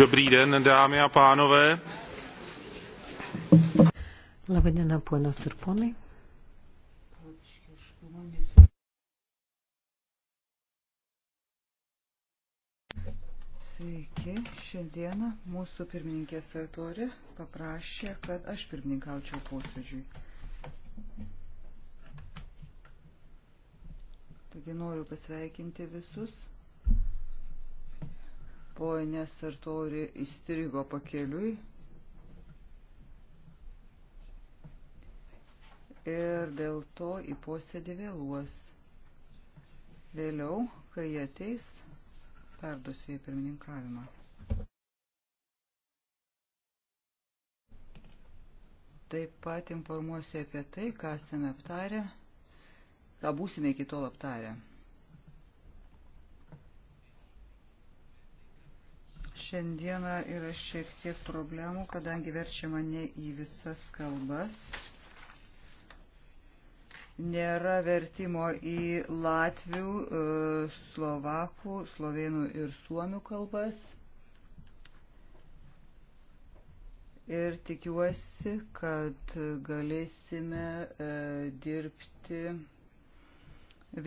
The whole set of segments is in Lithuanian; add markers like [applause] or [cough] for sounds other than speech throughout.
Dobrý den, dámy a pánové. Labadiena, ponios ir ponai. Sveiki, šiandieną mūsų pirmininkė Sartori paprašė, kad aš pirmininkaučiau posėdžiui. Taigi noriu pasveikinti visus Ponė Sartori įstrigo pakeliui. Ir dėl to į posėdį vėluos. Vėliau, kai jie ateis, perduosiu į pirmininkavimą. Taip pat informuosiu apie tai, ką esame aptarę, ką būsime iki tol aptarę. Šiandieną yra šiek tiek problemų, kadangi verčiama ne į visas kalbas. Nėra vertimo į latvių, e, slovakų, slovėnų ir suomių kalbas. Ir tikiuosi, kad galėsime e, dirbti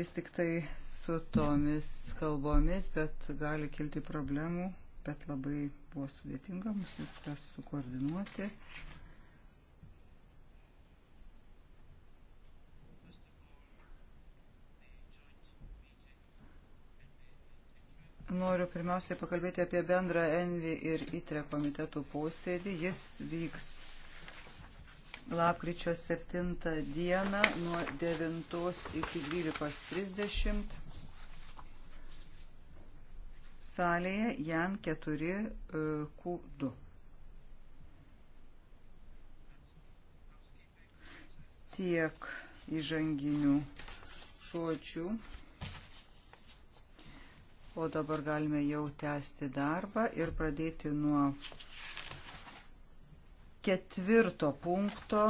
vis tik tai su tomis kalbomis, bet gali kilti problemų bet labai buvo sudėtinga mus viskas sukoordinuoti. Noriu pirmiausiai pakalbėti apie bendrą Envi ir ITRE komitetų posėdį. Jis vyks lapkričio 7 dieną nuo 9 iki 12.30 salėje Jan 4Q2. E, Tiek įžanginių žodžių. O dabar galime jau tęsti darbą ir pradėti nuo ketvirto punkto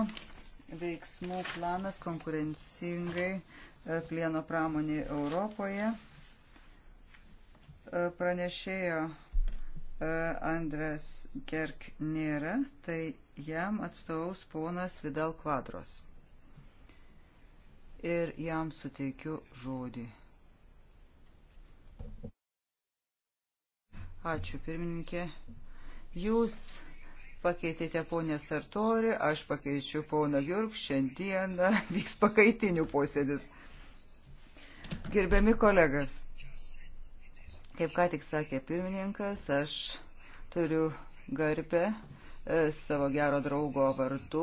veiksmų planas konkurencingai e, plieno pramonė Europoje. E, pranešėjo e, Andres Gerk nėra, tai jam atstovaus ponas Vidal Kvadros. Ir jam suteikiu žodį. Ačiū, pirmininkė. Jūs pakeitėte ponę Sartori, aš pakeičiu poną Jurk, šiandieną vyks pakaitinių posėdis. Gerbiami kolegas, Kaip ką tik sakė pirmininkas, aš turiu garbę e, savo gero draugo vardu,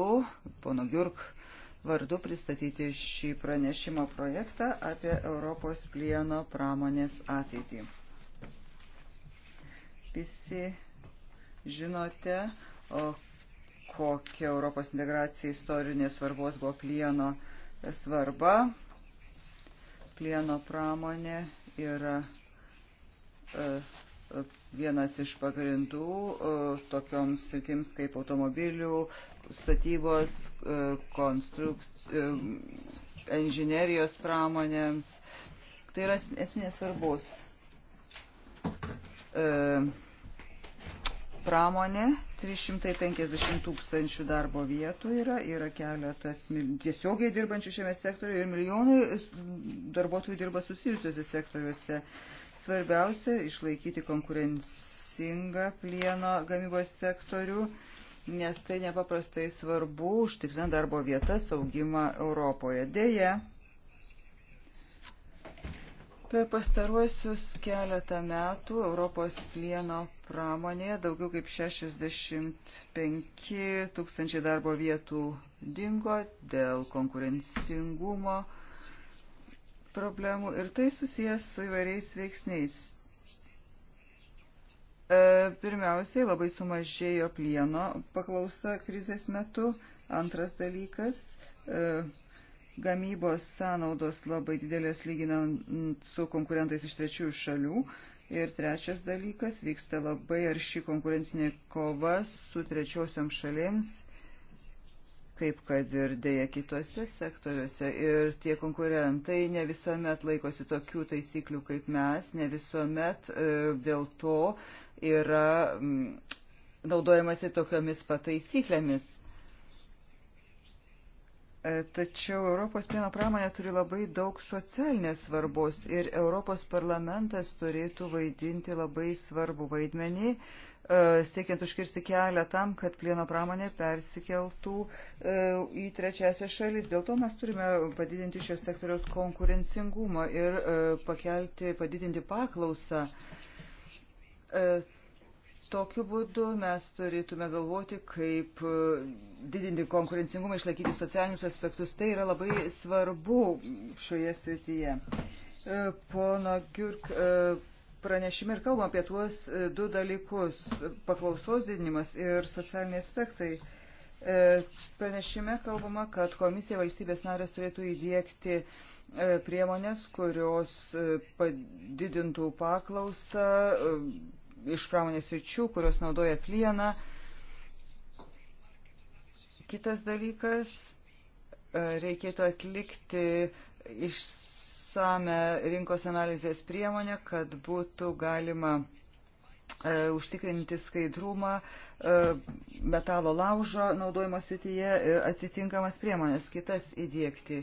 pono Gjurk vardu pristatyti šį pranešimo projektą apie Europos plieno pramonės ateitį. Visi žinote, kokia Europos integracija istorinės svarbos buvo plieno svarba. Plieno pramonė yra E, e, vienas iš pagrindų e, tokioms sritims kaip automobilių, statybos, inžinerijos pramonėms. Tai yra esminės svarbus pramonė, 350 tūkstančių darbo vietų yra, yra keletas tiesiogiai dirbančių šiame sektoriuje ir milijonai darbuotojų dirba susijusiuose sektoriuose. Uh, Svarbiausia - išlaikyti konkurencingą plieno gamybos sektorių, nes tai nepaprastai svarbu užtikrinant darbo vietas augimą Europoje. Deja, Per pastaruosius keletą metų Europos plieno pramonėje daugiau kaip 65 tūkstančiai darbo vietų dingo dėl konkurencingumo, problemų ir tai susijęs su įvairiais veiksniais. E, pirmiausiai labai sumažėjo plieno paklausa krizės metu. Antras dalykas e, - gamybos sąnaudos labai didelės lyginant su konkurentais iš trečiųjų šalių. Ir trečias dalykas - vyksta labai arši konkurencinė kova su trečiosiom šalims kaip kad ir dėja kitose sektoriuose. Ir tie konkurentai ne visuomet laikosi tokių taisyklių kaip mes, ne visuomet e, dėl to yra naudojamasi tokiomis pataisyklėmis. E, tačiau Europos pieno pramonė turi labai daug socialinės svarbos ir Europos parlamentas turėtų vaidinti labai svarbų vaidmenį, e, siekiant užkirsti kelią tam, kad plieno pramonė persikeltų e, į trečiasią šalis. Dėl to mes turime padidinti šios sektoriaus konkurencingumą ir pakelti, padidinti paklausą Tokiu būdu mes turėtume galvoti, kaip e, didinti konkurencingumą, išlaikyti socialinius aspektus. Tai yra labai svarbu šioje srityje. E, pono Giurk e, pranešime ir kalbam apie tuos du dalykus - paklausos didinimas ir socialiniai aspektai. Pranešime kalbama, kad komisija valstybės narės turėtų įdėkti priemonės, kurios padidintų paklausą, iš pramonės ryčių, kurios naudoja plieną. Kitas dalykas, e, reikėtų atlikti išsame rinkos analizės priemonę, kad būtų galima e, užtikrinti skaidrumą e, metalo laužo naudojimo srityje ir atitinkamas priemonės kitas įdėkti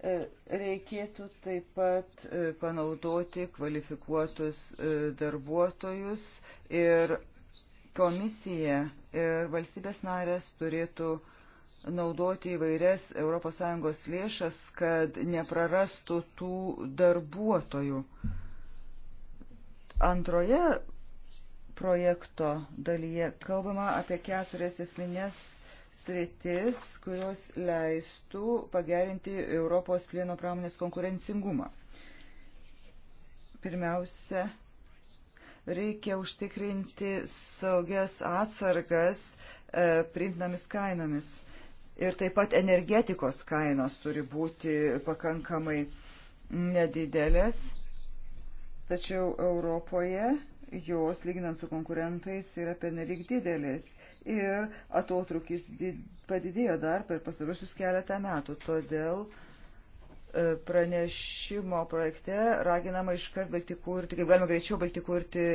E, reikėtų taip pat e, panaudoti kvalifikuotus e, darbuotojus ir komisija ir valstybės narės turėtų naudoti įvairias ES lėšas, kad neprarastų tų darbuotojų. Antroje projekto dalyje kalbama apie keturias esminės sritis, kurios leistų pagerinti Europos plieno pramonės konkurencingumą. Pirmiausia, reikia užtikrinti saugias atsargas e, priimtinamis kainomis. Ir taip pat energetikos kainos turi būti pakankamai nedidelės. Tačiau Europoje jos, lyginant su konkurentais, yra pernelyg didelis ir atotrukis did, padidėjo dar per pasarusius keletą metų. Todėl e, pranešimo projekte raginama iškart baigti kurti, kaip galima greičiau baigti kurti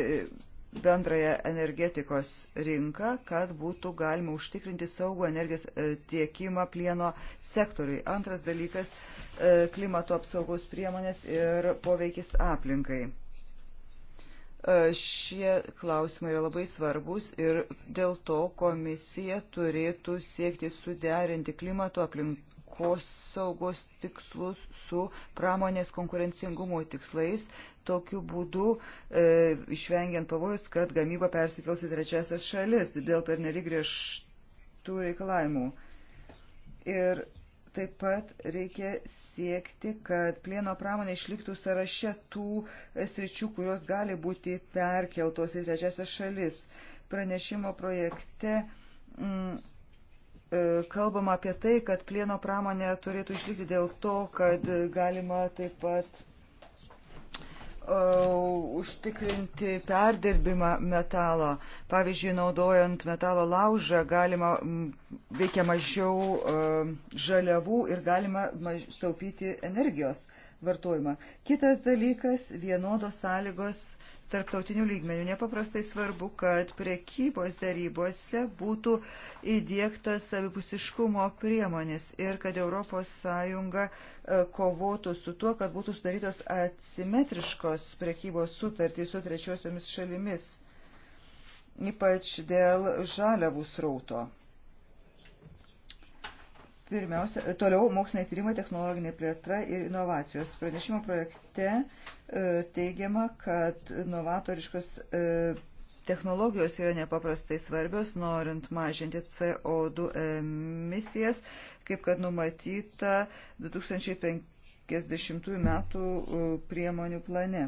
bendrąją energetikos rinką, kad būtų galima užtikrinti saugų energijos e, tiekimą plieno sektoriui. Antras dalykas e, - klimato apsaugos priemonės ir poveikis aplinkai. E, šie klausimai yra labai svarbus ir dėl to komisija turėtų siekti suderinti klimato aplinkos saugos tikslus su pramonės konkurencingumo tikslais, tokiu būdu e, išvengiant pavojus, kad gamyba persikels į trečiasias šalis dėl pernelyg griežtų reikalavimų. Ir Taip pat reikia siekti, kad plieno pramonė išliktų sąraše tų sričių, kurios gali būti perkeltos į trečiasias šalis. Pranešimo projekte mm, e, kalbama apie tai, kad plieno pramonė turėtų išlikti dėl to, kad galima taip pat E, užtikrinti perdirbimą metalo. Pavyzdžiui, naudojant metalo laužą galima veikia mažiau e, žaliavų ir galima staupyti energijos vartojimą. Kitas dalykas - vienodos sąlygos tarptautinių lygmenių. Nepaprastai svarbu, kad priekybos darybose būtų įdėktas abipusiškumo priemonės ir kad ES e, kovotų su tuo, kad būtų sudarytos asimetriškos priekybos sutartys su trečiosiomis šalimis, ypač dėl žaliavų srauto. Pirmiausia, toliau moksliniai tyrimai, technologinė plėtra ir inovacijos. Pranešimo projekte e, teigiama, kad novatoriškos e, technologijos yra nepaprastai svarbios, norint mažinti CO2 emisijas, kaip kad numatyta 2050 metų e, priemonių plane.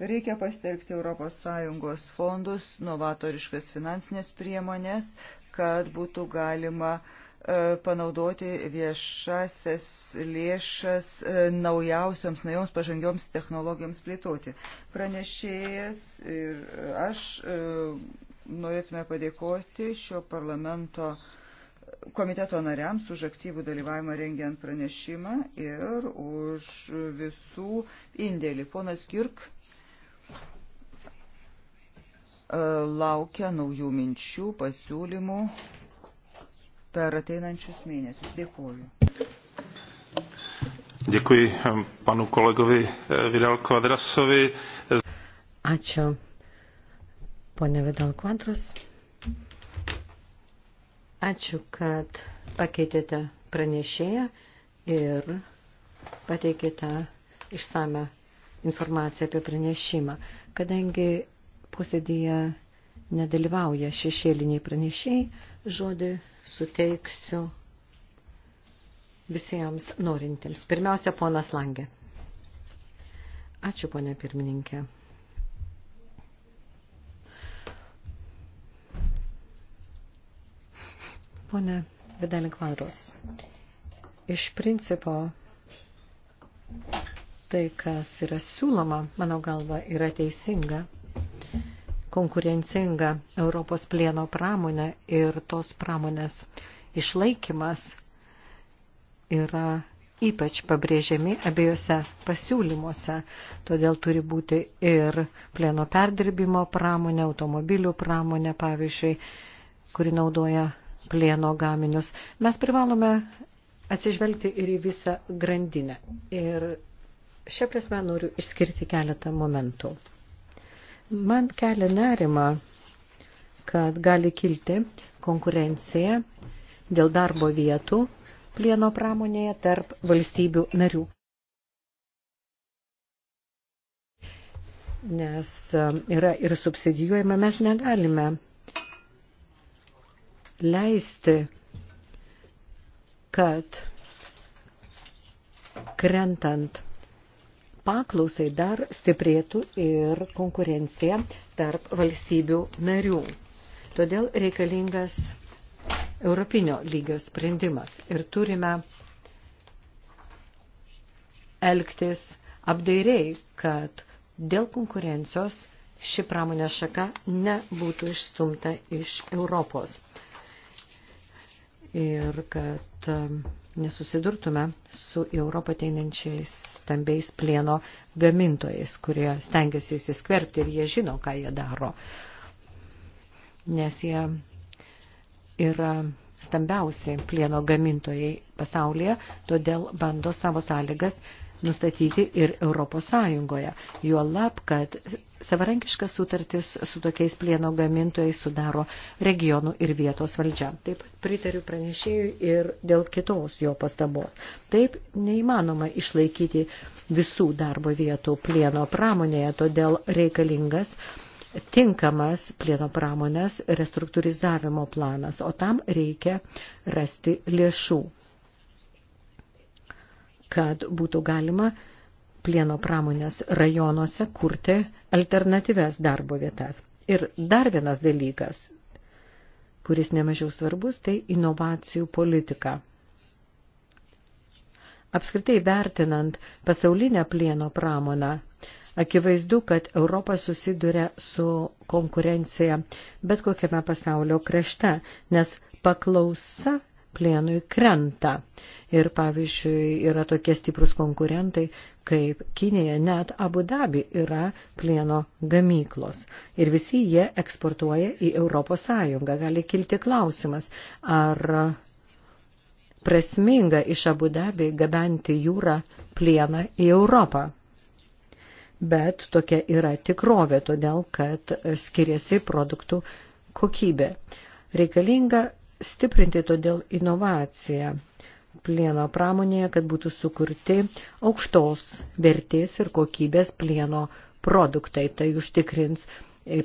Reikia pastelgti ES fondus, novatoriškas finansinės priemonės, kad būtų galima uh, E, panaudoti viešasias lėšas e, naujausioms, naujoms pažangioms technologijoms plėtoti. Pranešėjas ir aš e, norėtume padėkoti šio parlamento komiteto nariams už aktyvų dalyvavimą rengiant pranešimą ir už visų indėlį. Ponas Kirk laukia naujų minčių, pasiūlymų per ateinančius mėnesius. Dėkuoju. Dėkui ehm, panu kolegovi eh, Vidal Kvadrasovi. Ačiū, ponė Vidal Kvadras. Ačiū, kad pakeitėte pranešėją ir pateikėte išsame informaciją apie pranešimą. Kadangi posėdėje nedalyvauja šešėliniai pranešėjai, žodį suteiksiu visiems norintiems. Pirmiausia, ponas Langė. Ačiū, ponė pirmininkė. Pone Vidalin Kvadros, iš principo tai, kas yra siūloma, mano galva, yra teisinga konkurencingą Europos plieno pramonę ir tos pramonės išlaikymas yra ypač pabrėžiami abiejose pasiūlymuose. Todėl turi būti ir plieno perdirbimo pramonė, automobilių pramonė, pavyzdžiui, kuri naudoja plieno gaminius. Mes privalome atsižvelgti ir į visą grandinę. Ir šią prasme noriu išskirti keletą momentų. Man kelia nerima, kad gali kilti konkurencija dėl darbo vietų plieno pramonėje tarp valstybių narių. Nes e, yra ir subsidijuojama, mes negalime leisti, kad krentant paklausai dar stiprėtų ir konkurencija tarp valstybių narių. Todėl reikalingas europinio lygio sprendimas ir turime elgtis apdairiai, kad dėl konkurencijos ši pramonės šaka nebūtų išstumta iš Europos. Ir kad kad e, nesusidurtume su Europą ateinančiais stambiais plieno gamintojais, kurie stengiasi įsiskverbti ir jie žino, ką jie daro, nes jie yra stambiausi plieno gamintojai pasaulyje, todėl bando savo sąlygas nustatyti ir Europos Sąjungoje. Juolab, kad savarankiškas sutartis su tokiais plieno gamintojais sudaro regionų ir vietos valdžia. Taip pat pritariu pranešėjui ir dėl kitos jo pastabos. Taip neįmanoma išlaikyti visų darbo vietų plieno pramonėje, todėl reikalingas tinkamas plieno pramonės restruktūrizavimo planas, o tam reikia rasti lėšų kad būtų galima plieno pramonės rajonuose kurti alternatyves darbo vietas. Ir dar vienas dalykas, kuris nemažiau svarbus, tai inovacijų politika. Apskritai vertinant pasaulinę plieno pramoną, akivaizdu, kad Europa susiduria su konkurencija bet kokiame pasaulio krašte, nes paklausa plienui krenta. Ir pavyzdžiui, yra tokie stiprus konkurentai, kaip Kinėje, net Abu Dabi yra plieno gamyklos. Ir visi jie eksportuoja į Europos Sąjungą. Gali kilti klausimas, ar prasminga iš Abu Dabi gabenti jūrą plieną į Europą. Bet tokia yra tikrovė, todėl kad skiriasi produktų kokybė. Reikalinga stiprinti todėl inovaciją plieno pramonėje, kad būtų sukurti aukštos vertės ir kokybės plieno produktai. Tai užtikrins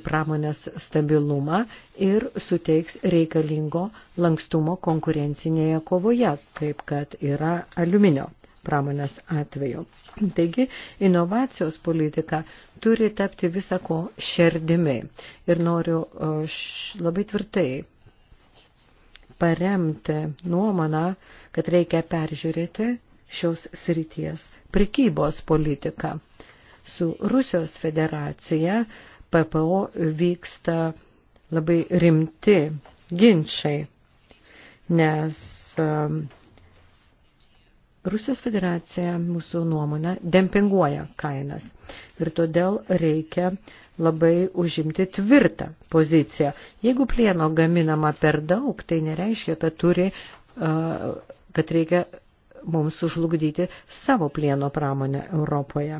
pramonės stabilumą ir suteiks reikalingo lankstumo konkurencinėje kovoje, kaip kad yra aliuminio pramonės atveju. Taigi, inovacijos politika turi tapti visako šerdimi. Ir noriu labai tvirtai paremti nuomoną, kad reikia peržiūrėti šios srities prekybos politiką. Su Rusijos federacija PPO vyksta labai rimti ginčiai, nes um, Rusijos federacija mūsų nuomonę dempinguoja kainas ir todėl reikia labai užimti tvirtą poziciją. Jeigu plieno gaminama per daug, tai nereiškia, kad, turi, uh, kad reikia mums sužlugdyti savo plieno pramonę Europoje.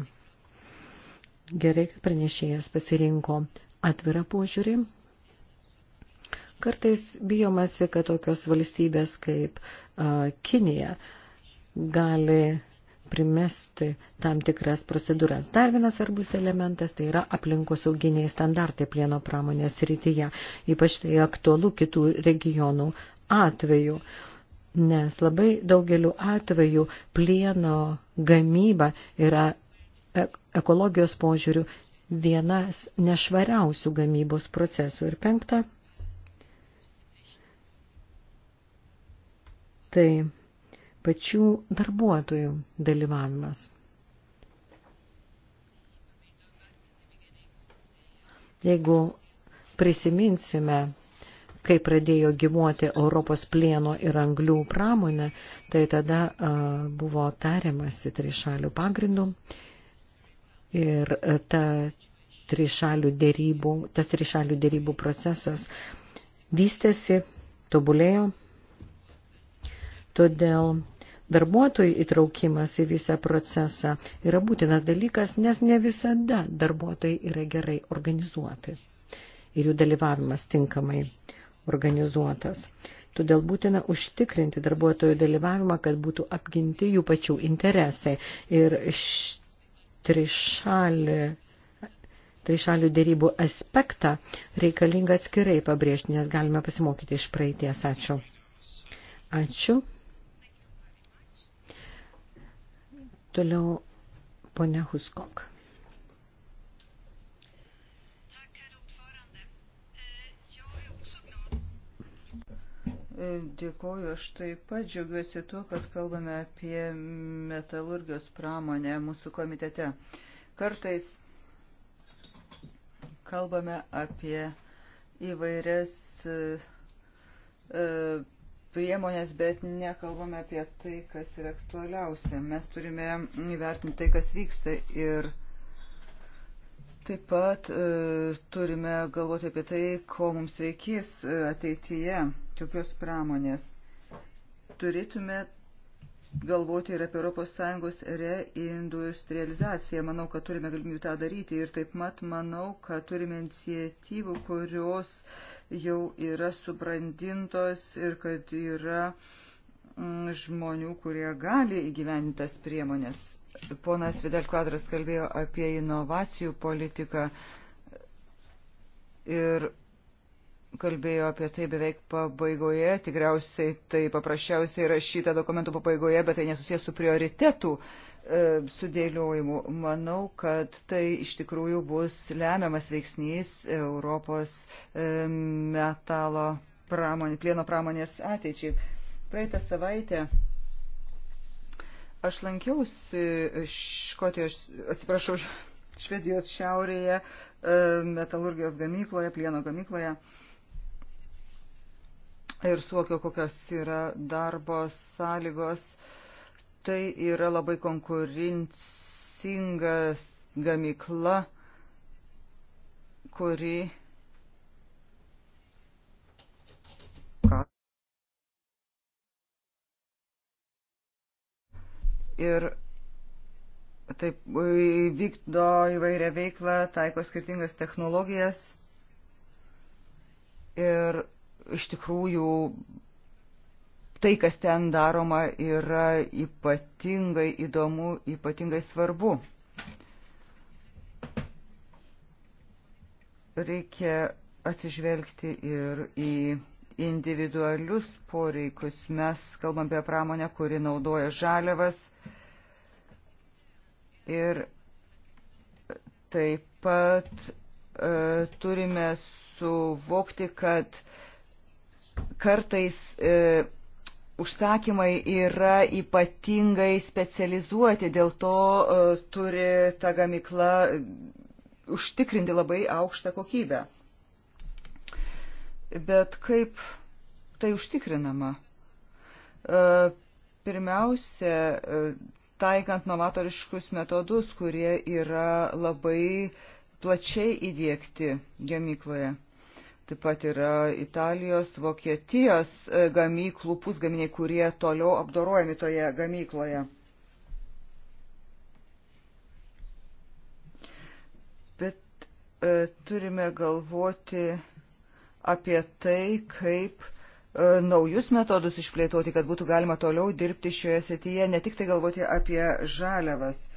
Gerai, kad pranešėjas pasirinko atvirą požiūrį. Kartais bijomasi, kad tokios valstybės kaip uh, Kinija uh, gali primesti tam tikras procedūras. Dar vienas svarbus elementas tai yra aplinkosauginiai standartai plieno pramonės rytyje, ypač tai aktualu kitų regionų atveju, nes labai daugeliu atveju plieno gamyba yra e-, ekologijos požiūrių vienas nešvariausių gamybos procesų. Ir penkta, tai pačių darbuotojų dalyvavimas. Jeigu prisiminsime, kai pradėjo gyvuoti Europos plieno ir anglių pramonė, tai tada a, buvo tariamasi trišalių pagrindų ir ta trišalių dėrybų, tas trišalių dėrybų procesas vystėsi, tobulėjo, Todėl darbuotojų įtraukimas į visą procesą yra būtinas dalykas, nes ne visada darbuotojai yra gerai organizuoti ir jų dalyvavimas tinkamai organizuotas. Todėl būtina užtikrinti darbuotojų dalyvavimą, kad būtų apginti jų pačių interesai. Ir trišalį trišalių dėrybų aspektą reikalinga atskirai pabrėžti, nes galime pasimokyti iš praeities. Ačiū. Ačiū. Toliau ponia Huskok. Dėkoju, aš taip pat džiaugiuosi tuo, kad kalbame apie metalurgijos pramonę mūsų komitete. Kartais kalbame apie įvairias e, e, priemonės, bet nekalbame apie tai, kas yra aktualiausia. Mes turime įvertinti tai, kas vyksta ir taip pat e, turime galvoti apie tai, ko mums reikės e, ateityje, kokios pramonės. Turėtume galvoti ir apie ES reindustrializaciją. Manau, kad turime galimybių tą daryti ir taip pat manau, kad turime iniciatyvų, kurios jau yra subrandintos ir kad yra mm, žmonių, kurie gali įgyvenintas priemonės. Ponas Vidal Kvadras kalbėjo apie inovacijų politiką ir kalbėjo apie tai beveik pabaigoje, tikriausiai tai paprasčiausiai rašyta dokumentų pabaigoje, bet tai nesusijęs su prioritetų e, sudėliojimu. Manau, kad tai iš tikrųjų bus lemiamas veiksnys Europos e, metalo pramonė, plieno pramonės ateičiai. Praeitą savaitę aš lankiausi Škotijos, atsiprašau, Švedijos šiaurėje e, metalurgijos gamykloje, plieno gamykloje. E, ir suokio, kokios yra darbo sąlygos. Tai yra labai konkurencingas gamykla, kuri ir taip vykdo įvairią veiklą, taiko skirtingas technologijas ir iš tikrųjų tai, kas ten daroma, yra ypatingai įdomu, ypatingai svarbu. Reikia atsižvelgti ir į individualius poreikius. Mes kalbam apie pramonę, kuri naudoja žaliavas ir taip pat e, turime suvokti, kad kartais e, užsakymai yra ypatingai specializuoti, dėl to e, turi ta gamikla e, užtikrinti labai aukštą kokybę. Bet kaip tai užtikrinama? E, pirmiausia, e, taikant novatoriškus metodus, kurie yra labai plačiai įdėkti gamykloje. Taip pat yra Italijos, Vokietijos e, gamyklų pusgaminiai, kurie toliau apdorojami toje gamykloje. Bet e, turime galvoti apie tai, kaip e, naujus metodus išplėtoti, kad būtų galima toliau dirbti šioje srityje, ne tik tai galvoti apie žaliavas.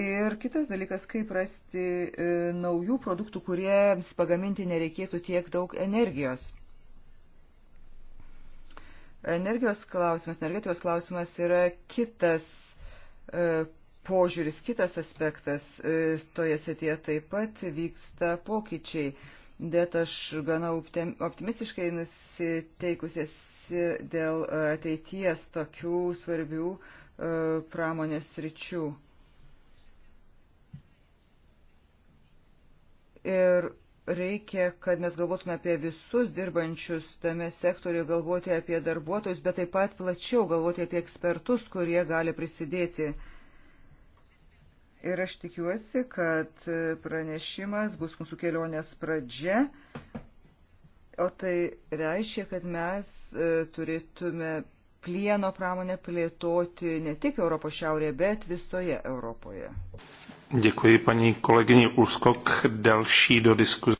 Ir kitas dalykas, kaip rasti e, naujų produktų, kuriems pagaminti nereikėtų tiek daug energijos. Energijos klausimas, energetijos klausimas yra kitas e, požiūris, kitas aspektas. E, toje srityje taip pat vyksta pokyčiai, bet aš gana optimistiškai nusiteikusies dėl e, ateities tokių svarbių e, pramonės ryčių. Ir reikia, kad mes galvotume apie visus dirbančius tame sektoriu, galvoti apie darbuotojus, bet taip pat plačiau galvoti apie ekspertus, kurie gali prisidėti. Ir aš tikiuosi, kad pranešimas bus mūsų kelionės pradžia, o tai reiškia, kad mes e, turėtume plieno pramonę plėtoti ne tik Europos šiaurėje, bet visoje Europoje. Děkuji paní kolegyni Ulskok. Další do diskuze.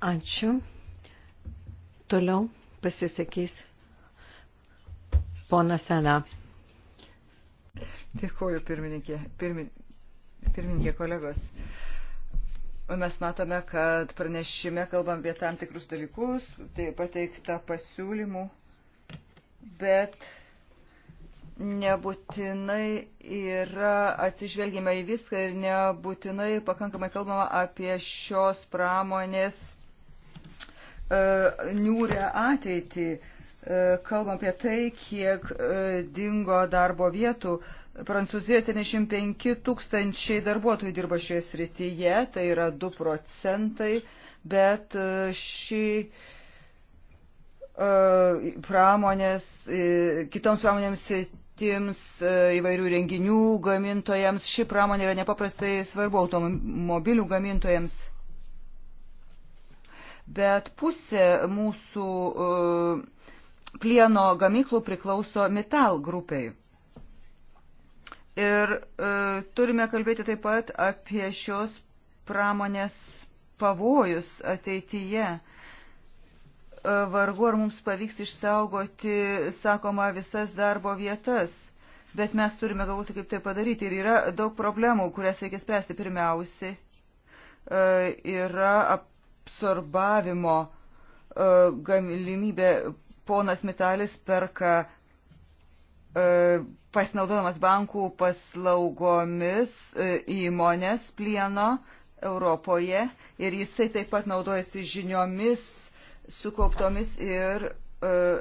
Ačiū. Toliau pasisakys pona Sena. Dėkuoju, pirmininkė. Pirmin, pirmininkė kolegos. Mes matome, kad pranešime kalbam apie tam tikrus dalykus, tai pateikta pasiūlymų, bet nebūtinai yra atsižvelgiama į viską ir nebūtinai pakankamai kalbama apie šios pramonės e, niūrę ateitį. E, kalbam apie tai, kiek e, dingo darbo vietų. Prancūzijoje 75 tūkstančiai darbuotojų dirba šioje srityje, tai yra 2 procentai, bet e, šį e, pramonės, e, kitoms pramonėms gaminantiems e, įvairių renginių gamintojams. Ši pramonė yra nepaprastai svarbu automobilių gamintojams. Bet pusė mūsų e, plieno gamyklų priklauso metal grupiai. Ir e, turime kalbėti taip pat apie šios pramonės pavojus ateityje. E, E, vargu ar mums pavyks išsaugoti, sakoma, visas darbo vietas. Bet mes turime galvoti, kaip tai padaryti. Ir yra daug problemų, kurias reikia spręsti. Pirmiausiai e, yra absorbavimo e, galimybė. Ponas Mitalis perka pasinaudodamas bankų paslaugomis įmonės plieno Europoje ir jisai taip pat naudojasi žiniomis sukauptomis ir uh,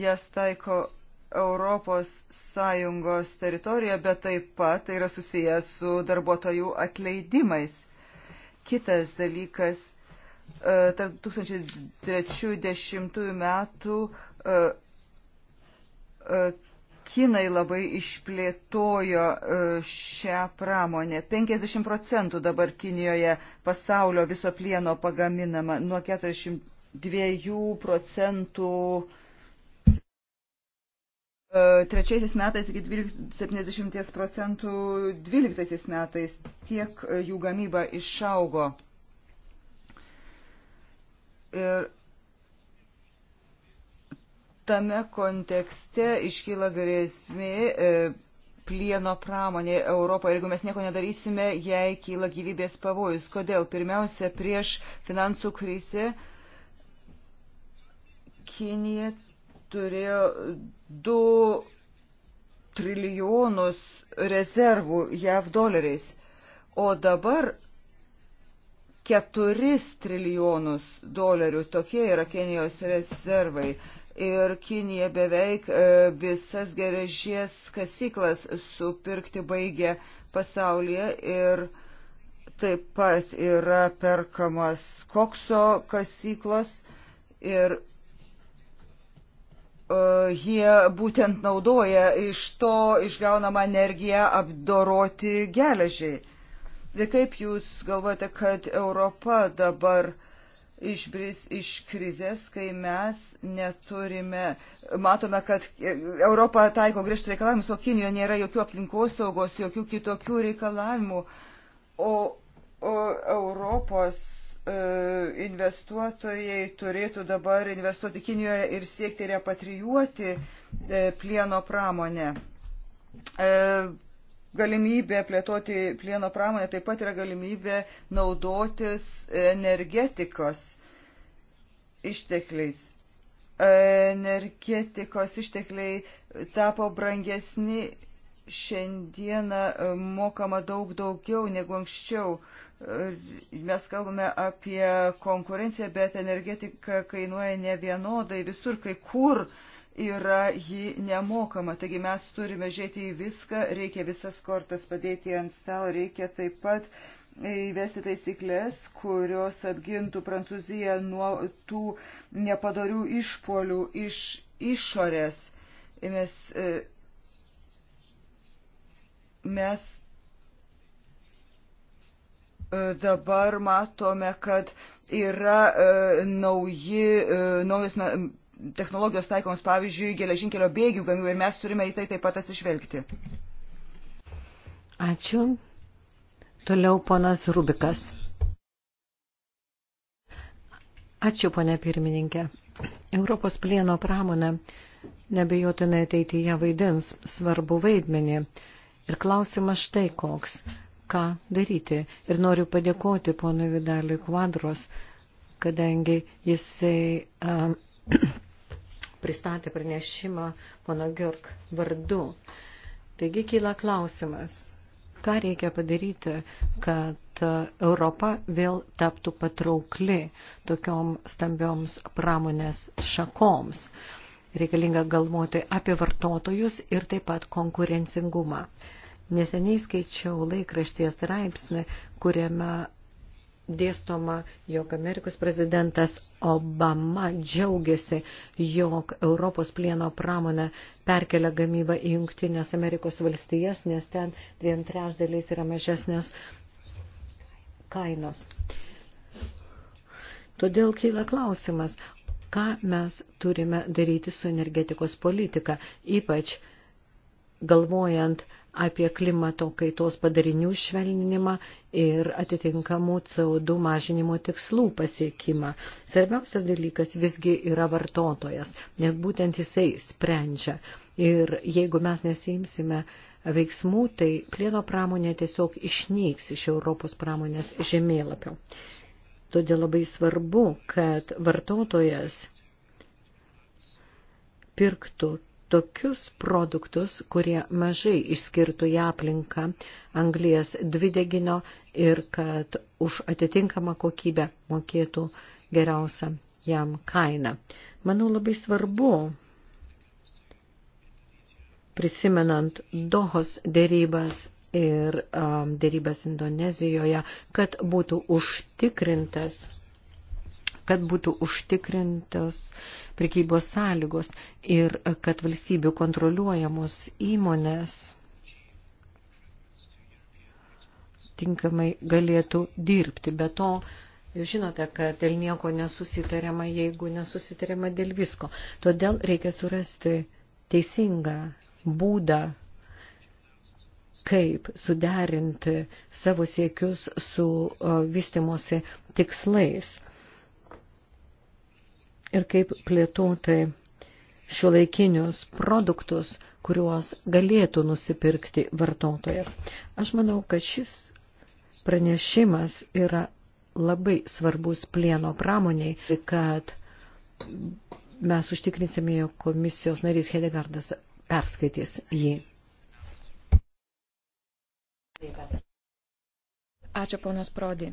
jas taiko Europos Sąjungos teritorijoje, bet taip pat tai yra susijęs su darbuotojų atleidimais. Kitas dalykas, uh, tarp 2030 metų uh, Kinai labai išplėtojo e, šią pramonę. 50 procentų dabar Kinijoje pasaulio viso plieno pagaminama nuo 42 procentų. E, trečiaisiais metais iki 70 procentų 12 metais tiek e, jų gamyba išaugo. Ir tame kontekste iškyla grėsmė e, plieno pramonė Europoje. Jeigu mes nieko nedarysime, jai kyla gyvybės pavojus. Kodėl? Pirmiausia, prieš finansų krizę Kinija turėjo 2 trilijonus rezervų JAV doleriais, o dabar 4 trilijonus dolerių. Tokie yra Kenijos rezervai ir Kinija beveik e, visas geležies kasyklas supirkti baigė pasaulyje ir taip pat yra perkamas kokso kasyklos ir uh, jie būtent naudoja iš to išgaunamą energiją apdoroti geležiai. Ir kaip jūs galvojate, kad Europa dabar uh, išbris iš krizės, kai mes neturime, matome, kad Europa taiko griežtų reikalavimus, o Kinijoje nėra jokių aplinkosaugos, jokių kitokių reikalavimų, o, o Europos e, investuotojai turėtų dabar investuoti Kinijoje ir siekti repatrijuoti e, plieno pramonę. E, galimybė plėtoti plieno pramonę, taip pat yra galimybė naudotis energetikos ištekliais. Energetikos ištekliai tapo brangesni, šiandieną mokama daug daugiau negu anksčiau. Mes kalbame apie konkurenciją, bet energetika kainuoja ne vienodai visur, kai kur uh, yra ji nemokama. Taigi mes turime žiūrėti į viską, reikia visas kortas padėti ant stalo, reikia taip pat įvesti taisyklės, kurios apgintų Prancūziją nuo tų nepadarių išpolių iš išorės. Mes, e, mes e, dabar matome, kad yra e, nauji, naujas technologijos taikomos, pavyzdžiui, geležinkelio bėgių gamybai ir mes turime į tai taip pat atsižvelgti. Ačiū. Toliau ponas Rubikas. Ačiū, ponė pirmininkė. Europos plieno pramonė nebejotinai ateityje vaidins svarbu vaidmenį. Ir klausimas štai koks - ką daryti. Ir noriu padėkoti ponui Vidaliui Kvadros, kadangi jisai. Um, [clears throat] pristatė pranešimą pono Gjörg vardu. Taigi kyla klausimas, ką reikia padaryti, kad Europa vėl taptų patraukli tokiom stambioms pramonės šakoms. Reikalinga galvoti apie vartotojus ir taip pat konkurencingumą. Neseniai skaičiau laikrašties straipsnį, kuriame dėstoma, jog Amerikos prezidentas Obama džiaugiasi, jog Europos plieno pramonė perkelia gamybą į Junktinės Amerikos valstijas, nes ten dviem trešdėliais yra mažesnės kainos. Todėl kyla klausimas, ką mes turime daryti su energetikos politika, ypač galvojant apie klimato kaitos padarinių švelninimą ir atitinkamų CO2 mažinimo tikslų pasiekimą. Svarbiausias dalykas visgi yra vartotojas, nes būtent jisai sprendžia. Ir jeigu mes nesimsime veiksmų, tai plieno pramonė tiesiog išnyks iš Europos pramonės žemėlapio. Todėl labai svarbu, kad vartotojas pirktų tokius produktus, kurie mažai išskirtų į aplinką anglijas dvideginio ir kad už atitinkamą kokybę mokėtų geriausią jam kainą. Manau labai svarbu, prisimenant Dohos dėrybas ir um, dėrybas Indonezijoje, kad būtų užtikrintas kad būtų užtikrintos prekybos sąlygos ir kad valstybių kontroliuojamos įmonės tinkamai galėtų dirbti. Be to, Jūs žinote, kad dėl nieko nesusitariama, jeigu nesusitariama dėl visko. Todėl reikia surasti teisingą būdą, kaip suderinti savo siekius su vystimosi tikslais ir kaip plėtoti šiuolaikinius produktus, kuriuos galėtų nusipirkti vartotojas. Aš manau, kad šis pranešimas yra labai svarbus plieno pramoniai, kad mes užtikrinsime, jog komisijos narys Hedegardas perskaitys jį. Ačiū, ponas Prodi.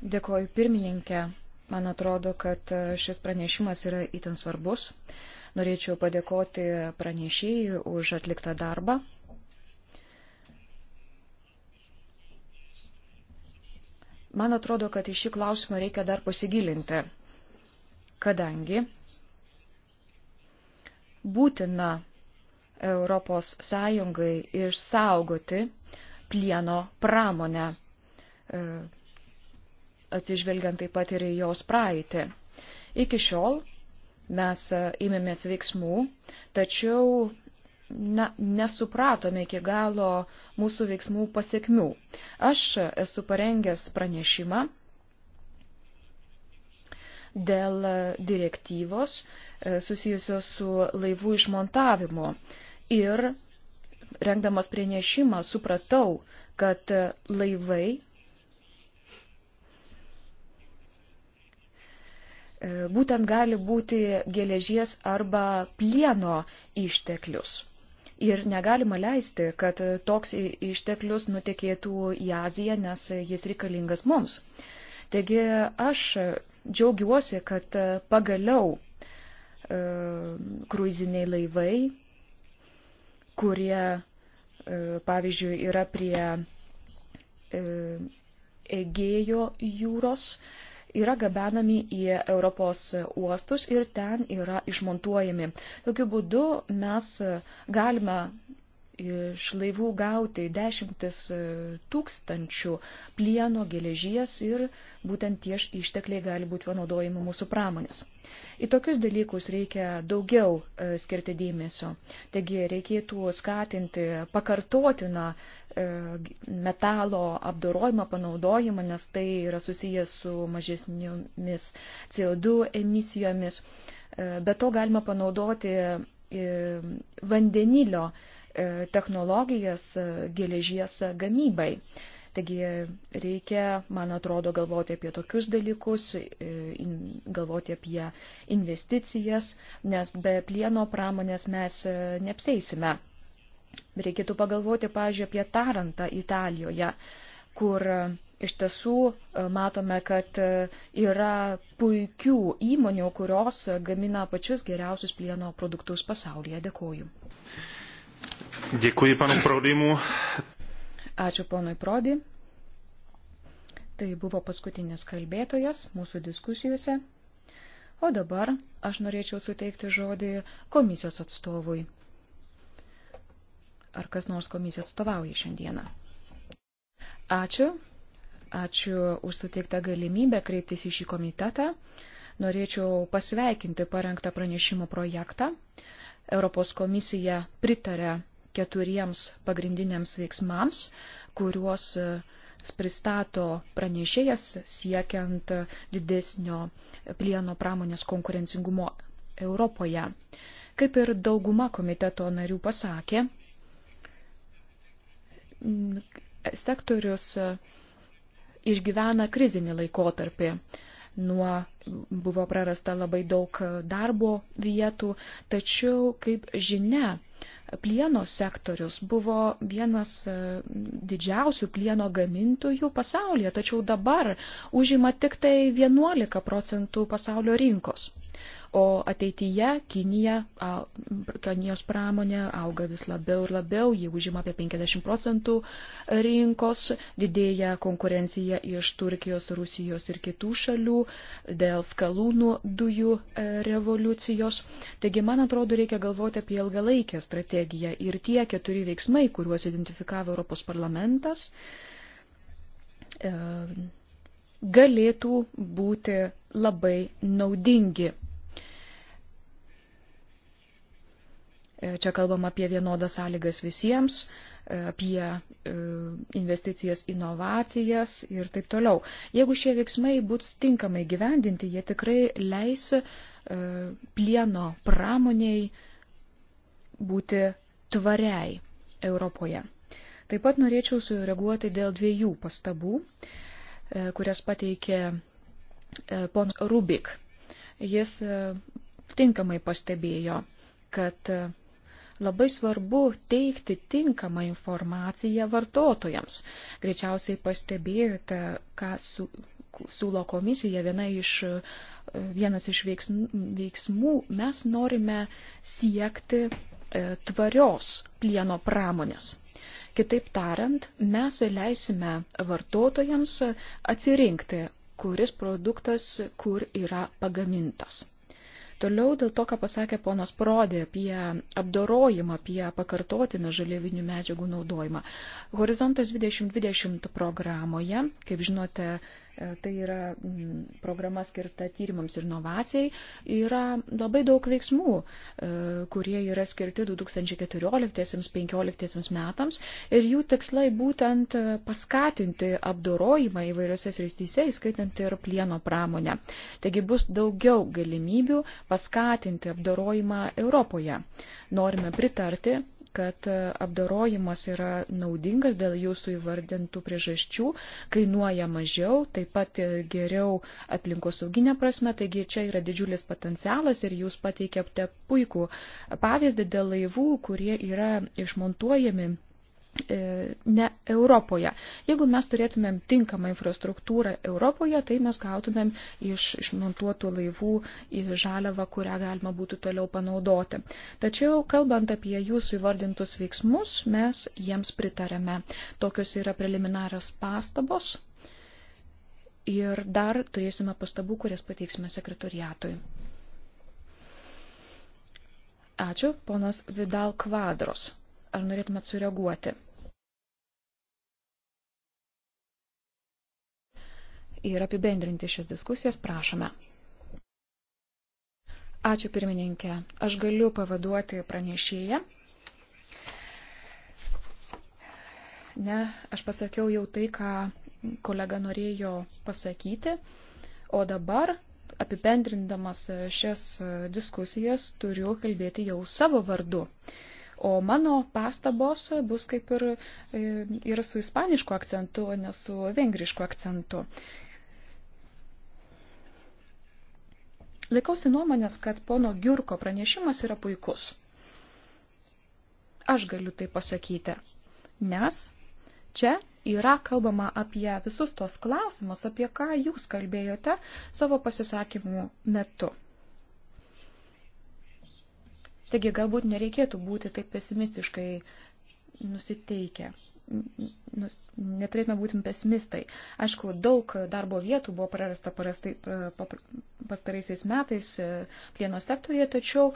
Dėkoju pirmininkė. Man atrodo, kad e, šis pranešimas yra itin svarbus. Norėčiau padėkoti pranešėjui už atliktą darbą. Man atrodo, kad į šį klausimą reikia dar pasigilinti, kadangi būtina Europos Sąjungai išsaugoti plieno pramonę e, atsižvelgiant taip pat ir į jos praeitį. Iki šiol mes e, ėmėmės veiksmų, tačiau na, nesupratome iki galo mūsų veiksmų pasiekmių. Aš esu parengęs pranešimą dėl e, direktyvos e, susijusios su laivų išmontavimu ir rengdamas pranešimą supratau, kad laivai E, būtent gali būti geležies arba plieno išteklius. Ir negalima leisti, kad toks išteklius nutekėtų į Aziją, nes jis reikalingas mums. Taigi aš džiaugiuosi, kad pagaliau e, kruiziniai laivai, kurie, e, pavyzdžiui, yra prie Egėjo jūros, yra gabenami į Europos uostus ir ten yra išmontuojami. Tokiu būdu mes galime iš laivų gauti dešimtis tūkstančių plieno, geležies ir būtent tie ištekliai gali būti panaudojami mūsų pramonės. Į tokius dalykus reikia daugiau e, skirti dėmesio. Taigi reikėtų skatinti pakartotiną e, metalo apdorojimą, panaudojimą, nes tai yra susijęs su mažesniomis CO2 emisijomis. E, be to galima panaudoti vandenilio technologijas geležies gamybai. Taigi reikia, man atrodo, galvoti apie tokius dalykus, galvoti apie investicijas, nes be plieno pramonės mes e, neapseisime. Reikėtų pagalvoti, pažiūrėjau, apie Tarantą Italijoje, kur e, iš tiesų e, matome, kad yra puikių įmonių, kurios gamina pačius geriausius plieno produktus pasaulyje. Dėkuoju. Děkuji panu Prodymu. Ačiū ponui Prodi. Tai buvo paskutinis kalbėtojas mūsų diskusijose. O dabar aš norėčiau suteikti žodį komisijos atstovui. Ar kas nors komisija atstovauja šiandieną? Ačiū. Ačiū už suteiktą galimybę kreiptis į šį komitetą. Norėčiau pasveikinti parengtą pranešimo projektą. Europos komisija pritarė keturiems pagrindiniams veiksmams, kuriuos e, pristato pranešėjas siekiant didesnio plieno pramonės konkurencingumo Europoje. Kaip ir dauguma komiteto narių pasakė, sektorius e, išgyvena krizinį laikotarpį. Nuo buvo prarasta labai daug darbo vietų, tačiau, kaip žinia, Plieno sektorius buvo vienas e, didžiausių plieno gamintojų pasaulyje, tačiau dabar užima tik tai 11 procentų pasaulio rinkos. O ateityje Kinija, Kinijos pramonė auga vis labiau ir labiau, jie užima apie 50 procentų rinkos, didėja konkurencija iš Turkijos, Rusijos ir kitų šalių dėl skalūnų dujų e, revoliucijos. Taigi, man atrodo, reikia galvoti apie ilgalaikę strategiją strategija ir tie keturi veiksmai, kuriuos identifikavo Europos parlamentas, e, galėtų būti labai naudingi. E, čia kalbam apie vienodas sąlygas visiems, e, apie investicijas, inovacijas ir taip toliau. Jeigu šie veiksmai bus tinkamai gyvendinti, jie tikrai leis plieno pramoniai būti tvariai Europoje. Taip pat norėčiau sureaguoti dėl dviejų pastabų, e, kurias pateikė e, pon Rubik. Jis e, tinkamai pastebėjo, kad labai svarbu teikti tinkamą informaciją vartotojams. Greičiausiai pastebėjote, ką su, siūlo komisija, viena iš, vienas iš veiksmų, mes norime siekti E, tvarios plieno pramonės. Kitaip tariant, mes leisime vartotojams atsirinkti, kuris produktas kur yra pagamintas. Toliau dėl to, ką pasakė ponas Prodė apie apdorojimą, apie pakartotiną žalėvinių medžiagų naudojimą. Horizontas 2020 programoje, kaip žinote, E, tai yra mm, programa skirta tyrimams ir inovacijai. Yra labai daug veiksmų, e, kurie yra skirti 2014-2015 metams ir jų tikslai būtent e, paskatinti apdorojimą įvairiose sristyse, įskaitant ir plieno pramonę. Taigi bus daugiau galimybių paskatinti apdorojimą Europoje. Norime pritarti kad e, apdorojimas yra naudingas dėl jūsų įvardintų priežasčių, kainuoja mažiau, taip pat e, geriau aplinkosauginė prasme, taigi čia yra didžiulis potencialas ir jūs pateikėte puikų pavyzdį dėl laivų, kurie yra išmontuojami E, ne Europoje. Jeigu mes turėtumėm tinkamą infrastruktūrą Europoje, tai mes gautumėm iš išmontuotų laivų žaliavą, kurią galima būtų toliau panaudoti. Tačiau, kalbant apie jūsų įvardintus veiksmus, mes jiems pritarėme. Tokios yra preliminarios pastabos ir dar turėsime pastabų, kurias pateiksime sekretoriatui. Ačiū, ponas Vidal Kvadros. Ar norėtumėt sureaguoti? Ir apibendrinti šias diskusijas prašome. Ačiū pirmininkė. Aš galiu pavaduoti pranešėją. Ne, aš pasakiau jau tai, ką kolega norėjo pasakyti. O dabar apibendrindamas šias diskusijas turiu kalbėti jau savo vardu. O mano pastabos bus kaip ir, ir e, su ispanišku akcentu, o ne su vengrišku akcentu. Laikausi nuomonės, kad pono Giurko pranešimas yra puikus. Aš galiu tai pasakyti, nes čia yra kalbama apie visus tos klausimus, apie ką jūs kalbėjote savo pasisakymų metu. Taigi galbūt nereikėtų būti taip pesimistiškai nusiteikę. Nu, neturėtume būti pesimistai. Aišku, daug darbo vietų buvo prarasta pastaraisiais metais e, plieno sektorėje, tačiau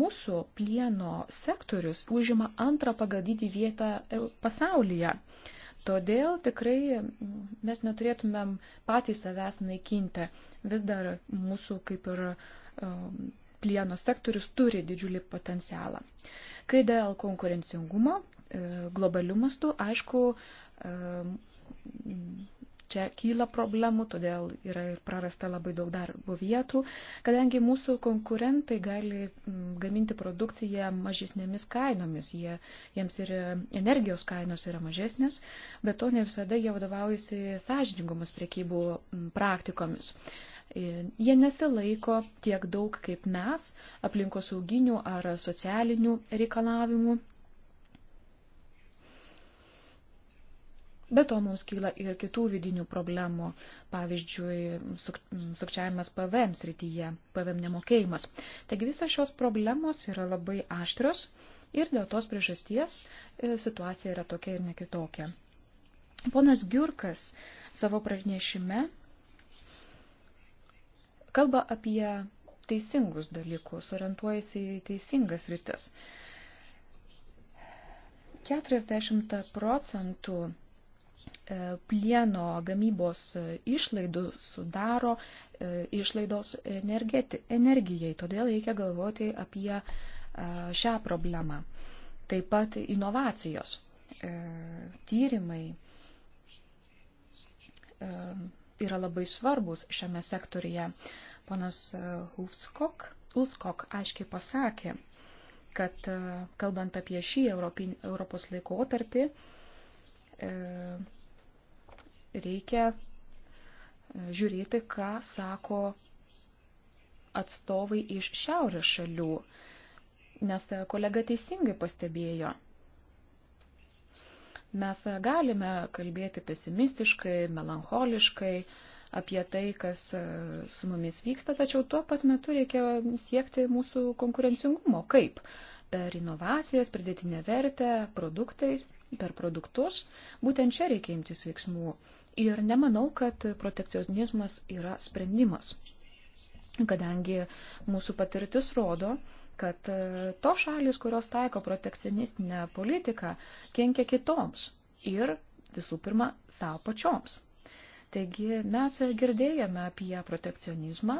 mūsų plieno sektorius užima antrą pagal dydį vietą e, pasaulyje. Todėl tikrai mes neturėtumėm patys savęs naikinti. Vis dar mūsų kaip ir e, plieno sektorius turi didžiulį potencialą. Kai dėl konkurencingumo e, globalių mastų, aišku, e, čia kyla problemų, todėl yra ir prarasta labai daug darbo vietų, kadangi mūsų konkurentai gali gaminti produkciją mažesnėmis kainomis, jie, jiems ir energijos kainos yra mažesnės, bet to ne visada jie vadovaujasi sąžiningomis priekybų praktikomis. Jie nesilaiko tiek daug kaip mes aplinkosauginių ar socialinių reikalavimų. Be to mums kyla ir kitų vidinių problemų, pavyzdžiui, suk, sukčiavimas PVM srityje, PVM nemokėjimas. Taigi visos šios problemos yra labai aštrios ir dėl tos priežasties e, situacija yra tokia ir nekitokia. Ponas Giurkas savo pranešime kalba apie teisingus dalykus, orientuojasi į teisingas rytis. 40 procentų e, plieno gamybos e, išlaidų sudaro e, išlaidos energeti, energijai, todėl reikia galvoti apie šią problemą. Taip pat inovacijos, tyrimai yra labai svarbus šiame sektorija. Ponas e, Ulfskok, Ulfskok aiškiai pasakė, kad e, kalbant apie šį Europin, Europos laikotarpį, e, reikia žiūrėti, ką sako atstovai iš šiaurės šalių, nes kolega teisingai pastebėjo. Mes galime kalbėti pesimistiškai, melancholiškai, apie tai, kas e, su mumis vyksta, tačiau tuo pat metu reikia siekti mūsų konkurencingumo. Kaip? Per inovacijas, pridėtinę vertę, produktais, per produktus. Būtent čia reikia imtis veiksmų. Ir nemanau, kad protekcionizmas yra sprendimas, kadangi mūsų patirtis rodo, kad e, to šalis, kurios taiko protekcionistinę politiką, kenkia kitoms ir visų pirma savo pačioms. Taigi mes girdėjome apie protekcionizmą,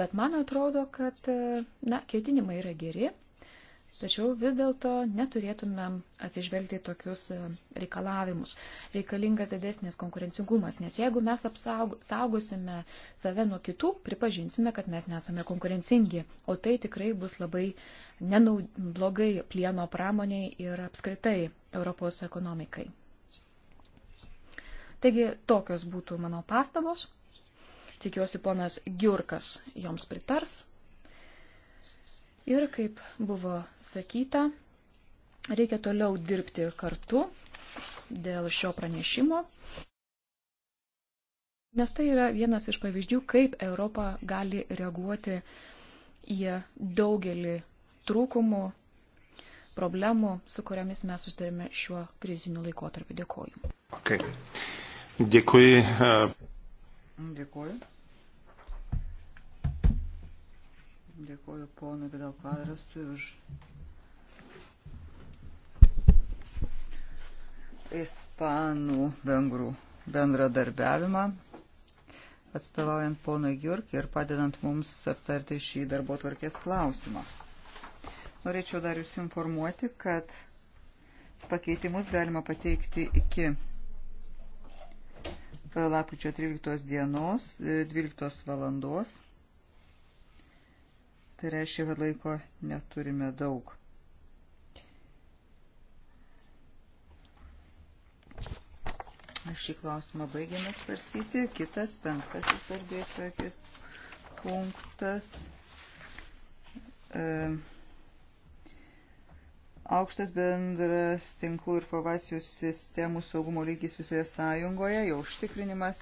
bet man atrodo, kad na, ketinimai yra geri, tačiau vis dėlto neturėtumėm atsižvelgti tokius e, reikalavimus. Reikalingas didesnis konkurencingumas, nes jeigu mes apsaugosime save nuo kitų, pripažinsime, kad mes nesame konkurencingi, o tai tikrai bus labai nenaud, blogai plieno pramoniai ir apskritai Europos ekonomikai. Taigi tokios būtų mano pastabos. Tikiuosi ponas Giurkas joms pritars. Ir kaip buvo sakyta, reikia toliau dirbti kartu dėl šio pranešimo, nes tai yra vienas iš pavyzdžių, kaip Europa gali reaguoti į daugelį trūkumų, problemų, su kuriamis mes susidarėme šiuo kriziniu laikotarpiu. Dėkoju. Okay. Eh, Děkuji. Děkuji. Dėkuoju ponui Vidal Kvadrasui už ispanų vengrų bendradarbiavimą, atstovaujant ponui Gjurkį ir padedant mums aptarti šį darbo tvarkės klausimą. Norėčiau dar jūs informuoti, kad pakeitimus galima pateikti iki lapkričio 13 dienos 12 e, valandos. Tai reiškia, kad laiko neturime daug. Šį klausimą baigėme svarstyti. Kitas penktasis darbėtvarkės punktas. E, Aukštas bendras tinklų informacijų sistemų saugumo lygis visoje sąjungoje, jau užtikrinimas.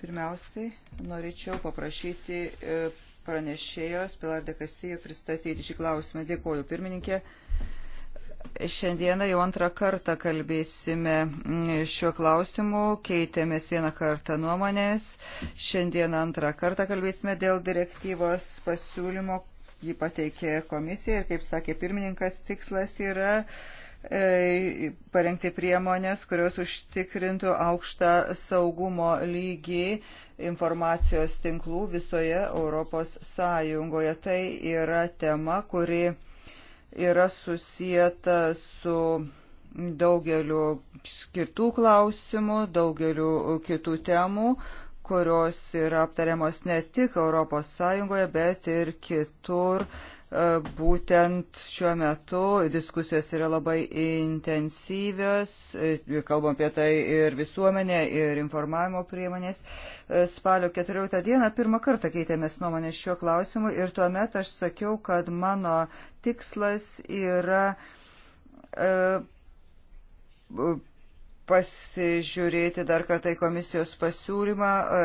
Pirmiausiai norėčiau paprašyti e, pranešėjos Pilardė Kastijo pristatyti šį klausimą. Dėkoju, pirmininkė. Šiandieną jau antrą kartą kalbėsime šiuo klausimu, keitėmės vieną kartą nuomonės. Šiandieną antrą kartą kalbėsime dėl direktyvos pasiūlymo, jį pateikė komisija ir, kaip sakė pirmininkas, tikslas yra e, parengti priemonės, kurios užtikrintų aukštą saugumo lygį informacijos tinklų visoje Europos Sąjungoje. Tai yra tema, kuri yra susijęta su daugeliu skirtų klausimų, daugeliu kitų temų, kurios yra aptariamos ne tik ES, bet ir kitur. E, būtent šiuo metu diskusijos yra labai intensyvios, e, kalbam apie tai ir visuomenė, ir informavimo priemonės. E, spalio 14 dieną pirmą kartą keitėmės nuomonę šiuo klausimu ir tuomet aš sakiau, kad mano tikslas yra. E, pasižiūrėti dar kartą į komisijos pasiūlymą, e,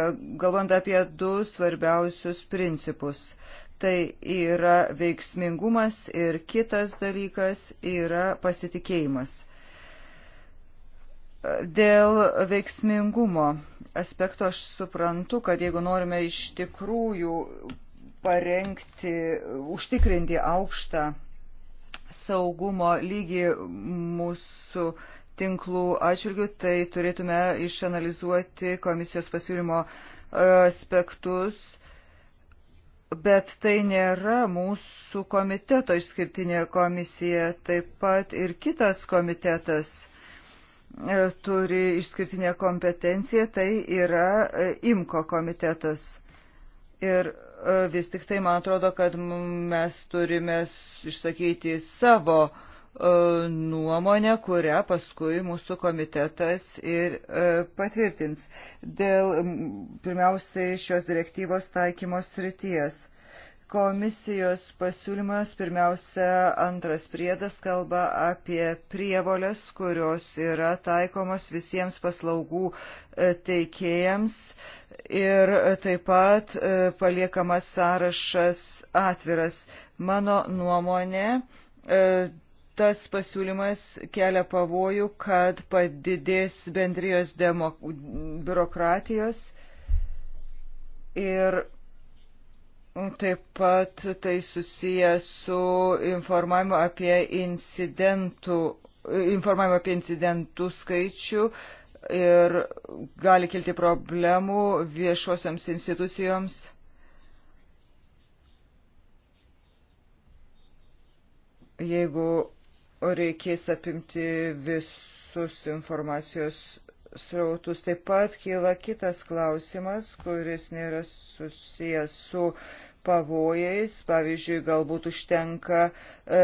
galvant apie du svarbiausius principus. Tai yra veiksmingumas ir kitas dalykas yra pasitikėjimas. Dėl veiksmingumo aspekto aš suprantu, kad jeigu norime iš tikrųjų parengti, užtikrinti aukštą saugumo lygį mūsų uh, tinklų atžvilgių, tai turėtume išanalizuoti komisijos pasiūlymo e, aspektus, bet tai nėra mūsų komiteto išskirtinė komisija, taip pat ir kitas komitetas e, turi išskirtinę kompetenciją, tai yra e, IMKO komitetas. Ir vis tik tai man atrodo, kad mes turime išsakyti savo uh, E, nuomonę, kurią paskui mūsų komitetas ir e, patvirtins dėl pirmiausiai šios direktyvos taikymos srities. Komisijos pasiūlymas, pirmiausia, antras priedas kalba apie prievolės, kurios yra taikomos visiems paslaugų e, teikėjams ir taip pat paliekamas sąrašas atviras. Mano nuomonė, tas pasiūlymas kelia pavojų, kad padidės bendrijos demo, biurokratijos ir taip pat tai susiję su informavimu apie incidentų, informavimu apie incidentų skaičių ir gali kilti problemų viešosioms institucijoms. Jeigu reikės apimti visus informacijos srautus. Taip pat kyla kitas klausimas, kuris nėra susijęs su pavojais. Pavyzdžiui, galbūt užtenka e,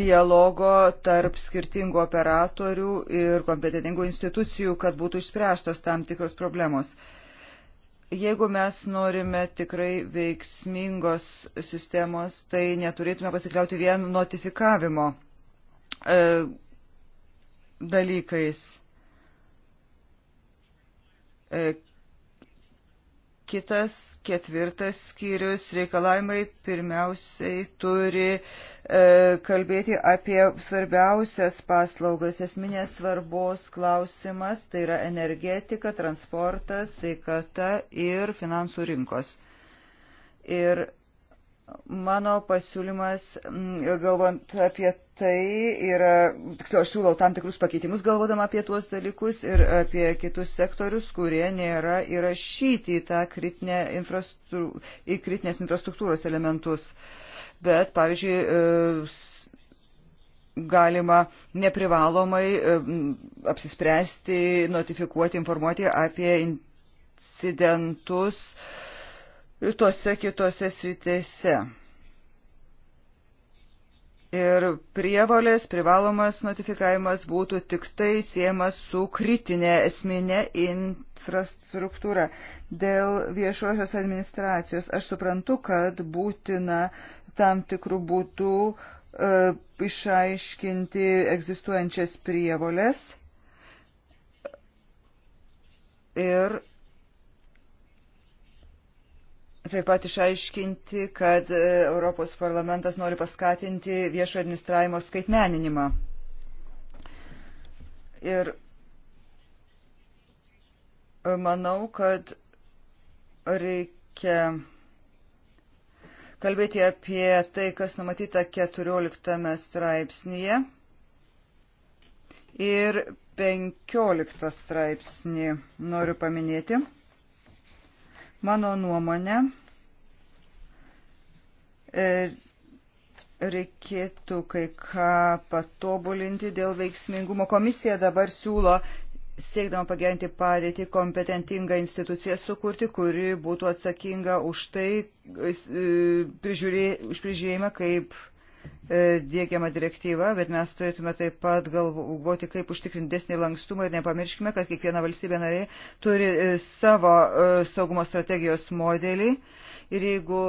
dialogo tarp skirtingų operatorių ir kompetentingų institucijų, kad būtų išspręstos tam tikros problemos. E, Jeigu mes norime tikrai veiksmingos sistemos, tai neturėtume pasikliauti vien notifikavimo e, dalykais. E, Kitas ketvirtas skyrius reikalavimai pirmiausiai turi e, kalbėti apie svarbiausias paslaugas, esminės svarbos klausimas, tai yra energetika, transportas, sveikata ir finansų rinkos. Ir Mano pasiūlymas, mm, galvant apie tai, yra, tiksliau, aš siūlau tam tikrus pakeitimus, galvodama apie tuos dalykus ir apie kitus sektorius, kurie nėra įrašyti į, tą kritinę infrastru, į kritinės infrastruktūros elementus. Bet, pavyzdžiui, e, galima neprivalomai e, apsispręsti, notifikuoti, informuoti apie incidentus tose kitose sritėse. Ir prievolės privalomas notifikavimas būtų tik tai siejamas su kritinė esminė infrastruktūra. Dėl viešosios administracijos aš suprantu, kad būtina tam tikrų būtų e, išaiškinti egzistuojančias prievolės ir Taip pat išaiškinti, kad e, Europos parlamentas nori paskatinti viešo administravimo skaitmeninimą. Ir e, manau, kad reikia kalbėti apie tai, kas numatyta 14 straipsnėje ir 15 straipsnį noriu paminėti. Mano nuomonė, e, reikėtų kai ką patobulinti dėl veiksmingumo. Komisija dabar siūlo siekdama pagerinti padėtį kompetentingą instituciją sukurti, kuri būtų atsakinga už tai, e, prižiūrė, už prižiūrėjimą, kaip E, dėgiama direktyva, bet mes turėtume taip pat galvoti, kaip užtikrinti desnį lankstumą ir nepamirškime, kad kiekviena valstybė narė turi e, savo e, saugumo strategijos modelį ir jeigu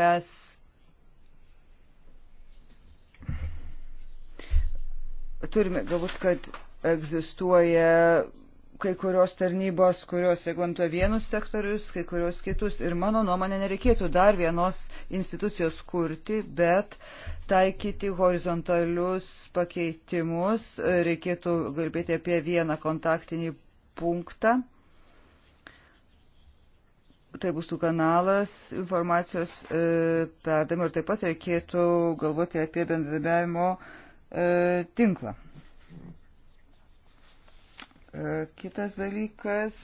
mes turime galbūt, kad egzistuoja kai kurios tarnybos, kurios reglamentuoja vienus sektorius, kai kurios kitus. Ir mano nuomonė, nereikėtų dar vienos institucijos kurti, bet taikyti horizontalius pakeitimus. Reikėtų kalbėti apie vieną kontaktinį punktą. Tai bus tų kanalas informacijos e, perdavimo ir taip pat reikėtų galvoti apie bendradarbiavimo e, tinklą. E, kitas dalykas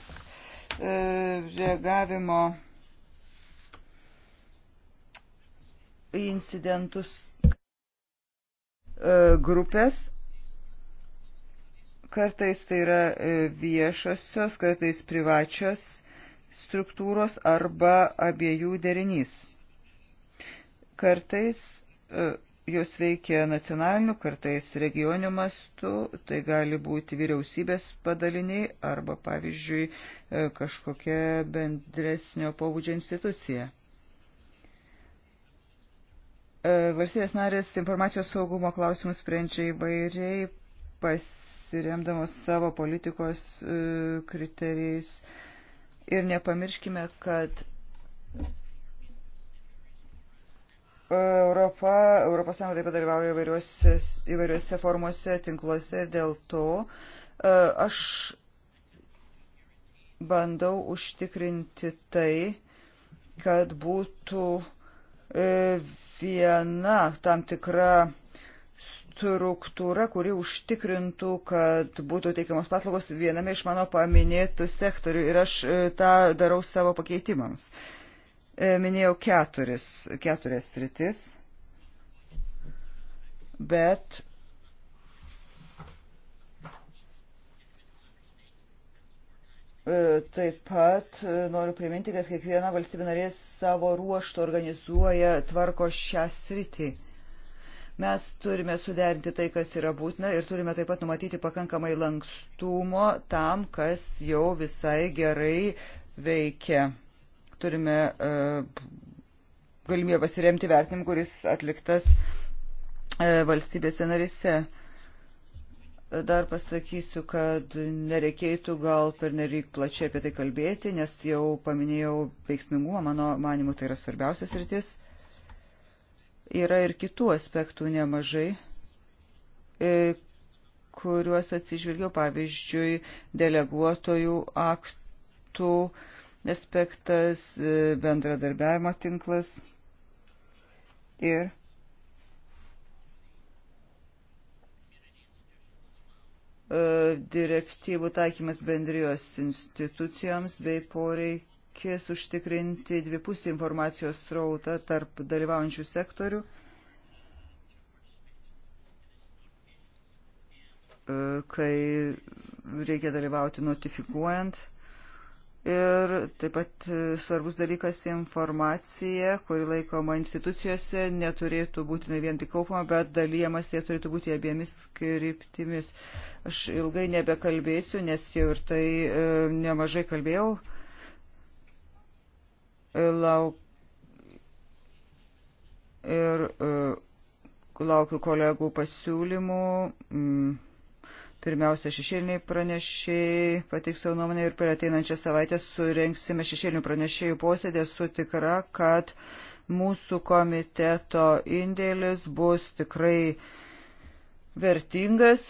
e, - reagavimo į incidentus e, grupės. Kartais tai yra viešosios, kartais privačios struktūros arba abiejų derinys. Kartais jos veikia nacionaliniu, kartais regioniu mastu, tai gali būti vyriausybės padaliniai arba, pavyzdžiui, e, kažkokia bendresnio pobūdžio institucija. E, valstybės narės informacijos saugumo klausimus sprendžia įvairiai, pasiremdamos savo politikos e, kriterijais. Ir nepamirškime, kad Europa, Europos Sąjunga taip pat dalyvauja įvairiuose, įvairiuose formuose, tinkluose ir dėl to e, aš bandau užtikrinti tai, kad būtų e, viena tam tikra struktūra, kuri užtikrintų, kad būtų teikiamos paslaugos viename iš mano paminėtų sektorių ir aš e, tą darau savo pakeitimams. Uh, E, minėjau keturis, keturias sritis, bet e, Taip pat e, noriu priminti, kad kiekviena valstybė narė savo ruoštų organizuoja tvarko šią sritį. Mes turime suderinti tai, kas yra būtina ir turime taip pat numatyti pakankamai lankstumo tam, kas jau visai gerai veikia turime e, galimybę pasiremti vertinimu, kuris atliktas e, valstybėse narise. Dar pasakysiu, kad nereikėtų gal pernelyg plačiai apie tai kalbėti, nes jau paminėjau veiksmingumą, mano manimu tai yra svarbiausias rytis. Yra ir kitų aspektų nemažai, e, kuriuos atsižvelgiau, pavyzdžiui, deleguotojų aktų, aktų aspektas, e, bendradarbiavimo tinklas ir e, direktyvų taikymas bendrijos institucijoms bei poreikis užtikrinti dvipusį informacijos srautą tarp dalyvaujančių sektorių, e, kai reikia dalyvauti notifikuojant Ir taip pat e, svarbus dalykas informacija, kuri laikoma institucijose, neturėtų būti ne vien tik kaupama, bet dalyjamas jie turėtų būti abiemis kryptimis. Aš ilgai nebekalbėsiu, nes jau ir tai e, nemažai kalbėjau. E, lauk... Ir e, laukiu kolegų pasiūlymų. Mm Pirmiausia, šešėliniai pranešėjai pateiks savo nuomonę ir per ateinančią savaitę surenksime šešėlinių pranešėjų posėdį. Esu tikra, kad mūsų komiteto indėlis bus tikrai vertingas,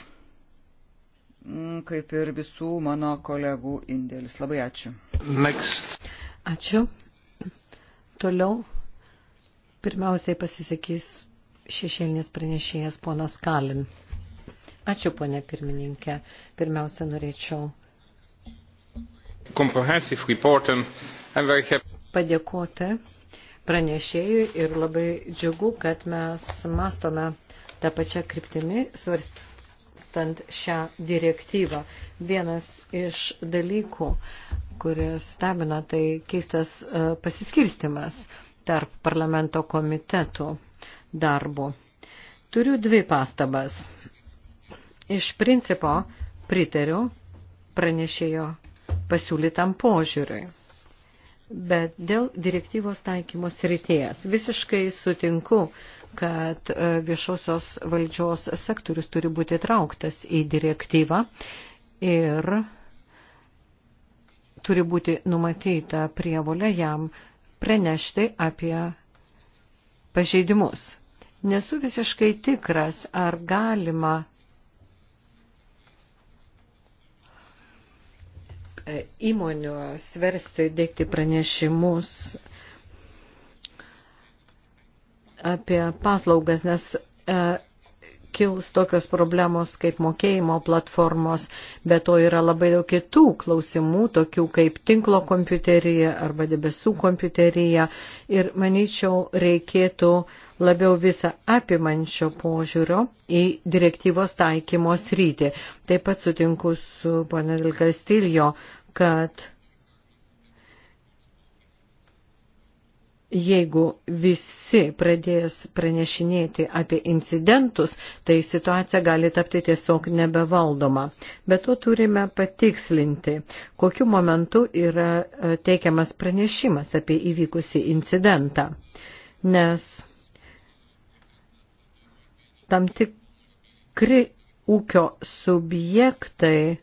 mm, kaip ir visų mano kolegų indėlis. Labai ačiū. Next. Ačiū. Toliau pirmiausiai pasisakys šešėlinės pranešėjas ponas Kalin. Ačiū, ponė pirmininkė. Pirmiausia, norėčiau padėkoti pranešėjui ir labai džiugu, kad mes mastome tą pačią kryptimį svarstant šią direktyvą. Vienas iš dalykų, kuris stabina, tai keistas e, pasiskirstimas tarp parlamento komitetų darbų. Turiu dvi pastabas iš principo pritariu pranešėjo pasiūlytam požiūriui. Bet dėl direktyvos taikymo srities visiškai sutinku, kad e, viešosios valdžios sektorius turi būti trauktas į direktyvą ir turi būti numatyta prievolė jam pranešti apie pažeidimus. Nesu visiškai tikras, ar galima E, įmonių sversti dėkti pranešimus apie paslaugas, nes e, kils tokios problemos kaip mokėjimo platformos, bet to yra labai daug kitų klausimų, tokių kaip tinklo kompiuterija arba debesų kompiuterija. Ir manyčiau, reikėtų labiau visą apimančio požiūrio į direktyvos taikymo srytį. Taip pat sutinku su ponedėl Kastiljo, kad jeigu visi pradės pranešinėti apie incidentus, tai situacija gali tapti tiesiog nebevaldoma. Bet to turime patikslinti, kokiu momentu yra e, teikiamas pranešimas apie įvykusį incidentą. Nes tam tikri ūkio subjektai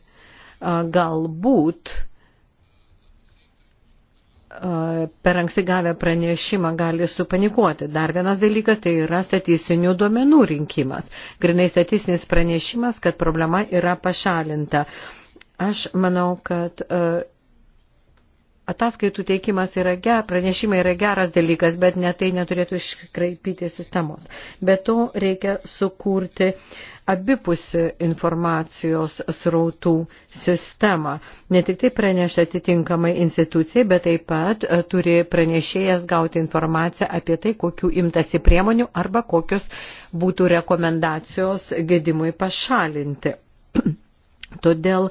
galbūt per anksti gavę pranešimą gali supanikuoti. Dar vienas dalykas tai yra statistinių duomenų rinkimas. Grinai statistinis pranešimas, kad problema yra pašalinta. Aš manau, kad e, ataskaitų teikimas yra geras, pranešimai yra geras dalykas, bet ne tai neturėtų iškraipyti sistemos. Be to reikia sukurti abipusi informacijos srautų sistemą. Ne tik tai pranešti atitinkamai institucijai, bet taip pat e, turi pranešėjas gauti informaciją apie tai, kokiu imtasi priemonių arba kokios būtų rekomendacijos gedimui pašalinti. [clears throat] Todėl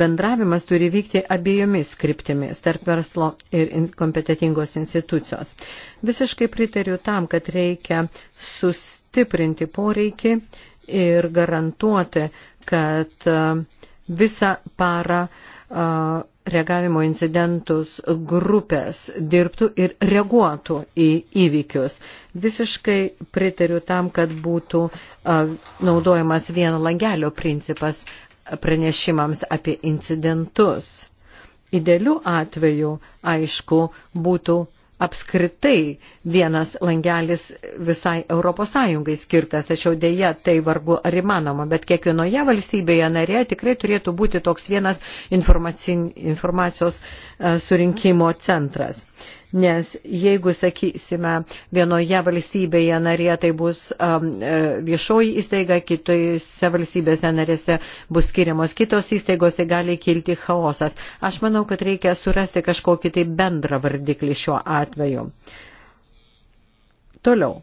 bendravimas turi vykti abiejomis kryptimis tarp verslo ir kompetitingos institucijos. Visiškai pritariu tam, kad reikia sustiprinti poreikį ir garantuoti, kad e, visą parą e, reagavimo incidentus grupės dirbtų ir reaguotų į įvykius. Visiškai pritariu tam, kad būtų e, naudojamas vieno langelio principas pranešimams apie incidentus. Idealiu atveju, aišku, būtų apskritai vienas langelis visai ES skirtas, tačiau dėja tai vargu ar įmanoma, bet kiekvienoje valstybėje narėje tikrai turėtų būti toks vienas informacijos e, surinkimo centras nes jeigu, sakysime, vienoje valstybėje narėje tai bus um, e, viešoji įstaiga, kitose valstybėse narėse bus skiriamos kitos įstaigos, tai gali kilti chaosas. Aš manau, kad reikia surasti kažkokį tai bendrą vardiklį šiuo atveju. Toliau.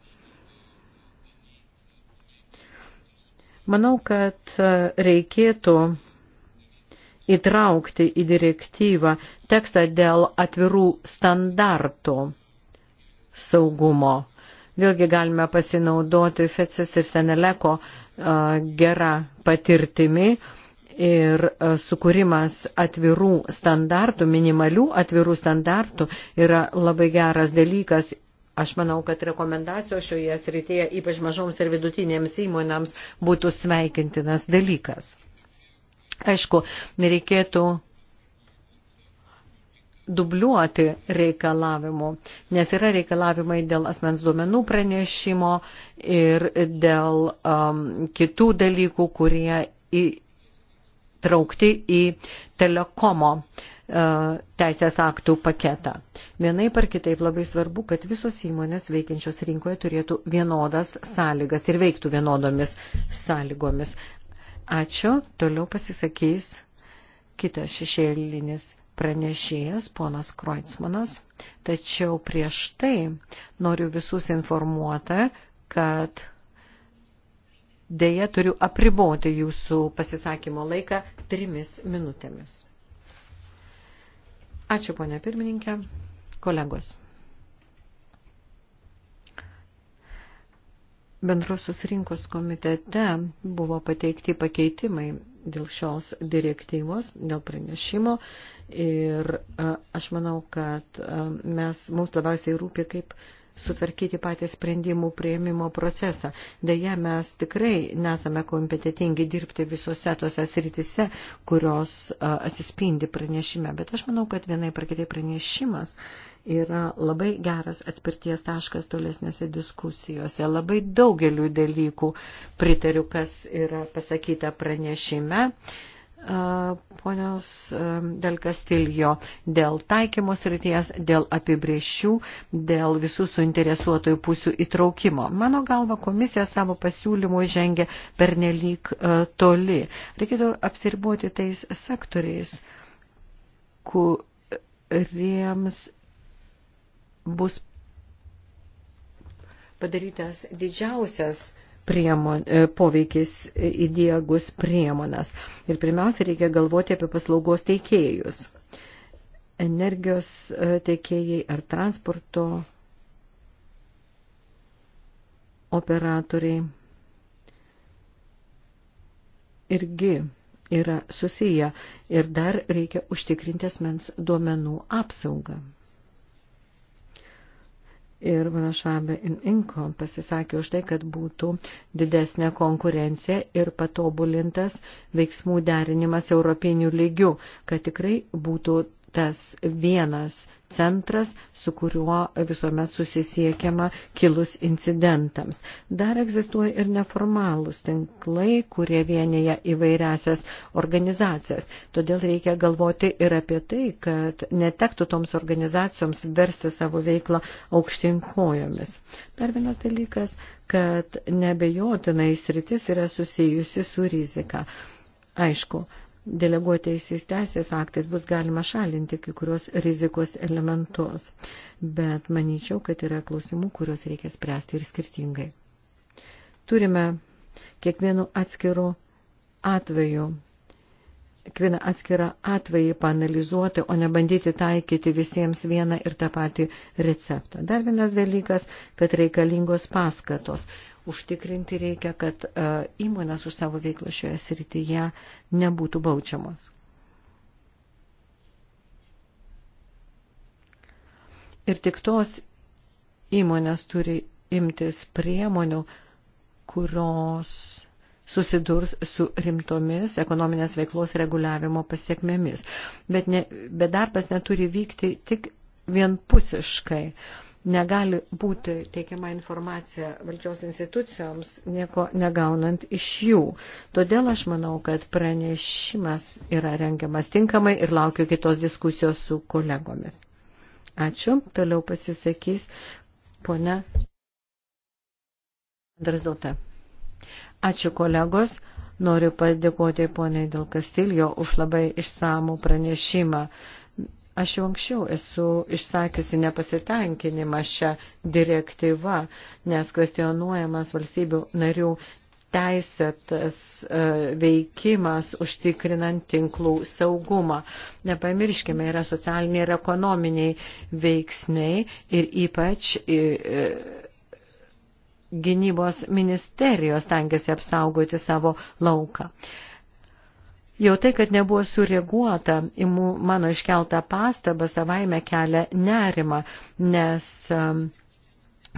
Manau, kad e, reikėtų įtraukti į direktyvą tekstą dėl atvirų standartų saugumo. Vėlgi galime pasinaudoti FECIS ir Seneleko gerą patirtimį ir sukūrimas atvirų standartų, minimalių atvirų standartų yra labai geras dalykas Aš manau, kad rekomendacijos šioje srityje, ypač mažoms ir vidutinėms įmonėms, būtų sveikintinas dalykas. Aišku, nereikėtų dubliuoti reikalavimų, nes yra reikalavimai dėl asmens duomenų pranešimo ir dėl um, kitų dalykų, kurie įtraukti į telekomo uh, teisės aktų paketą. Vienai par kitaip labai svarbu, kad visos įmonės veikiančios rinkoje turėtų vienodas sąlygas ir veiktų vienodomis sąlygomis. Ačiū. Toliau pasisakys kitas šešėlinis pranešėjas, ponas Kroitsmanas. Tačiau prieš tai noriu visus informuotą, kad dėja turiu apriboti jūsų pasisakymo laiką trimis minutėmis. Ačiū, ponė pirmininkė, kolegos. bendrosios rinkos komitete buvo pateikti pakeitimai dėl šios direktyvos, dėl pranešimo ir e, aš manau, kad e, mes, mums labiausiai rūpi, kaip sutvarkyti patį sprendimų prieimimo procesą. Deja, mes tikrai nesame kompetitingi dirbti visose tose sritise, kurios atsispindi pranešime, bet aš manau, kad vienai par kitai pranešimas yra labai geras atspirties taškas tolesnėse diskusijose. Labai daugeliu dalykų pritariu, kas yra pasakyta pranešime. Uh, ponios dėl Kastiljo, dėl taikymos ryties, dėl apibriešių, dėl visų suinteresuotojų pusių įtraukimo. Mano galva, komisija savo pasiūlymų žengia per nelik toli. Reikėtų apsiribuoti tais sektoriais, kuriems bus padarytas didžiausias uh, priemon, e, poveikis įdiegus priemonas. Ir pirmiausia, reikia galvoti apie paslaugos teikėjus. Energijos e, teikėjai ar transporto operatoriai irgi yra susiję ir dar reikia užtikrinti asmens duomenų apsaugą ir Vanašabė in Inko pasisakė už tai, kad būtų didesnė konkurencija ir patobulintas veiksmų derinimas europinių lygių, kad tikrai būtų tas vienas centras, su kuriuo visuomet susisiekiama kilus incidentams. Dar egzistuoja ir neformalūs tinklai, kurie vienyje įvairiasias organizacijas. Todėl reikia galvoti ir apie tai, kad netektų toms organizacijoms versti savo veiklą aukštinkojomis. Dar vienas dalykas, kad nebejotinai sritis yra susijusi su rizika. Aišku, deleguotaisiais teisės aktais bus galima šalinti kai kurios rizikos elementus, bet manyčiau, kad yra klausimų, kuriuos reikia spręsti ir skirtingai. Turime kiekvienu atskiru atveju, kiekvieną atskirą atvejį panalizuoti, o ne bandyti taikyti visiems vieną ir tą patį receptą. Dar vienas dalykas, kad reikalingos paskatos užtikrinti reikia, kad e, įmonės už savo veiklą šioje srityje nebūtų baudžiamos. Ir tik tos įmonės turi imtis priemonių, kurios susidurs su rimtomis ekonominės veiklos reguliavimo pasiekmėmis. Bet, ne, bet darbas neturi vykti tik vienpusiškai. Uh, negali būti teikiama informacija valdžios institucijoms, nieko negaunant iš jų. Todėl aš manau, kad pranešimas yra rengiamas tinkamai ir laukiu kitos diskusijos su kolegomis. Ačiū. Toliau pasisakys ponia Drasdota. Ačiū kolegos. Noriu padėkoti poniai dėl Kastilijo už labai išsamų pranešimą. Aš jau anksčiau esu išsakiusi nepasitenkinimą šią direktyvą, nes kvestionuojamas valstybių narių teisėtas e, veikimas užtikrinant tinklų saugumą. Nepamirškime, yra socialiniai ir ekonominiai veiksniai ir ypač e, e, gynybos ministerijos tengiasi apsaugoti savo lauką. Jau tai, kad nebuvo sureaguota į mano iškeltą pastabą, savaime kelia nerima, nes um,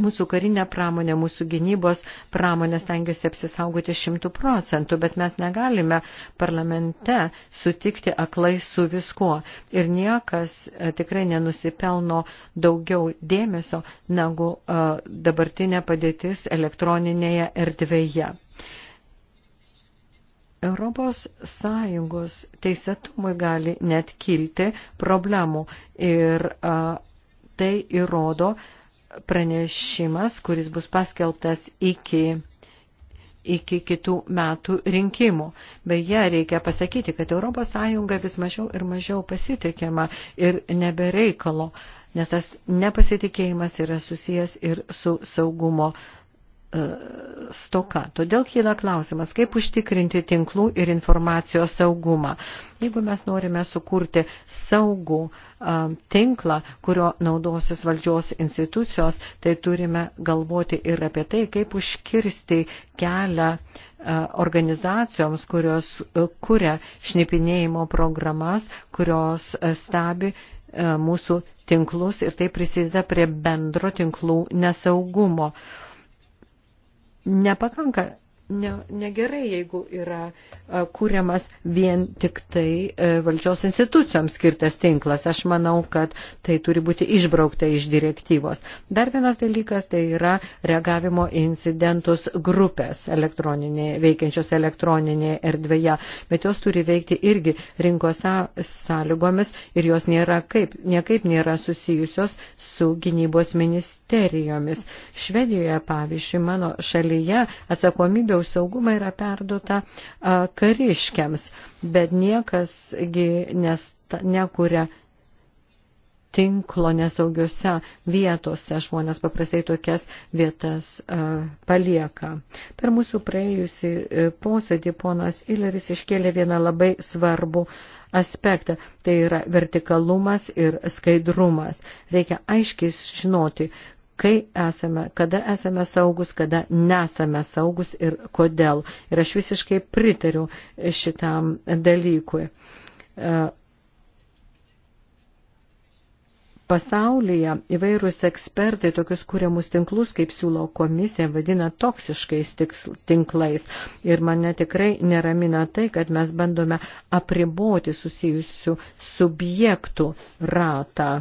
mūsų karinė pramonė, mūsų gynybos pramonė stengiasi apsisaugoti šimtų procentų, bet mes negalime parlamente sutikti aklai su viskuo. Ir niekas e, tikrai nenusipelno daugiau dėmesio negu e, dabartinė padėtis elektroninėje erdvėje. Europos Sąjungos teisėtumui gali net kilti problemų ir a, tai įrodo pranešimas, kuris bus paskelbtas iki, iki kitų metų rinkimų. Beje, reikia pasakyti, kad Europos Sąjunga vis mažiau ir mažiau pasitikima ir nebereikalo, nes tas nepasitikėjimas yra susijęs ir su saugumo uh, E, stoka. Todėl kyla klausimas, kaip užtikrinti tinklų ir informacijos saugumą. Jeigu mes norime sukurti saugų e, tinklą, kurio naudosis valdžios institucijos, tai turime galvoti ir apie tai, kaip užkirsti kelią e, organizacijoms, kurios kuria šnipinėjimo programas, kurios stebi mūsų tinklus ir tai prisideda prie bendro tinklų nesaugumo nepakanka ne, negerai, jeigu yra e, kūriamas vien tik tai e, valdžios institucijoms skirtas tinklas. Aš manau, kad tai turi būti išbraukta iš direktyvos. Dar vienas dalykas tai yra reagavimo incidentus grupės elektroninėje, veikiančios elektroninėje erdvėje, bet jos turi veikti irgi rinkos sąlygomis ir jos nėra kaip, niekaip nėra susijusios su gynybos ministerijomis. Švedijoje, pavyzdžiui, mano šalyje atsakomybė už saugumą yra perduota kariškiams, bet niekasgi nekuria tinklo nesaugiose vietose. Žmonės paprastai tokias vietas palieka. Per mūsų praėjusi e, posėdį ponas Ileris iškėlė vieną labai svarbų aspektą. Tai yra vertikalumas ir skaidrumas. Reikia aiškiai žinoti, kai esame, kada esame saugus, kada nesame saugus ir kodėl. Ir aš visiškai pritariu šitam dalykui. E, pasaulyje įvairūs ekspertai tokius kūriamus tinklus, kaip siūlo komisija, vadina toksiškais tinklais. Ir mane tikrai neramina tai, kad mes bandome apriboti susijusių subjektų ratą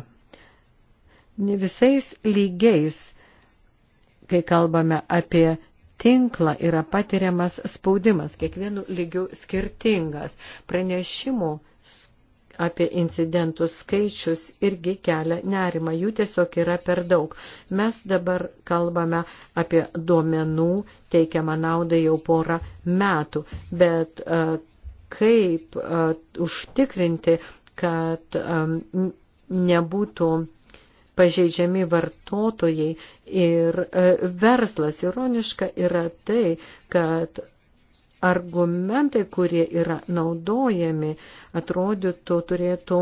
ne visais lygiais, kai kalbame apie tinklą, yra patiriamas spaudimas, kiekvienų lygių skirtingas. Pranešimų apie incidentų skaičius irgi kelia nerima, jų tiesiog yra per daug. Mes dabar kalbame apie duomenų teikiamą naudą jau porą metų, bet e, kaip e, užtikrinti, kad e, nebūtų pažeidžiami vartotojai ir e, verslas. Ironiška yra tai, kad argumentai, kurie yra naudojami, atrodytų turėtų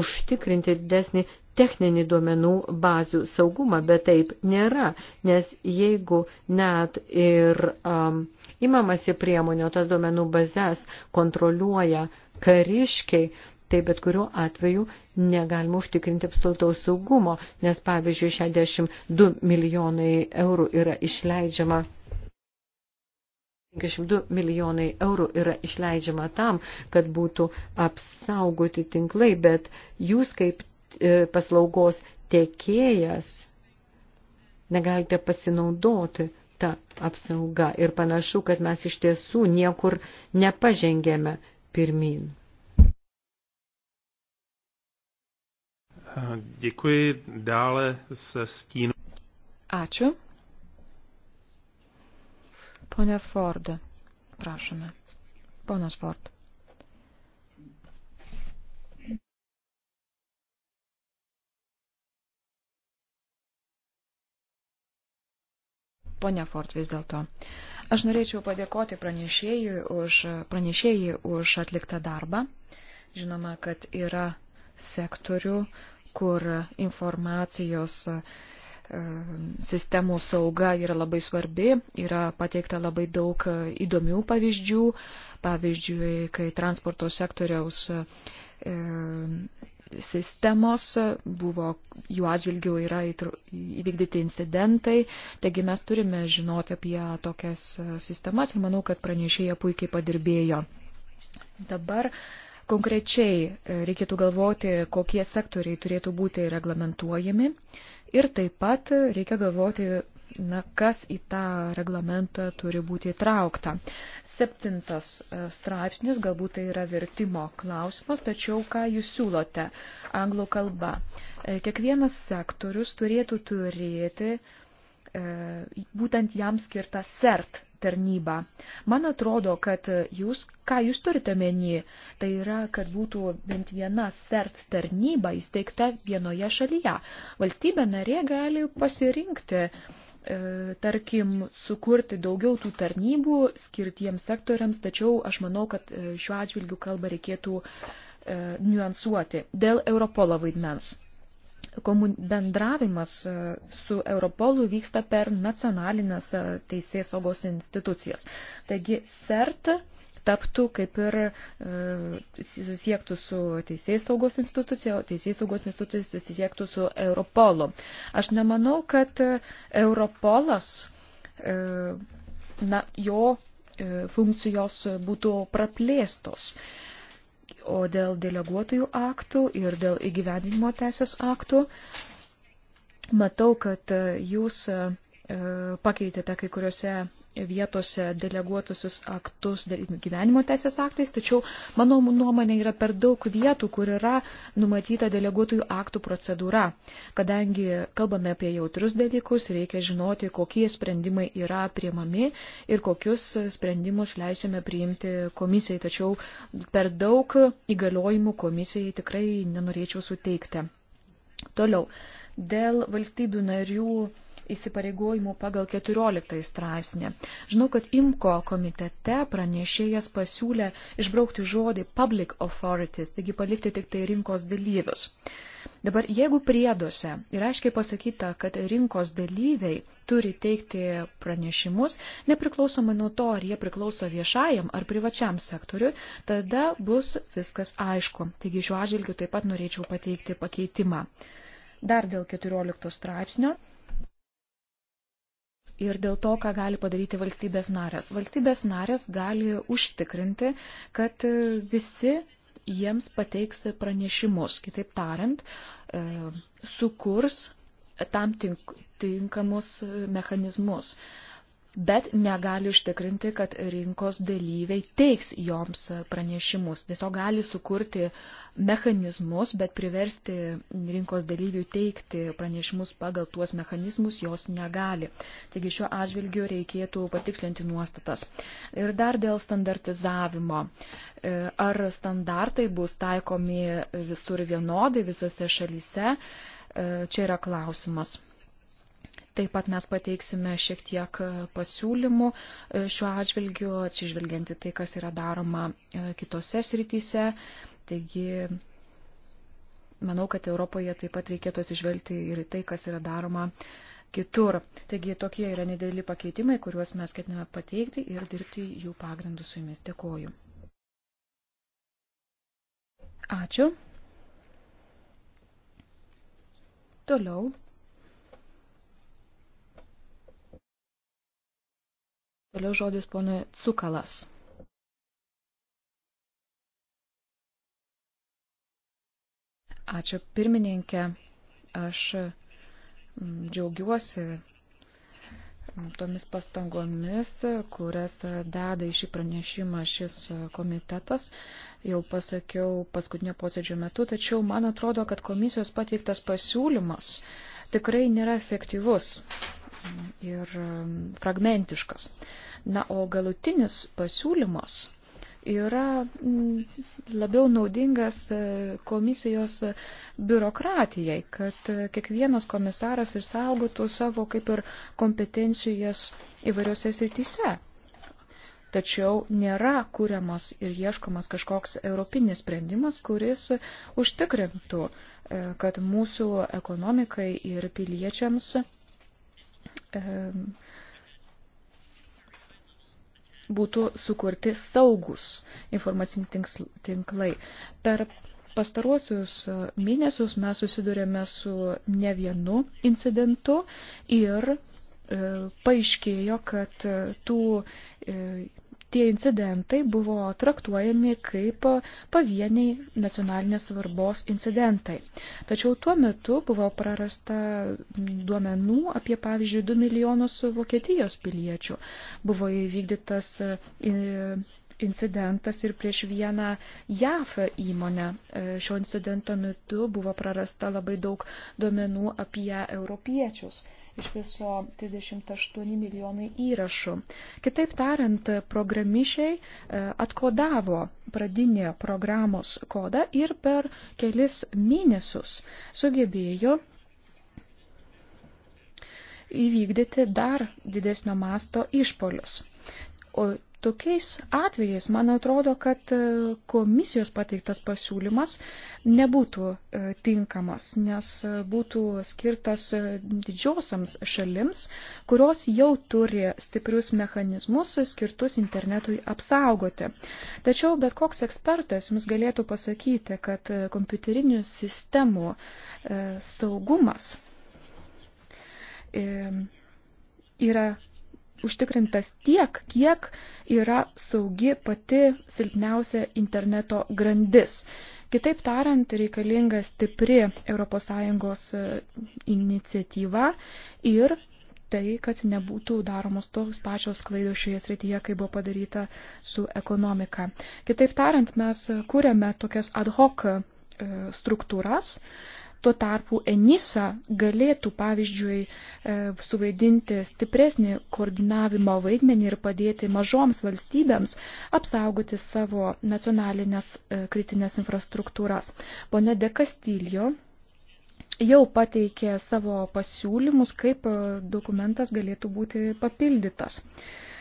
užtikrinti didesnį techninį duomenų bazių saugumą, bet taip nėra, nes jeigu net ir um, imamasi priemonio, tas duomenų bazės kontroliuoja kariškiai, tai bet kuriuo atveju negalima užtikrinti absoliutaus saugumo, nes pavyzdžiui 62 milijonai eurų yra išleidžiama. 52 milijonai eurų yra išleidžiama tam, kad būtų apsaugoti tinklai, bet jūs kaip e, paslaugos tiekėjas negalite pasinaudoti ta apsauga. Ir panašu, kad mes iš tiesų niekur nepažengėme pirmin. Děkuji dále se stínu. Ačiū. Pone Ford, prašome. Ponas Ford. Pone Ford vis dėlto. Aš norėčiau padėkoti pranešėjui už, pranešėjui už atliktą darbą. Žinoma, kad yra sektorių, kur informacijos e, sistemų sauga yra labai svarbi, yra pateikta labai daug e, įdomių pavyzdžių, pavyzdžiui, kai transporto sektoriaus e, sistemos buvo, jų atžvilgių yra įvykdyti incidentai, taigi mes turime žinoti apie tokias sistemas ir manau, kad pranešėja puikiai padirbėjo. Dabar uh, Konkrečiai e, reikėtų galvoti, kokie sektoriai turėtų būti reglamentuojami ir taip pat reikia galvoti, na, kas į tą reglamentą turi būti įtraukta. Septintas e, straipsnis, galbūt tai yra vertimo klausimas, tačiau ką jūs siūlote anglų kalba. E, kiekvienas sektorius turėtų turėti būtent jam skirtą CERT tarnybą. Man atrodo, kad jūs, ką jūs turite menį, tai yra, kad būtų bent viena CERT tarnyba įsteigta vienoje šalyje. Valstybė narė gali pasirinkti, e, tarkim, sukurti daugiau tų tarnybų skirtiems sektoriams, tačiau aš manau, kad e, šiuo atžvilgiu kalbą reikėtų e, niuansuoti dėl Europolo vaidmens bendravimas e, su Europolu vyksta per nacionalinės e, teisės saugos institucijas. Taigi CERT taptų kaip ir e, susisiektų su teisės saugos institucija, o teisės saugos institucija susisiektų su Europolu. Aš nemanau, kad e, Europolas, e, na, jo funkcijos būtų praplėstos. E, O dėl deleguotojų aktų ir dėl įgyvendinimo teisės aktų matau, kad e, jūs e, pakeitėte kai kuriuose vietose deleguotusius aktus gyvenimo teisės aktais, tačiau mano nuomonė yra per daug vietų, kur yra numatyta deleguotųjų aktų procedūra. Kadangi kalbame apie jautrus dalykus, reikia žinoti, kokie sprendimai yra priemami ir kokius sprendimus leisime priimti komisijai, tačiau per daug įgaliojimų komisijai tikrai nenorėčiau suteikti. Toliau, dėl valstybių narių įsipareigojimų pagal 14 straipsnį. Žinau, kad IMCO komitete pranešėjas pasiūlė išbraukti žodį public authorities, taigi palikti tik tai rinkos dalyvius. Dabar, jeigu prieduose yra aiškiai pasakyta, kad rinkos dalyviai turi teikti pranešimus, nepriklausomai nuo to, ar jie priklauso viešajam ar privačiam sektoriui, tada bus viskas aišku. Taigi šiuo atžvilgiu taip pat norėčiau pateikti pakeitimą. Dar dėl 14 straipsnio ir dėl to, ką gali padaryti valstybės narės. Valstybės narės gali užtikrinti, kad e, visi jiems pateiks pranešimus. Kitaip tariant, e, sukurs tam tinkamus e, mechanizmus bet negali užtikrinti, kad rinkos dalyviai teiks joms pranešimus. Tiesiog gali sukurti mechanizmus, bet priversti rinkos dalyvių teikti pranešimus pagal tuos mechanizmus jos negali. Taigi šiuo atžvilgiu reikėtų patikslinti nuostatas. Ir dar dėl standartizavimo. E, ar standartai bus taikomi visur vienodai, visose šalyse? E, čia yra klausimas. Taip pat mes pateiksime šiek tiek e, pasiūlymų e, šiuo atžvilgiu, atsižvelgianti tai, kas yra daroma e, kitose srityse. Taigi, manau, kad Europoje taip pat reikėtų atsižvelgti ir tai, kas yra daroma kitur. Taigi, tokie yra nedėli pakeitimai, kuriuos mes ketiname pateikti ir dirbti jų pagrindų su jumis. Dėkoju. Ačiū. Toliau. Toliau žodis ponui Cukalas. Ačiū pirmininkė. Aš mm, džiaugiuosi mm, tomis pastangomis, kurias deda į šį pranešimą šis komitetas. Jau pasakiau paskutinio posėdžio metu, tačiau man atrodo, kad komisijos pateiktas pasiūlymas tikrai nėra efektyvus ir fragmentiškas. Na, o galutinis pasiūlymas yra mm, labiau naudingas e, komisijos biurokratijai, kad e, kiekvienas komisaras išsaugotų savo kaip ir kompetencijas įvairiose srityse. Tačiau nėra kuriamas ir ieškomas kažkoks europinis sprendimas, kuris užtikrintų, e, kad mūsų ekonomikai ir piliečiams būtų sukurti saugus informaciniai tinklai. Per pastaruosius e, mėnesius mes susidurėme su ne vienu incidentu ir e, paaiškėjo, kad e, tų tie incidentai buvo traktuojami kaip pavieniai nacionalinės svarbos incidentai. Tačiau tuo metu buvo prarasta duomenų apie, pavyzdžiui, 2 milijonus Vokietijos piliečių. Buvo įvykdytas e, incidentas ir prieš vieną JAF įmonę. E, šio incidento metu buvo prarasta labai daug duomenų apie europiečius iš viso 38 milijonai įrašų. Kitaip tariant, programišiai e, atkodavo pradinį programos kodą ir per kelis mėnesius sugebėjo įvykdyti dar didesnio masto išpolius. O Tokiais atvejais, man atrodo, kad e, komisijos pateiktas pasiūlymas nebūtų e, tinkamas, nes e, būtų skirtas didžiosiams šalims, kurios jau turi stiprius mechanizmus skirtus internetui apsaugoti. Tačiau bet koks ekspertas jums galėtų pasakyti, kad kompiuterinių sistemų saugumas yra užtikrintas tiek, kiek yra saugi pati silpniausia interneto grandis. Kitaip tariant, reikalinga stipri ES e, iniciatyva ir tai, kad nebūtų daromos toks pačios klaidos šioje srityje, kaip buvo padaryta su ekonomika. Kitaip tariant, mes e, kūrėme tokias ad hoc e, struktūras, Tuo tarpu Enisa galėtų, pavyzdžiui, e, suvaidinti stipresnį koordinavimo vaidmenį ir padėti mažoms valstybėms apsaugoti savo nacionalinės e, kritinės infrastruktūras. Pone Dekastylio jau pateikė savo pasiūlymus, kaip e, dokumentas galėtų būti papildytas.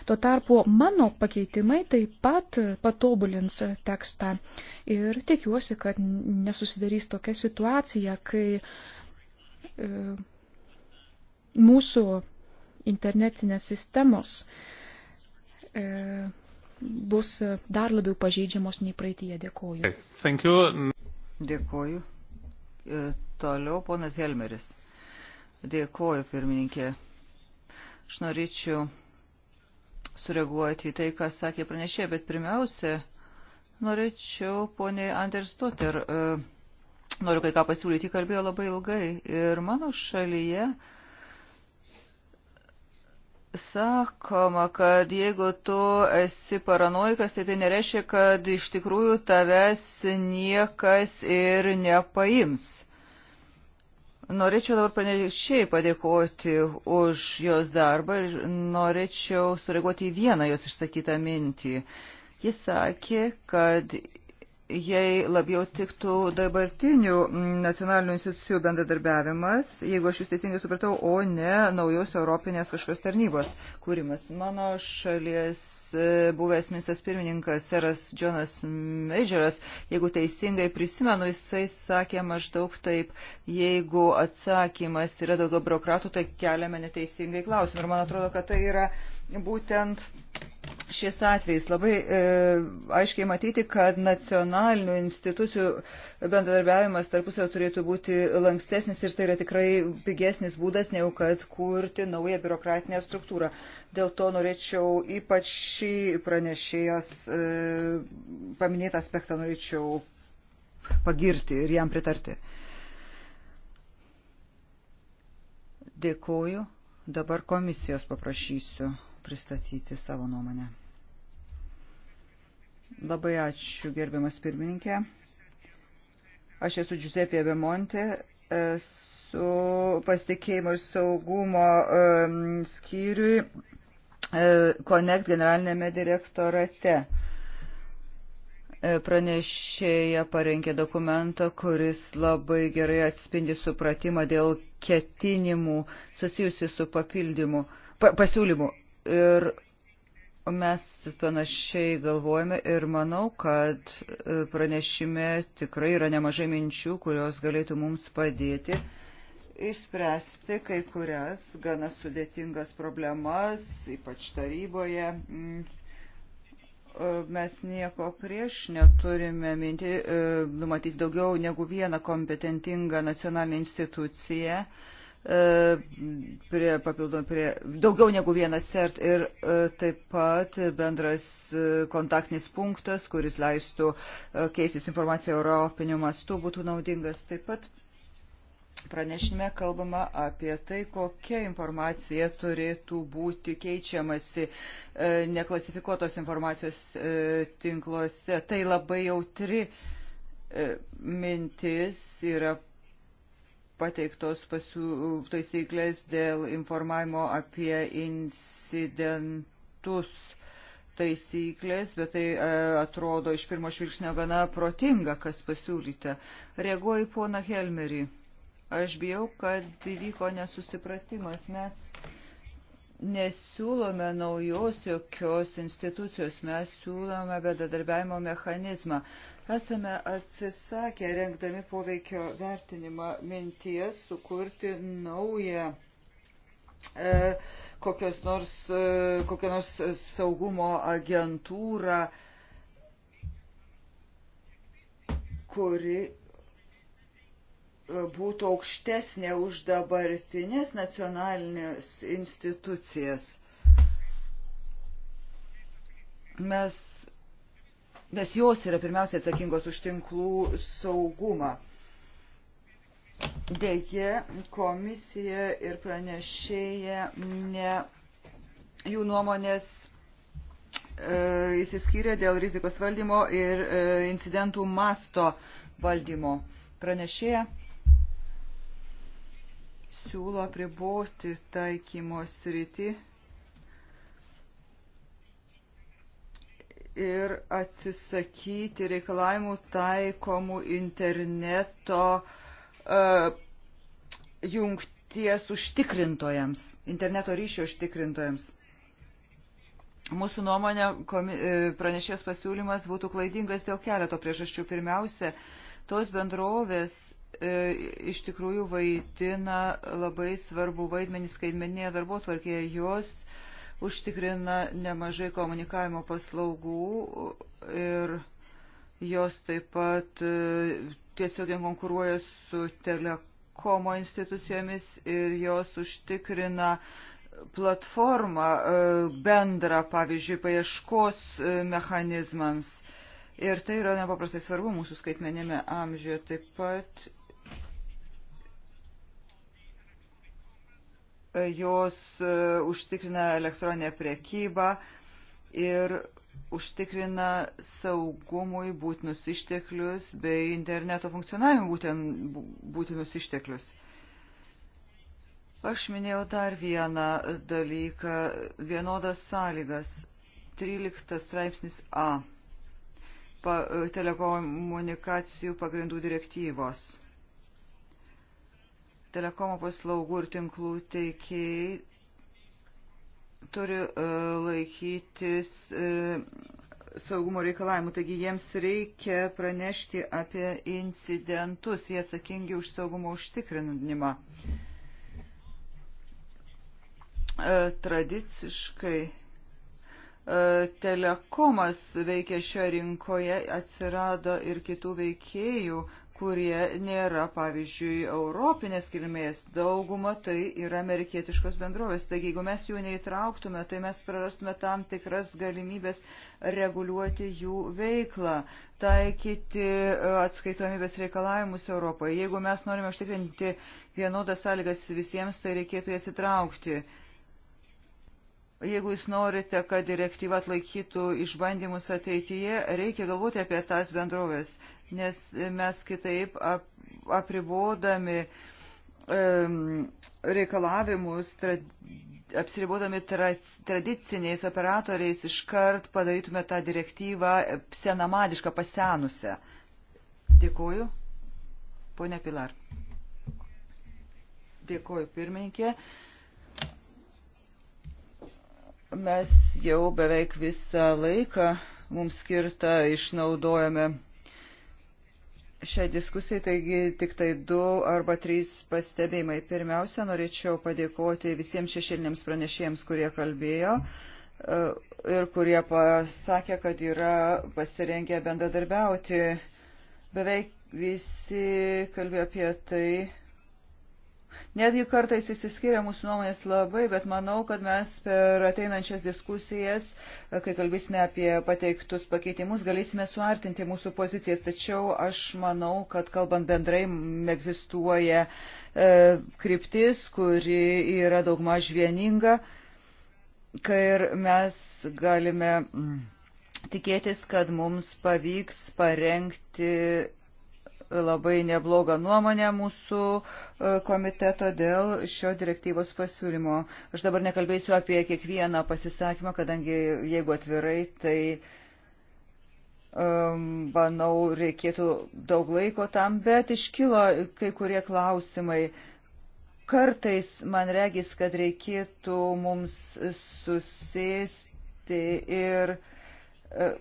Tuo tarpu mano pakeitimai taip pat patobulins tekstą ir tikiuosi, kad nesusidarys tokia situacija, kai e, mūsų internetinės sistemos e, bus dar labiau pažeidžiamos nei praeitie. Dėkoju. Thank you. Dėkoju. E, toliau ponas Helmeris. Dėkoju, pirmininkė. Aš norėčiau sureaguoti į tai, ką sakė pranešė, bet pirmiausia, norėčiau poniai Anderstoter, e, noriu kai ką pasiūlyti, kalbėjo labai ilgai ir mano šalyje sakoma, kad jeigu tu esi paranoikas, tai tai nereiškia, kad iš tikrųjų tavęs niekas ir nepaims. Norėčiau dabar pranešiai padėkoti už jos darbą ir norėčiau sureaguoti į vieną jos išsakytą mintį. Jis sakė, kad jai labiau tiktų dabartinių nacionalinių institucijų bendradarbiavimas, jeigu aš jūs teisingai supratau, o ne naujos Europinės kažkokios tarnybos kūrimas. Mano šalies e, buvęs ministras pirmininkas Seras Jonas Meidžeras, jeigu teisingai prisimenu, jisai sakė maždaug taip, jeigu atsakymas yra daugiau biurokratų, tai keliame neteisingai klausimą. Ir man atrodo, kad tai yra būtent šis atvejs labai e, aiškiai matyti, kad nacionalinių institucijų bendradarbiavimas tarpusavio turėtų būti lankstesnis ir tai yra tikrai pigesnis būdas, negu kad kurti naują biurokratinę struktūrą. Dėl to norėčiau ypač šį pranešėjos e, paminėtą aspektą norėčiau pagirti ir jam pritarti. Dėkoju. Dabar komisijos paprašysiu pristatyti savo nuomonę. Labai ačiū, gerbiamas pirmininkė. Aš esu Giuseppe Bemonte, esu pasitikėjimo ir saugumo skyriui e, Connect generalinėme direktorate. E, pranešėja parengė dokumentą, kuris labai gerai atspindi supratimą dėl ketinimų susijusi su papildymu, pa, pasiūlymu. Ir mes panašiai galvojame ir manau, kad e, pranešime tikrai yra nemažai minčių, kurios galėtų mums padėti išspręsti kai kurias gana sudėtingas problemas, ypač taryboje. Mm. E, mes nieko prieš neturime minti e, numatyti daugiau negu vieną kompetentingą nacionalinę instituciją. E, prie papildomų, prie daugiau negu vienas CERT ir e, taip pat bendras e, kontaktinis punktas, kuris leistų keistis informaciją europiniu mastu, būtų naudingas. Taip pat pranešime kalbama apie tai, kokia informacija turėtų būti keičiamasi neklasifikuotos informacijos tinkluose. Tai labai jautri mintis yra pateiktos pasiū, taisyklės dėl informavimo apie incidentus taisyklės, bet tai e, atrodo iš pirmo žvilgsnio gana protinga, kas pasiūlyta. Reaguoju į poną Helmerį. Aš bijau, kad įvyko nesusipratimas. Mes nesiūlome naujos jokios institucijos, mes siūlome bedadarbiavimo mechanizmą. Esame atsisakę, rengdami poveikio vertinimą, minties sukurti naują e, kokios nors, e, kokią nors saugumo agentūrą, kuri e, būtų aukštesnė už dabartinės nacionalinės institucijas. Mes nes jos yra pirmiausia atsakingos už tinklų saugumą. Deja, komisija ir pranešėja ne jų nuomonės e, įsiskyrė dėl rizikos valdymo ir e, incidentų masto valdymo. Pranešėja siūlo priboti taikymo sritį ir atsisakyti reikalavimų taikomų interneto uh, jungties užtikrintojams, interneto ryšio užtikrintojams. Mūsų nuomonė e, pranešės pasiūlymas būtų klaidingas dėl keleto priežasčių. Pirmiausia, tos bendrovės e, iš tikrųjų vaidina labai svarbu vaidmenį skaitmeninėje darbo tvarkėje. Jos uh, užtikrina nemažai komunikavimo paslaugų ir jos taip pat e, tiesiogiai konkuruoja su telekomo institucijomis ir jos užtikrina platformą e, bendrą, pavyzdžiui, paieškos e, mechanizmams. Ir tai yra nepaprastai svarbu mūsų skaitmenėme amžiuje. Taip pat jos e, užtikrina elektroninę priekybą ir užtikrina saugumui būtinus išteklius bei interneto funkcionavimui būtent būtinus išteklius. Aš minėjau dar vieną dalyką - vienodas sąlygas. 13 straipsnis A. Pa, telekomunikacijų pagrindų direktyvos telekomo paslaugų ir tinklų teikėjai turi e, laikytis e, saugumo reikalavimų, taigi jiems reikia pranešti apie incidentus, jie atsakingi už saugumo užtikrinimą. E, tradiciškai telekomas veikia šioje rinkoje, atsirado ir kitų veikėjų, kurie nėra, pavyzdžiui, europinės kilmės. Dauguma tai yra amerikietiškos bendrovės. Taigi, jeigu mes jų neįtrauktume, tai mes prarastume tam tikras galimybės reguliuoti jų veiklą, taikyti e, atskaitomybės reikalavimus Europoje. Jeigu mes norime užtikrinti vienodas sąlygas visiems, tai reikėtų jas įtraukti. Jeigu jūs norite, kad direktyva atlaikytų išbandymus ateityje, reikia galvoti apie tas bendrovės, nes mes kitaip ap, apribodami um, reikalavimus, trad, apsiribodami trad, tradiciniais operatoriais, iškart padarytume tą direktyvą senamadišką, pasenusią. Dėkuoju. Pone Pilar. Dėkuoju, pirmininkė. Uh, Mes jau beveik visą laiką mums skirtą išnaudojame šią diskusiją, taigi tik tai du arba trys pastebėjimai. Pirmiausia, norėčiau padėkoti visiems šešėliniams pranešėjams, kurie kalbėjo e, ir kurie pasakė, kad yra pasirengę bendradarbiauti. Beveik visi kalbėjo apie tai, Netgi kartais įsiskiria mūsų nuomonės labai, bet manau, kad mes per ateinančias diskusijas, kai kalbėsime apie pateiktus pakeitimus, galėsime suartinti mūsų pozicijas. Tačiau aš manau, kad kalbant bendrai egzistuoja e, kryptis, kuri yra daugmaž vieninga, kai ir mes galime. Mm, tikėtis, kad mums pavyks parengti labai neblogą nuomonę mūsų e, komiteto dėl šio direktyvos pasiūlymo. Aš dabar nekalbėsiu apie kiekvieną pasisakymą, kadangi jeigu atvirai, tai manau, reikėtų daug laiko tam, bet iškilo kai kurie klausimai. Kartais man regis, kad reikėtų mums susėsti ir e,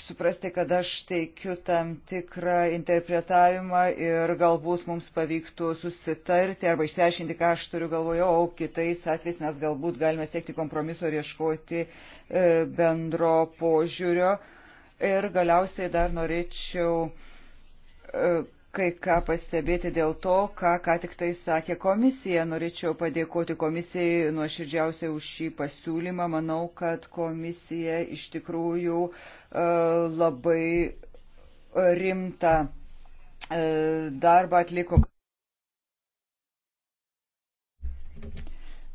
suprasti, kad aš teikiu tam tikrą interpretavimą ir galbūt mums pavyktų susitarti arba išsiaiškinti, ką aš turiu galvoje, o kitais atvejais mes galbūt galime siekti kompromiso ir ieškoti e, bendro požiūrio. Ir galiausiai dar norėčiau e, kai ką pastebėti dėl to, ką ką tik tai sakė komisija. Norėčiau padėkoti komisijai nuoširdžiausiai už šį pasiūlymą. Manau, kad komisija iš tikrųjų e, labai rimtą e, darbą atliko.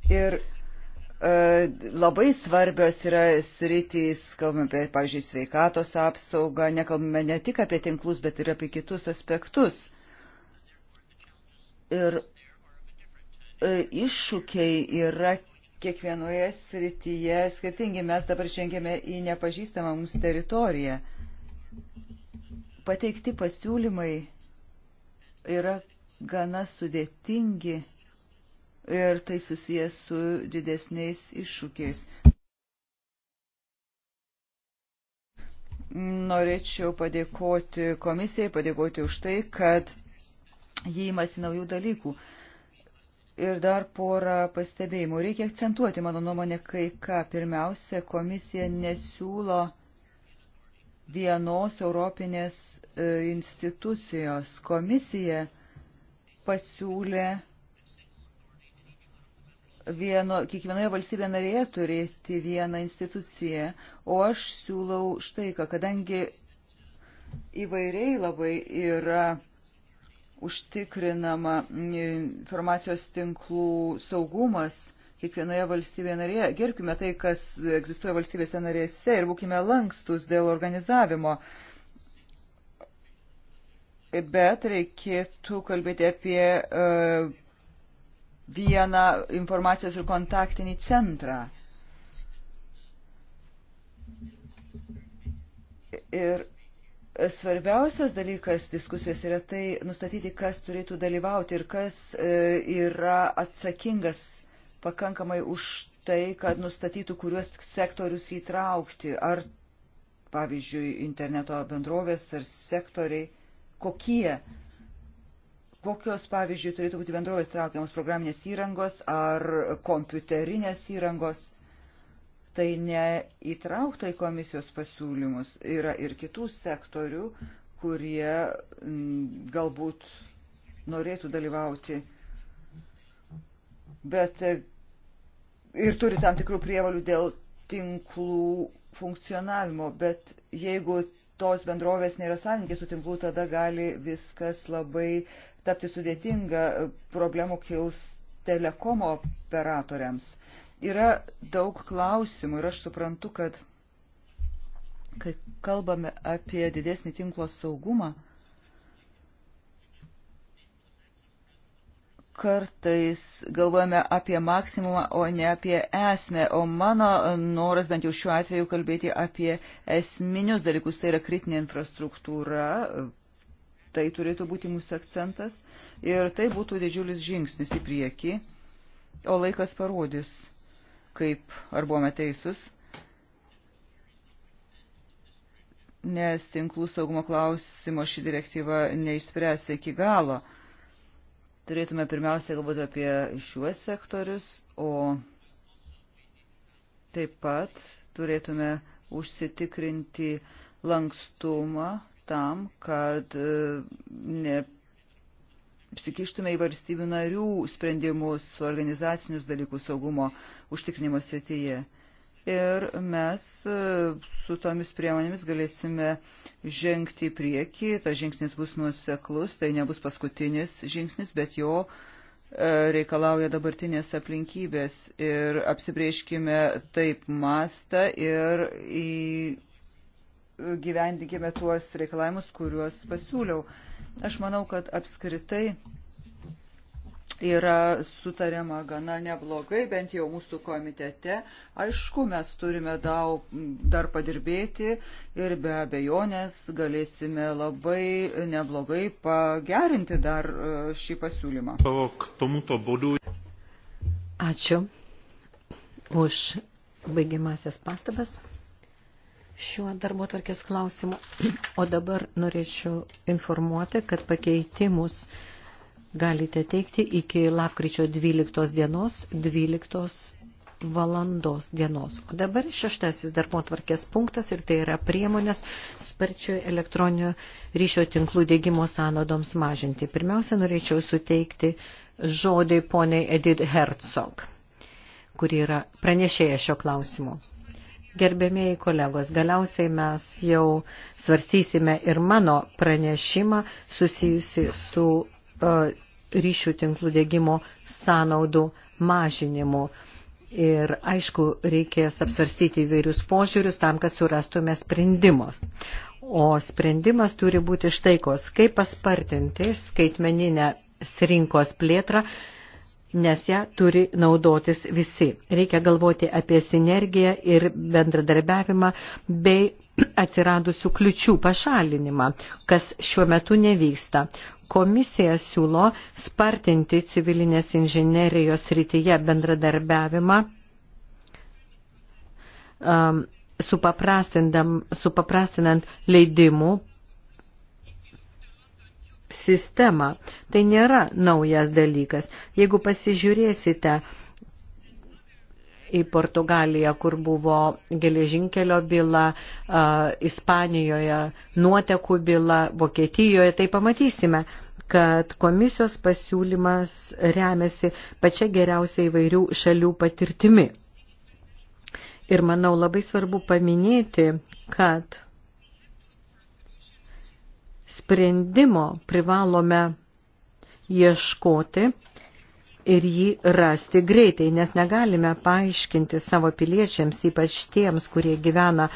Ir E, labai svarbios yra sritys, kalbame apie, pavyzdžiui, sveikatos apsaugą, nekalbame ne tik apie tinklus, bet ir apie kitus aspektus. Ir e, iššūkiai yra kiekvienoje srityje skirtingi. Mes dabar žengėme į nepažįstamą mums teritoriją. Pateikti pasiūlymai yra gana sudėtingi ir tai susijęs su didesniais iššūkiais. Norėčiau padėkoti komisijai, padėkoti už tai, kad jį įmasi naujų dalykų. Ir dar porą pastebėjimų. Reikia akcentuoti, mano nuomonė, kai ką. Pirmiausia, komisija nesiūlo vienos Europinės e, institucijos. Komisija pasiūlė vieno, kiekvienoje valstybėje narėje turėti vieną instituciją, o aš siūlau štai ką, kadangi įvairiai labai yra užtikrinama informacijos tinklų saugumas kiekvienoje valstybėje narėje. Gerbkime tai, kas egzistuoja valstybėse narėse ir būkime lankstus dėl organizavimo. Bet reikėtų kalbėti apie uh, vieną informacijos ir kontaktinį centrą. Ir svarbiausias dalykas diskusijos yra tai nustatyti, kas turėtų dalyvauti ir kas e, yra atsakingas pakankamai už tai, kad nustatytų, kuriuos sektorius įtraukti. Ar, pavyzdžiui, interneto bendrovės ar sektoriai, kokie Kokios, pavyzdžiui, turėtų būti bendrovės traukiamos programinės įrangos ar kompiuterinės įrangos? Tai neįtraukta į komisijos pasiūlymus. Yra ir kitų sektorių, kurie galbūt norėtų dalyvauti, bet e, ir turi tam tikrų prievalių dėl tinklų funkcionavimo, bet jeigu tos bendrovės nėra savininkės tų tinklų, tada gali viskas labai tapti sudėtinga, e, problemų kils telekomo operatoriams. Yra daug klausimų ir aš suprantu, kad kai kalbame apie didesnį tinklo saugumą, kartais galvojame apie maksimumą, o ne apie esmę. O mano noras bent jau šiuo atveju kalbėti apie esminius dalykus, tai yra kritinė infrastruktūra, Tai turėtų būti mūsų akcentas ir tai būtų didžiulis žingsnis į priekį, o laikas parodys, kaip ar buvome teisūs, nes tinklų saugumo klausimo ši direktyva neišspręs iki galo. Turėtume pirmiausia galvoti apie šiuos sektorius, o taip pat turėtume užsitikrinti lankstumą tam, kad e, ne psikištume į valstybių narių sprendimus, organizacinius dalykus saugumo užtikrinimo srityje. Ir mes e, su tomis priemonėmis galėsime žengti į priekį, tas žingsnis bus nuoseklus, tai nebus paskutinis žingsnis, bet jo e, reikalauja dabartinės aplinkybės ir apsibrieškime taip mastą ir į gyvendikime tuos reikalavimus, kuriuos pasiūliau. Aš manau, kad apskritai yra sutariama gana neblogai, bent jau mūsų komitete. Aišku, mes turime daug, dar padirbėti ir be abejonės galėsime labai neblogai pagerinti dar e, šį pasiūlymą. Ačiū už baigiamasias pastabas šiuo darbo tvarkės klausimu. O dabar norėčiau informuoti, kad pakeitimus galite teikti iki lapkričio 12 dienos 12 valandos dienos. O dabar šeštasis darbo tvarkės punktas ir tai yra priemonės sparčio elektroninio ryšio tinklų dėgymo sąnadoms mažinti. Pirmiausia, norėčiau suteikti žodį poniai Edith Herzog, kuri yra pranešėja šio klausimu. Gerbėmėjai kolegos, galiausiai mes jau svarstysime ir mano pranešimą susijusi su uh, ryšių tinklų dėgymo sąnaudų mažinimu. Ir aišku, reikės apsvarstyti įvairius požiūrius tam, kad surastume sprendimus. O sprendimas turi būti štaikos, kaip paspartinti skaitmeninę rinkos plėtrą nes ją turi naudotis visi. Reikia galvoti apie sinergiją ir bendradarbiavimą bei [clears throat] atsiradusių kliučių pašalinimą, kas šiuo metu nevyksta. Komisija siūlo spartinti civilinės inžinerijos rytyje bendradarbiavimą. Um, supaprastinant leidimų sistemą. Tai nėra naujas dalykas. Jeigu pasižiūrėsite į Portugaliją, kur buvo geležinkelio byla, Ispanijoje nuotekų byla, Vokietijoje, tai pamatysime, kad komisijos pasiūlymas remiasi pačia geriausia įvairių šalių patirtimi. Ir manau labai svarbu paminėti, kad sprendimo privalome ieškoti ir jį rasti greitai, nes negalime paaiškinti savo piliečiams, ypač tiems, kurie gyvena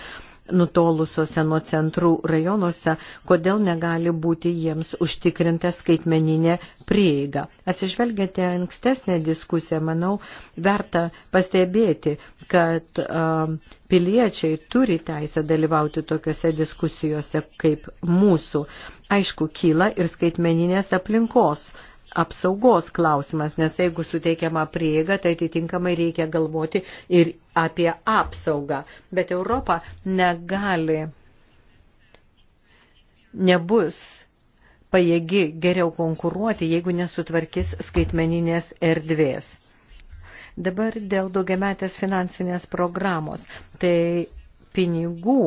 nutolusiuose nuo centrų rajonuose, kodėl negali būti jiems užtikrinta skaitmeninė prieiga. Atsižvelgiate ankstesnę diskusiją, manau, verta pastebėti, kad um, piliečiai turi teisę dalyvauti tokiuose diskusijose kaip mūsų. Aišku, kyla ir skaitmeninės aplinkos apsaugos klausimas, nes jeigu suteikiama prieiga, tai atitinkamai reikia galvoti ir apie apsaugą. Bet Europa negali, nebus pajėgi geriau konkuruoti, jeigu nesutvarkys skaitmeninės erdvės. Dabar dėl daugiametės finansinės programos. Tai pinigų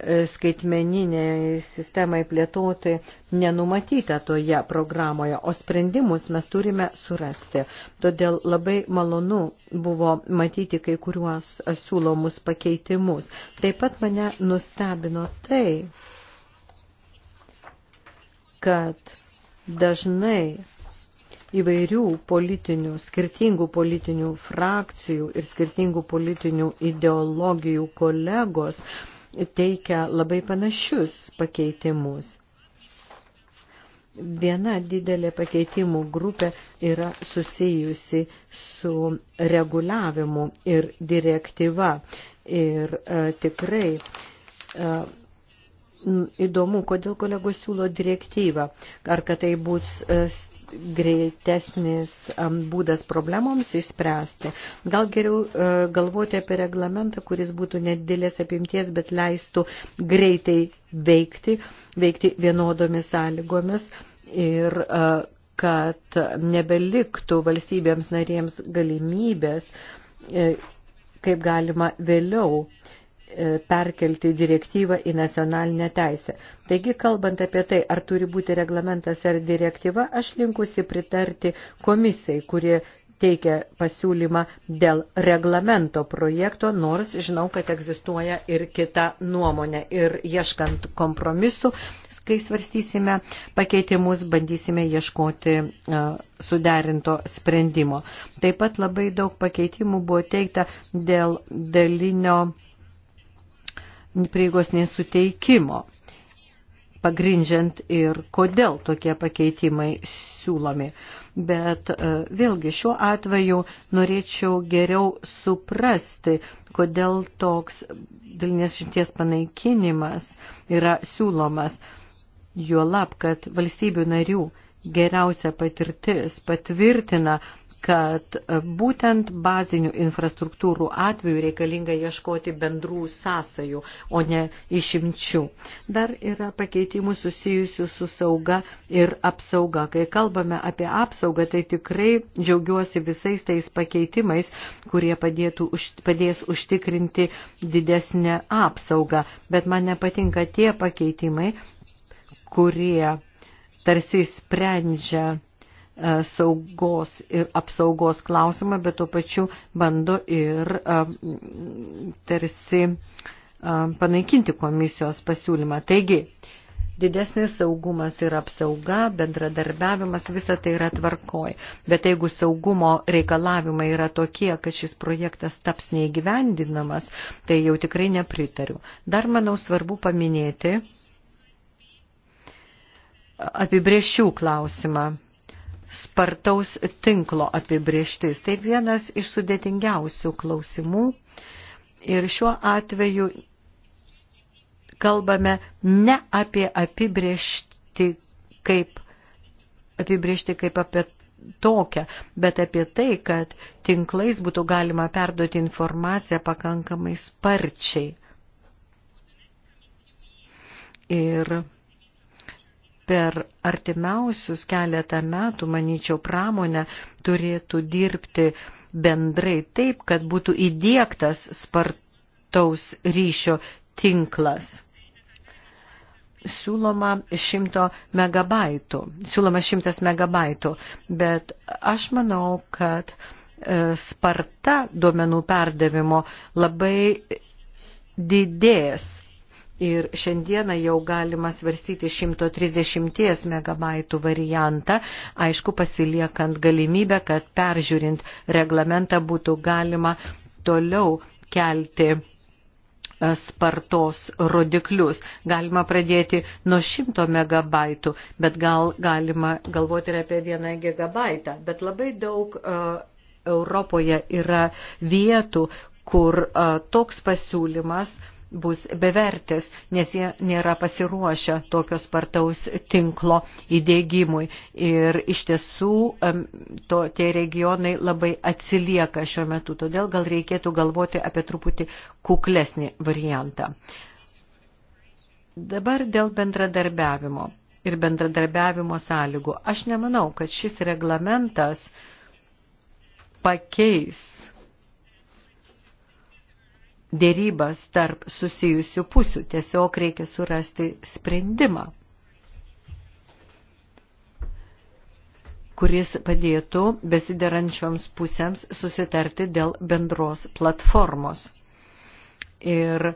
E, skaitmeniniai sistemai plėtoti nenumatyta toje programoje, o sprendimus mes turime surasti. Todėl labai malonu buvo matyti kai kuriuos siūlomus pakeitimus. Taip pat mane nustebino tai, kad dažnai įvairių politinių, skirtingų politinių frakcijų ir skirtingų politinių ideologijų kolegos teikia labai panašius pakeitimus. Viena didelė pakeitimų grupė yra susijusi su reguliavimu ir direktyva. Ir e, tikrai e, įdomu, kodėl kolegos siūlo direktyvą. Ar kad tai bus e, greitesnis būdas problemoms įspręsti. Gal geriau e, galvoti apie reglamentą, kuris būtų nedėlės apimties, bet leistų greitai veikti, veikti vienodomis sąlygomis ir e, kad nebeliktų valstybėms narėms galimybės, e, kaip galima vėliau E, perkelti direktyvą į nacionalinę teisę. Taigi, kalbant apie tai, ar turi būti reglamentas ar direktyva, aš linkusi pritarti komisijai, kurie teikia pasiūlymą dėl reglamento projekto, nors žinau, kad egzistuoja ir kita nuomonė. Ir ieškant kompromisų, kai svarstysime pakeitimus, bandysime ieškoti e, suderinto sprendimo. Taip pat labai daug pakeitimų buvo teikta dėl dalinio prieigos nesuteikimo, pagrindžiant ir kodėl tokie pakeitimai siūlomi. Bet e, vėlgi šiuo atveju norėčiau geriau suprasti, kodėl toks dalinės šimties panaikinimas yra siūlomas. Juolab, kad valstybių narių geriausia patirtis patvirtina kad būtent bazinių infrastruktūrų atveju reikalinga ieškoti bendrų sąsajų, o ne išimčių. Dar yra pakeitimų susijusių su sauga ir apsauga. Kai kalbame apie apsaugą, tai tikrai džiaugiuosi visais tais pakeitimais, kurie padėtų, padės užtikrinti didesnę apsaugą. Bet man nepatinka tie pakeitimai, kurie tarsi sprendžia E, saugos ir apsaugos klausimą, bet tuo pačiu bando ir e, tarsi e, panaikinti komisijos pasiūlymą. Taigi, didesnis saugumas ir apsauga, bendradarbiavimas, visa tai yra tvarkoj. Bet jeigu saugumo reikalavimai yra tokie, kad šis projektas taps neįgyvendinamas, tai jau tikrai nepritariu. Dar manau svarbu paminėti apibriešių klausimą spartaus tinklo apibrieštis. Tai vienas iš sudėtingiausių klausimų ir šiuo atveju kalbame ne apie apibriešti kaip, apibriešti kaip apie tokią, bet apie tai, kad tinklais būtų galima perduoti informaciją pakankamai sparčiai. Ir per artimiausius keletą metų, manyčiau, pramonė turėtų dirbti bendrai taip, kad būtų įdėktas spartaus ryšio tinklas. Siūloma 100 megabaitų, siūloma 100 megabaitų, bet aš manau, kad e, sparta duomenų perdavimo labai didės ir šiandieną jau galima svarstyti 130 megabaitų variantą, aišku, pasiliekant galimybę, kad peržiūrint reglamentą būtų galima toliau kelti e, spartos rodiklius. Galima pradėti nuo 100 megabaitų, bet gal galima galvoti ir apie 1 gigabaitą. Bet labai daug uh, Europoje yra vietų, kur uh, toks pasiūlymas uh, bus bevertis, nes jie nėra pasiruošę tokio spartaus tinklo įdėgymui. Ir iš tiesų to, tie regionai labai atsilieka šiuo metu, todėl gal reikėtų galvoti apie truputį kuklesnį variantą. Dabar dėl bendradarbiavimo ir bendradarbiavimo sąlygų. Aš nemanau, kad šis reglamentas pakeis dėrybas tarp susijusių pusių. Tiesiog reikia surasti sprendimą, kuris padėtų besiderančioms pusėms susitarti dėl bendros platformos. Ir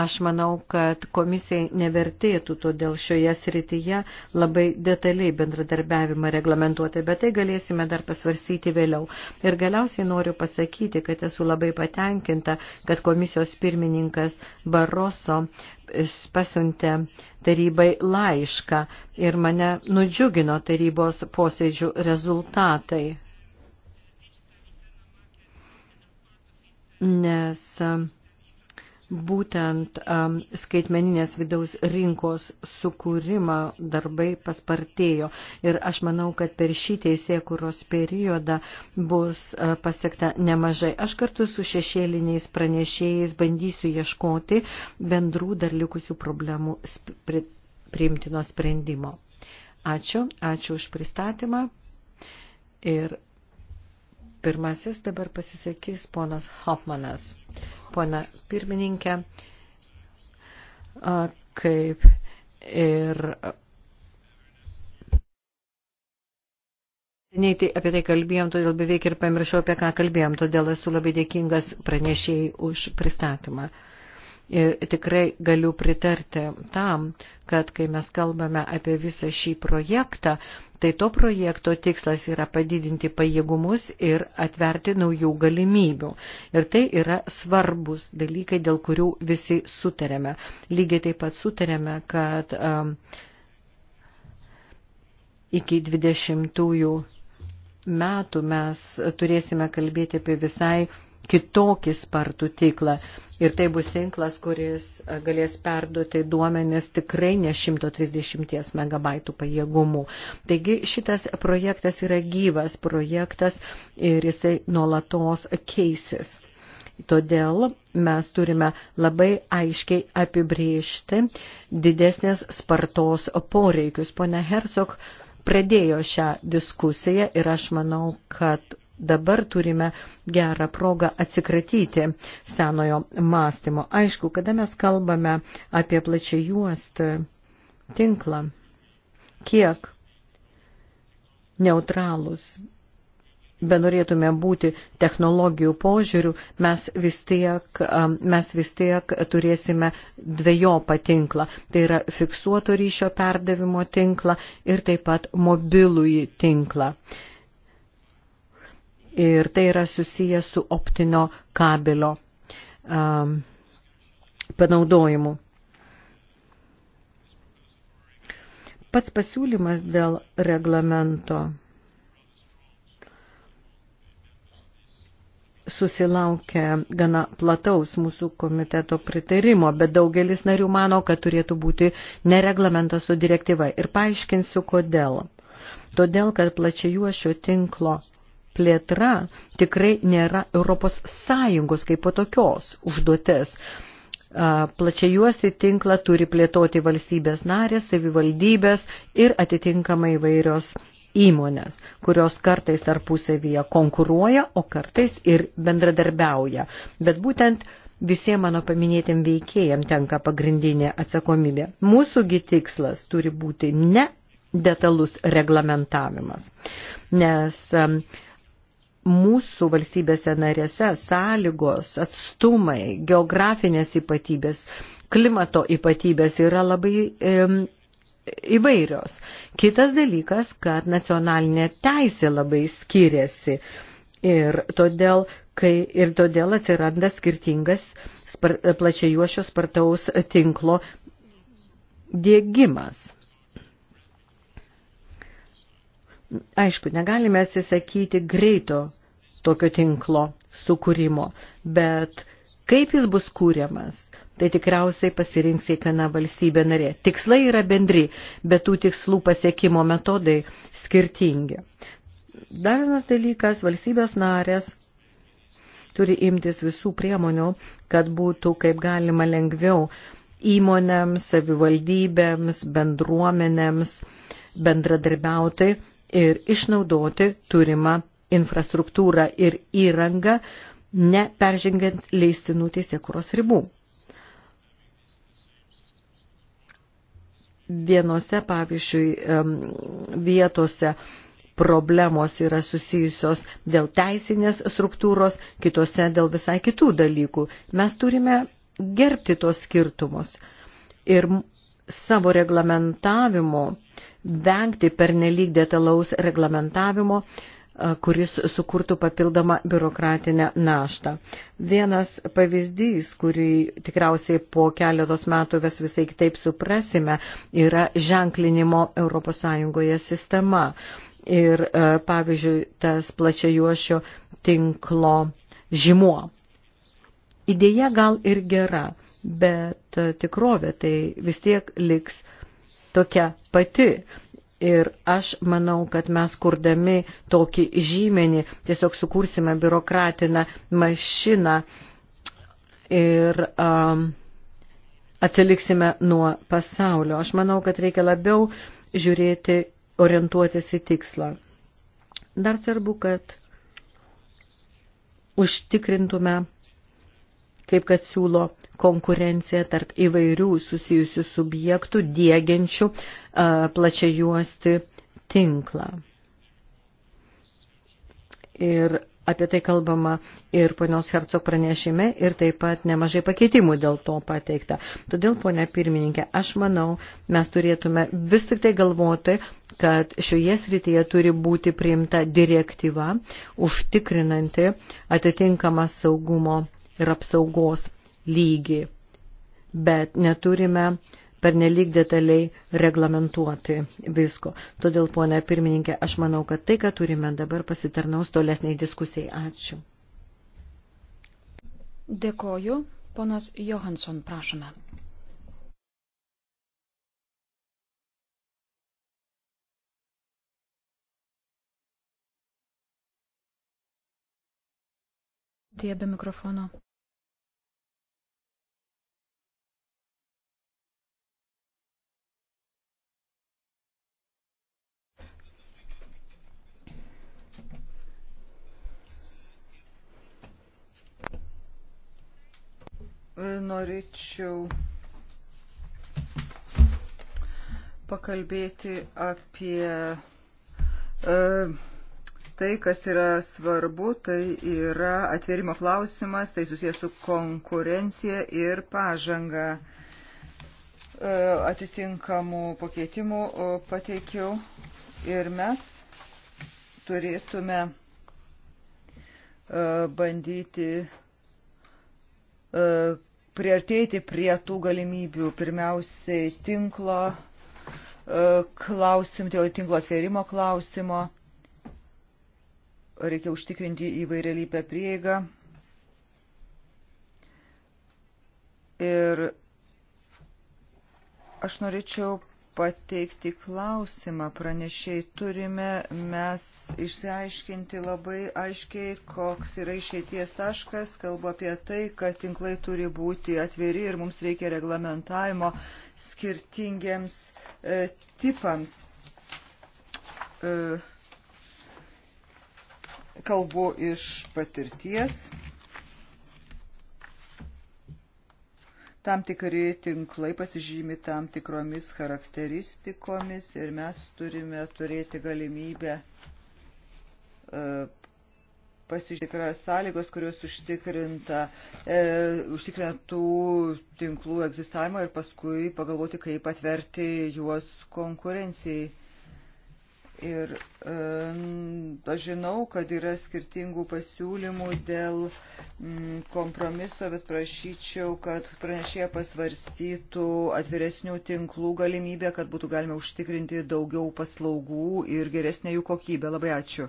Aš manau, kad komisijai nevertėtų todėl šioje srityje labai detaliai bendradarbiavimą reglamentuoti, bet tai galėsime dar pasvarsyti vėliau. Ir galiausiai noriu pasakyti, kad esu labai patenkinta, kad komisijos pirmininkas Baroso pasiuntė tarybai laišką ir mane nudžiugino tarybos posėdžių rezultatai. Nes būtent um, skaitmeninės vidaus rinkos sukūrimą darbai paspartėjo. Ir aš manau, kad per šį teisėkuros periodą bus uh, pasiekta nemažai. Aš kartu su šešėliniais pranešėjais bandysiu ieškoti bendrų dar likusių problemų pri priimtino sprendimo. Ačiū, ačiū už pristatymą. Ir Pirmasis dabar pasisakys ponas Hopmanas. Pona pirmininkė, kaip ir Nei tai apie tai kalbėjom, todėl beveik ir pamiršau, apie ką kalbėjom, todėl esu labai dėkingas pranešėjai už pristatymą. Ir tikrai galiu pritarti tam, kad kai mes kalbame apie visą šį projektą, tai to projekto tikslas yra padidinti pajėgumus ir atverti naujų galimybių. Ir tai yra svarbus dalykai, dėl kurių visi sutarėme. Lygiai taip pat sutarėme, kad um, iki 20 metų mes turėsime kalbėti apie visai kitokį spartų tiklą. Ir tai bus tinklas, kuris e, galės perduoti duomenis tikrai ne 130 megabaitų pajėgumų. Taigi šitas projektas yra gyvas projektas ir jisai nuolatos keisis. Todėl mes turime labai aiškiai apibriežti didesnės spartos poreikius. Pone Hersok pradėjo šią diskusiją ir aš manau, kad dabar turime gerą progą atsikratyti senojo mąstymo. Aišku, kada mes kalbame apie plačią juostą tinklą, kiek neutralus benorėtume būti technologijų požiūrių, mes vis tiek, mes vis tiek turėsime dviejopą tinklą. Tai yra fiksuoto ryšio perdavimo tinklą ir taip pat mobilųjį tinklą ir tai yra susijęs su optinio kabelio um, panaudojimu. Pats pasiūlymas dėl reglamento susilaukia gana plataus mūsų komiteto pritarimo, bet daugelis narių mano, kad turėtų būti nereglamentas su direktyva. Ir paaiškinsiu, kodėl. Todėl, kad plačiajuošio tinklo plėtra tikrai nėra Europos Sąjungos kaip po tokios užduotis. Plačiajuosi tinklą turi plėtoti valstybės narės, savivaldybės ir atitinkamai vairios įmonės, kurios kartais tarpusavyje konkuruoja, o kartais ir bendradarbiauja. Bet būtent visiems mano paminėtėm veikėjam tenka pagrindinė atsakomybė. Mūsųgi tikslas turi būti ne detalus reglamentavimas, nes mūsų valstybėse narėse sąlygos, atstumai, geografinės ypatybės, klimato ypatybės yra labai e, įvairios. Kitas dalykas, kad nacionalinė teisė labai skiriasi ir todėl, kai, ir todėl atsiranda skirtingas spar, plačiajuošio spartaus tinklo dėgymas. Aišku, negalime atsisakyti greito tokio tinklo sukūrimo, bet kaip jis bus kūriamas, tai tikriausiai pasirinks kiekviena valstybė narė. Tikslai yra bendri, bet tų tikslų pasiekimo metodai skirtingi. Dar vienas dalykas - valstybės narės turi imtis visų priemonių, kad būtų kaip galima lengviau įmonėms, savivaldybėms, bendruomenėms bendradarbiauti ir išnaudoti turimą infrastruktūrą ir įrangą, neperžengiant leistinų teisėkuros ribų. Vienose, pavyzdžiui, vietose problemos yra susijusios dėl teisinės struktūros, kitose dėl visai kitų dalykų. Mes turime gerbti tos skirtumus. Ir savo reglamentavimu vengti pernelyg detalaus reglamentavimo, e, kuris sukurtų papildomą biurokratinę naštą. Vienas pavyzdys, kurį tikriausiai po keletos metų vis visai kitaip suprasime, yra ženklinimo ES sistema. Ir e, pavyzdžiui, tas plačiajuošio tinklo žymuo. Idėja gal ir gera, bet ta tikrovė, tai vis tiek liks tokia pati. Ir aš manau, kad mes kurdami tokį žymenį tiesiog sukursime biurokratinę mašiną ir um, atsiliksime nuo pasaulio. Aš manau, kad reikia labiau žiūrėti, orientuotis į tikslą. Dar svarbu, kad užtikrintume, kaip kad siūlo konkurencija tarp įvairių susijusių subjektų dėgiančių plačiajuosti tinklą. Ir apie tai kalbama ir ponios Herco pranešime, ir taip pat nemažai pakeitimų dėl to pateikta. Todėl, ponia pirmininkė, aš manau, mes turėtume vis tik tai galvoti, kad šioje srityje turi būti priimta direktyva, užtikrinanti atitinkamą saugumo ir apsaugos lygį, bet neturime pernelyg detaliai reglamentuoti visko. Todėl, ponia pirmininkė, aš manau, kad tai, ką turime dabar, pasitarnaus tolesniai diskusijai. Ačiū. Dėkoju. Ponas Johansson, prašome. Dėbė mikrofono. norėčiau pakalbėti apie e, tai, kas yra svarbu, tai yra atvėrimo klausimas, tai susijęs su konkurencija ir pažanga. E, atitinkamų pakeitimų pateikiau ir mes turėtume e, bandyti E, priartėti prie tų galimybių. Pirmiausiai tinklo e, klausim, tai tinklo atvėrimo klausimo. Reikia užtikrinti įvairialypę prieigą. Ir aš norėčiau pateikti klausimą pranešiai. Turime mes išsiaiškinti labai aiškiai, koks yra išeities taškas. Kalbu apie tai, kad tinklai turi būti atviri ir mums reikia reglamentavimo skirtingiems e, tipams. E, kalbu iš patirties. Tam tikri tinklai pasižymi tam tikromis charakteristikomis ir mes turime turėti galimybę e, pasižiūrėti sąlygos, kurios užtikrinta, e, užtikrina tų tinklų egzistavimą ir paskui pagalvoti, kaip atverti juos konkurencijai Ir aš žinau, kad yra skirtingų pasiūlymų dėl mm, kompromiso, bet prašyčiau, kad pranešėja pasvarstytų atviresnių tinklų galimybę, kad būtų galima užtikrinti daugiau paslaugų ir geresnę jų kokybę. Labai ačiū.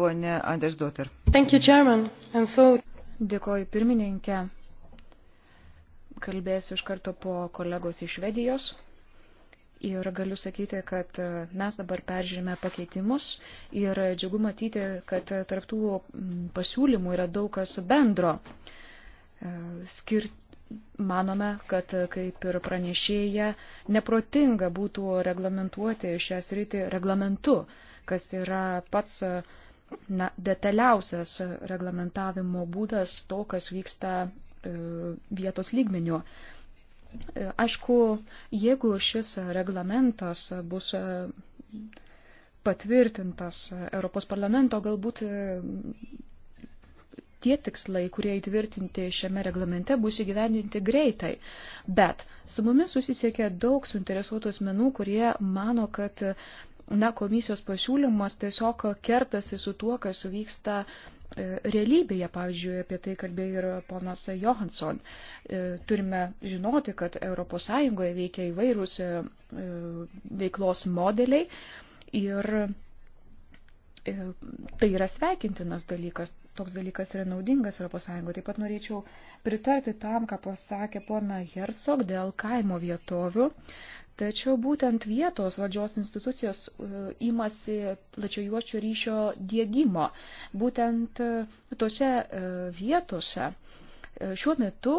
Pone Anders Dotter. Thank you, Chairman. And so... Dėkoju pirmininkė. Kalbėsiu iš karto po kolegos iš Švedijos. Ir galiu sakyti, kad e, mes dabar peržiūrime pakeitimus ir džiugu matyti, kad tarptų pasiūlymų yra daug kas bendro. E, skir... Manome, kad kaip ir pranešėja, neprotinga būtų reglamentuoti šią sritį reglamentu, kas yra pats na, detaliausias reglamentavimo būdas to, kas vyksta e, vietos lygmeniu. Aišku, jeigu šis reglamentas bus e, patvirtintas Europos parlamento, galbūt e, tie tikslai, kurie įtvirtinti šiame reglamente, bus įgyvendinti greitai. Bet su mumis susisiekė daug suinteresuotų asmenų, kurie mano, kad na, komisijos pasiūlymas tiesiog kertasi su tuo, kas vyksta E, realybėje, pavyzdžiui, apie tai kalbėjo ir ponas Johansson. E, turime žinoti, kad ES veikia įvairūs e, veiklos modeliai ir tai yra sveikintinas dalykas, toks dalykas yra naudingas ES. Taip pat norėčiau pritarti tam, ką pasakė pona Hersog dėl kaimo vietovių. Tačiau būtent vietos valdžios institucijos įmasi e, plačiojuočio ryšio dėgymo. Būtent e, tose e, vietose šiuo metu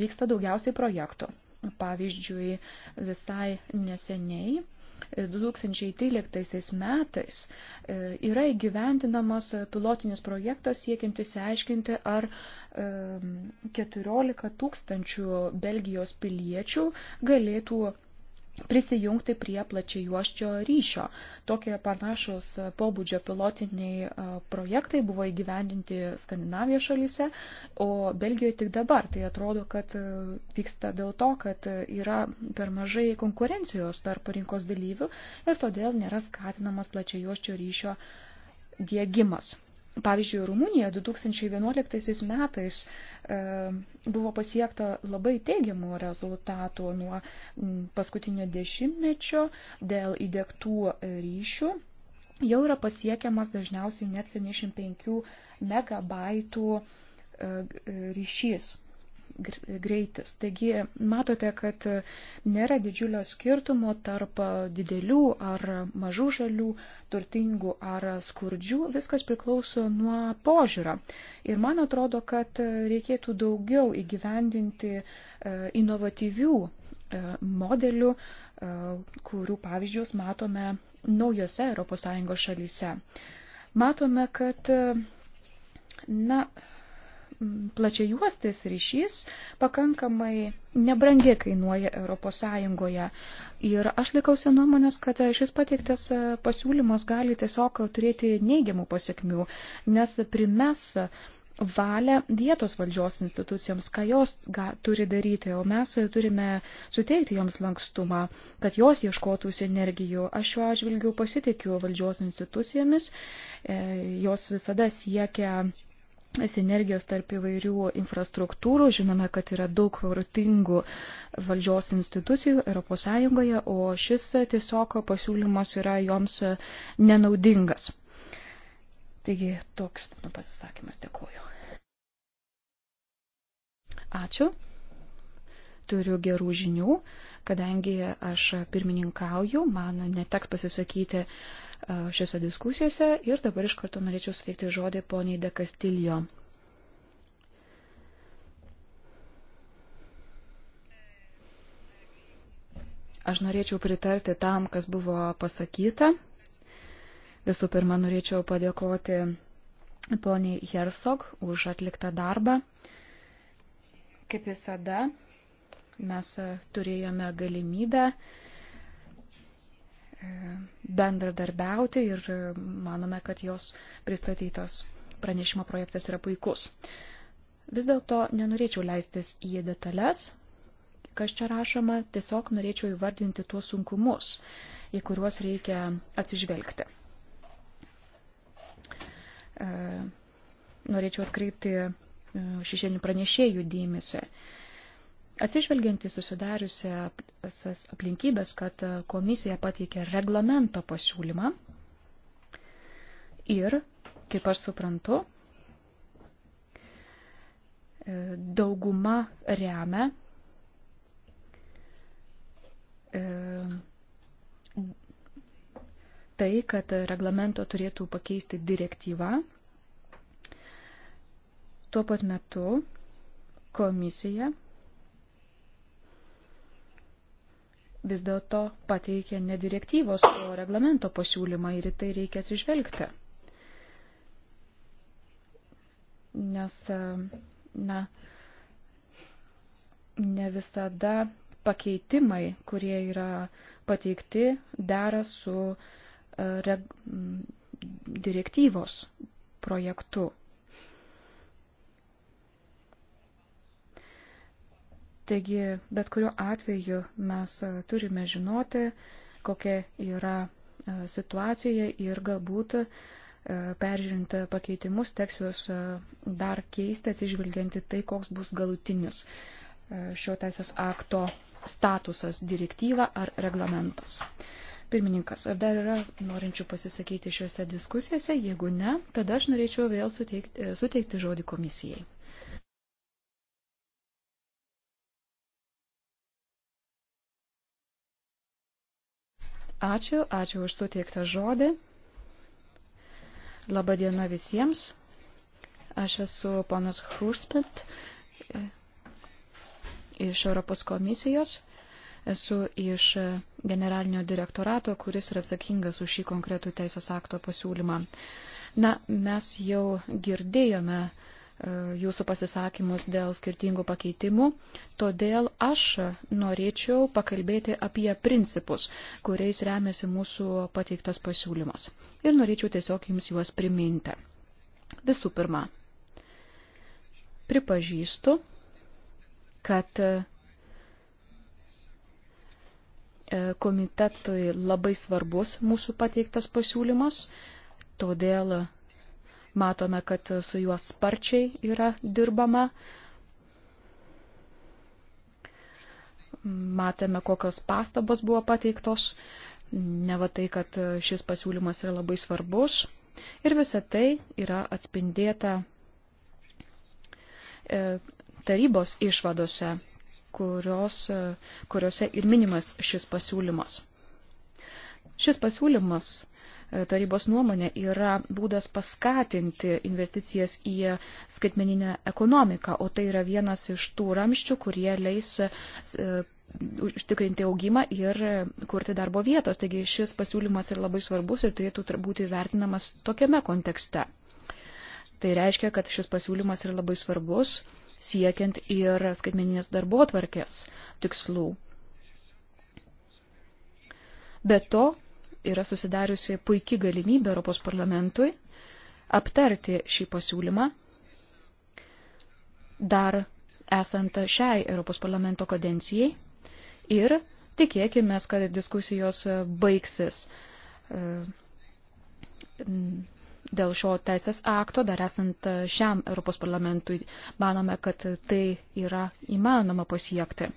vyksta daugiausiai projektų. Pavyzdžiui, visai neseniai 2013 metais yra įgyvendinamas pilotinis projektas siekiantis aiškinti, ar 14 tūkstančių Belgijos piliečių galėtų prisijungti prie plačiai juoščio ryšio. Tokie panašus pobūdžio pilotiniai e, projektai buvo įgyvendinti Skandinavijos šalyse, o Belgijoje tik dabar. Tai atrodo, kad e, vyksta dėl to, kad yra per mažai konkurencijos tarp rinkos dalyvių ir todėl nėra skatinamas plačiai juoščio ryšio dėgymas. Pavyzdžiui, Rumunija 2011 metais e, buvo pasiekta labai teigiamų rezultatų nuo paskutinio dešimtmečio dėl įdėktų ryšių. Jau yra pasiekiamas dažniausiai net 75 megabaitų e, ryšys greitis. Taigi matote, kad nėra didžiulio skirtumo tarp didelių ar mažų šalių, turtingų ar skurdžių, viskas priklauso nuo požiūrio. Ir man atrodo, kad reikėtų daugiau įgyvendinti e, inovatyvių e, modelių, e, kurių pavyzdžius matome naujose ES šalyse. Matome, kad na, plačiajuostis ryšys pakankamai nebrangiai kainuoja ES. Ir aš laikausi nuomonės, kad šis pateiktas pasiūlymas gali tiesiog turėti neigiamų pasiekmių, nes primes valią vietos valdžios institucijoms, ką jos ga, turi daryti, o mes turime suteikti joms lankstumą, kad jos ieškotų sinergijų. Aš šiuo atžvilgiu pasitikiu valdžios institucijomis, e, jos visada siekia sinergijos tarp įvairių infrastruktūrų. Žinome, kad yra daug vartingų valdžios institucijų ES, o šis tiesiog pasiūlymas yra joms nenaudingas. Taigi toks mano pasisakymas. Dėkuoju. Ačiū. Turiu gerų žinių, kadangi aš pirmininkauju, man neteks pasisakyti uh, šiose diskusijose ir dabar iš karto norėčiau suteikti žodį poniai De Castillo. Aš norėčiau pritarti tam, kas buvo pasakyta. Visų pirma, norėčiau padėkoti poniai Hersog už atliktą darbą. Kaip visada, mes turėjome galimybę uh, bendradarbiauti ir manome, kad jos pristatytas pranešimo projektas yra puikus. Vis dėlto nenorėčiau leistis į detalės, kas čia rašoma, tiesiog norėčiau įvardinti tuos sunkumus, į kuriuos reikia atsižvelgti. E, norėčiau atkreipti e, šešėlinių pranešėjų dėmesį Atsižvelgiant į susidariusias aplinkybės, kad komisija pateikė reglamento pasiūlymą ir, kaip aš suprantu, e, dauguma remia e, tai, kad reglamento turėtų pakeisti direktyvą. Tuo pat metu komisija vis dėlto pateikė ne direktyvos, o reglamento pasiūlymą ir į tai reikia atsižvelgti. Nes, e, na, ne visada pakeitimai, kurie yra pateikti, dera su e, reg direktyvos projektu. Taigi, bet kuriuo atveju mes e, turime žinoti, kokia yra e, situacija ir galbūt e, peržiūrint pakeitimus, teks juos dar keisti, atsižvelgianti tai, koks bus galutinis šio teisės akto statusas - direktyva ar reglamentas. Pirmininkas, ar dar yra norinčių pasisakyti šiuose diskusijose? Jeigu ne, tada aš norėčiau vėl suteikti, suteikti žodį komisijai. Ačiū, ačiū už suteiktą žodį. Labadiena visiems. Aš esu ponas Hruspet e, iš Europos komisijos. Esu iš generalinio direktorato, kuris yra atsakingas už šį konkretų teisės akto pasiūlymą. Na, mes jau girdėjome uh, E, jūsų pasisakymus dėl skirtingų pakeitimų, todėl aš norėčiau pakalbėti apie principus, kuriais remiasi mūsų pateiktas pasiūlymas. Ir norėčiau tiesiog jums juos priminti. Visų pirma, pripažįstu, kad e, komitetui labai svarbus mūsų pateiktas pasiūlymas, todėl Matome, kad su juo sparčiai yra dirbama. Matėme, kokios pastabos buvo pateiktos. Ne va tai, kad šis pasiūlymas yra labai svarbus. Ir visa tai yra atspindėta e, tarybos išvadose, kurios, e, kuriuose ir minimas šis pasiūlymas. Šis pasiūlymas E, tarybos nuomonė yra būdas paskatinti investicijas į skaitmeninę ekonomiką, o tai yra vienas iš tų ramščių, kurie leis e, užtikrinti augimą ir kurti darbo vietos. Taigi šis pasiūlymas yra labai svarbus ir turėtų būti vertinamas tokiame kontekste. Tai reiškia, kad šis pasiūlymas yra labai svarbus siekiant ir skaitmeninės darbo tvarkės tikslų. Be to, yra susidariusi puikia galimybė Europos parlamentui aptarti šį pasiūlymą dar esant šiai Europos parlamento kadencijai ir tikėkime, kad diskusijos baigsis e, dėl šio teisės akto, dar esant šiam Europos parlamentui, manome, kad tai yra įmanoma pasiekti.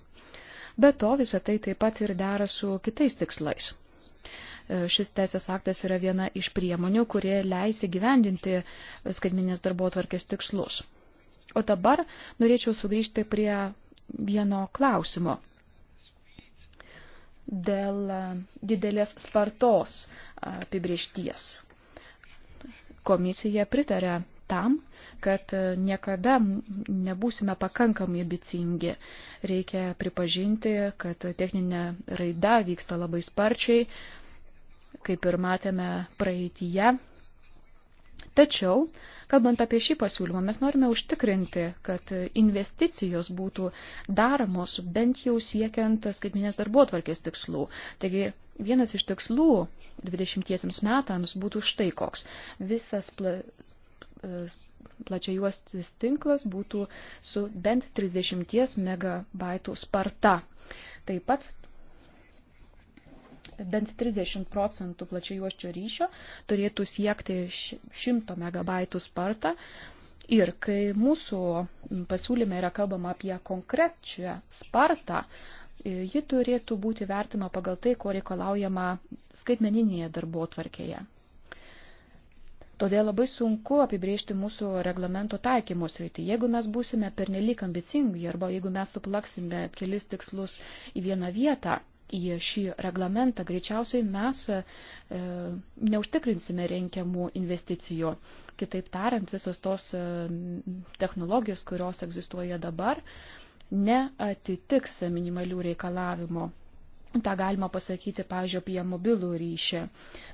Be to visą tai taip pat ir dera su kitais tikslais. Šis teisės aktas yra viena iš priemonių, kurie leis įgyvendinti skaitminės darbo tvarkės tikslus. O dabar norėčiau sugrįžti prie vieno klausimo dėl didelės spartos apibriešties. Komisija pritarė tam, kad niekada nebūsime pakankamai ambicingi. Reikia pripažinti, kad techninė raida vyksta labai sparčiai, kaip ir matėme praeityje. Tačiau, kalbant apie šį pasiūlymą, mes norime užtikrinti, kad investicijos būtų daromos bent jau siekiant skaitminės darbuotvarkės tikslų. Taigi, vienas iš tikslų 20 metams būtų štai koks. Visas pla plačia juostis tinklas būtų su bent 30 MB sparta. Taip pat bent 30 procentų plačiajuoščio ryšio turėtų siekti 100 MB spartą. Ir kai mūsų pasiūlyme yra kalbama apie konkrečią spartą, e, ji turėtų būti vertima pagal tai, ko reikalaujama skaitmeninėje darbo tvarkėje. Todėl labai sunku apibriežti mūsų reglamento taikymus rytį. Jeigu mes būsime pernelyg ambicingi arba jeigu mes suplaksime kelis tikslus į vieną vietą, į šį reglamentą, greičiausiai mes e, neužtikrinsime renkiamų investicijų. Kitaip tariant, visos tos e, technologijos, kurios egzistuoja dabar, neatitiks minimalių reikalavimų. Ta galima pasakyti, pavyzdžiui, apie mobilų ryšį.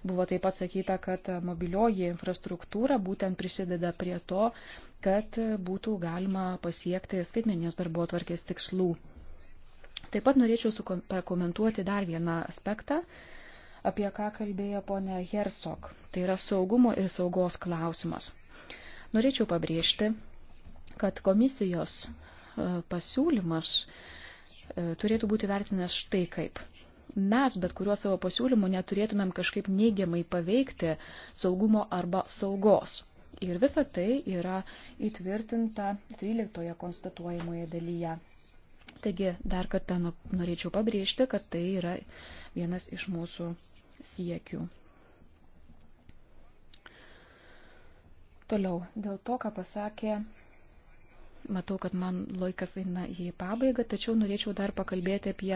Buvo taip pat sakyta, kad mobilioji infrastruktūra būtent prisideda prie to, kad būtų galima pasiekti skaitmenės darbo tvarkės tikslų. Taip pat norėčiau pakomentuoti dar vieną aspektą, apie ką kalbėjo ponė Hersok. Tai yra saugumo ir saugos klausimas. Norėčiau pabrėžti, kad komisijos e, pasiūlymas e, turėtų būti vertinęs štai kaip mes bet kuriuo savo pasiūlymu neturėtumėm kažkaip neigiamai paveikti saugumo arba saugos. Ir visa tai yra įtvirtinta 13 konstatuojamoje dalyje. Taigi dar kartą nu, norėčiau pabrėžti, kad tai yra vienas iš mūsų siekių. Toliau, dėl to, ką pasakė, matau, kad man laikas eina į pabaigą, tačiau norėčiau dar pakalbėti apie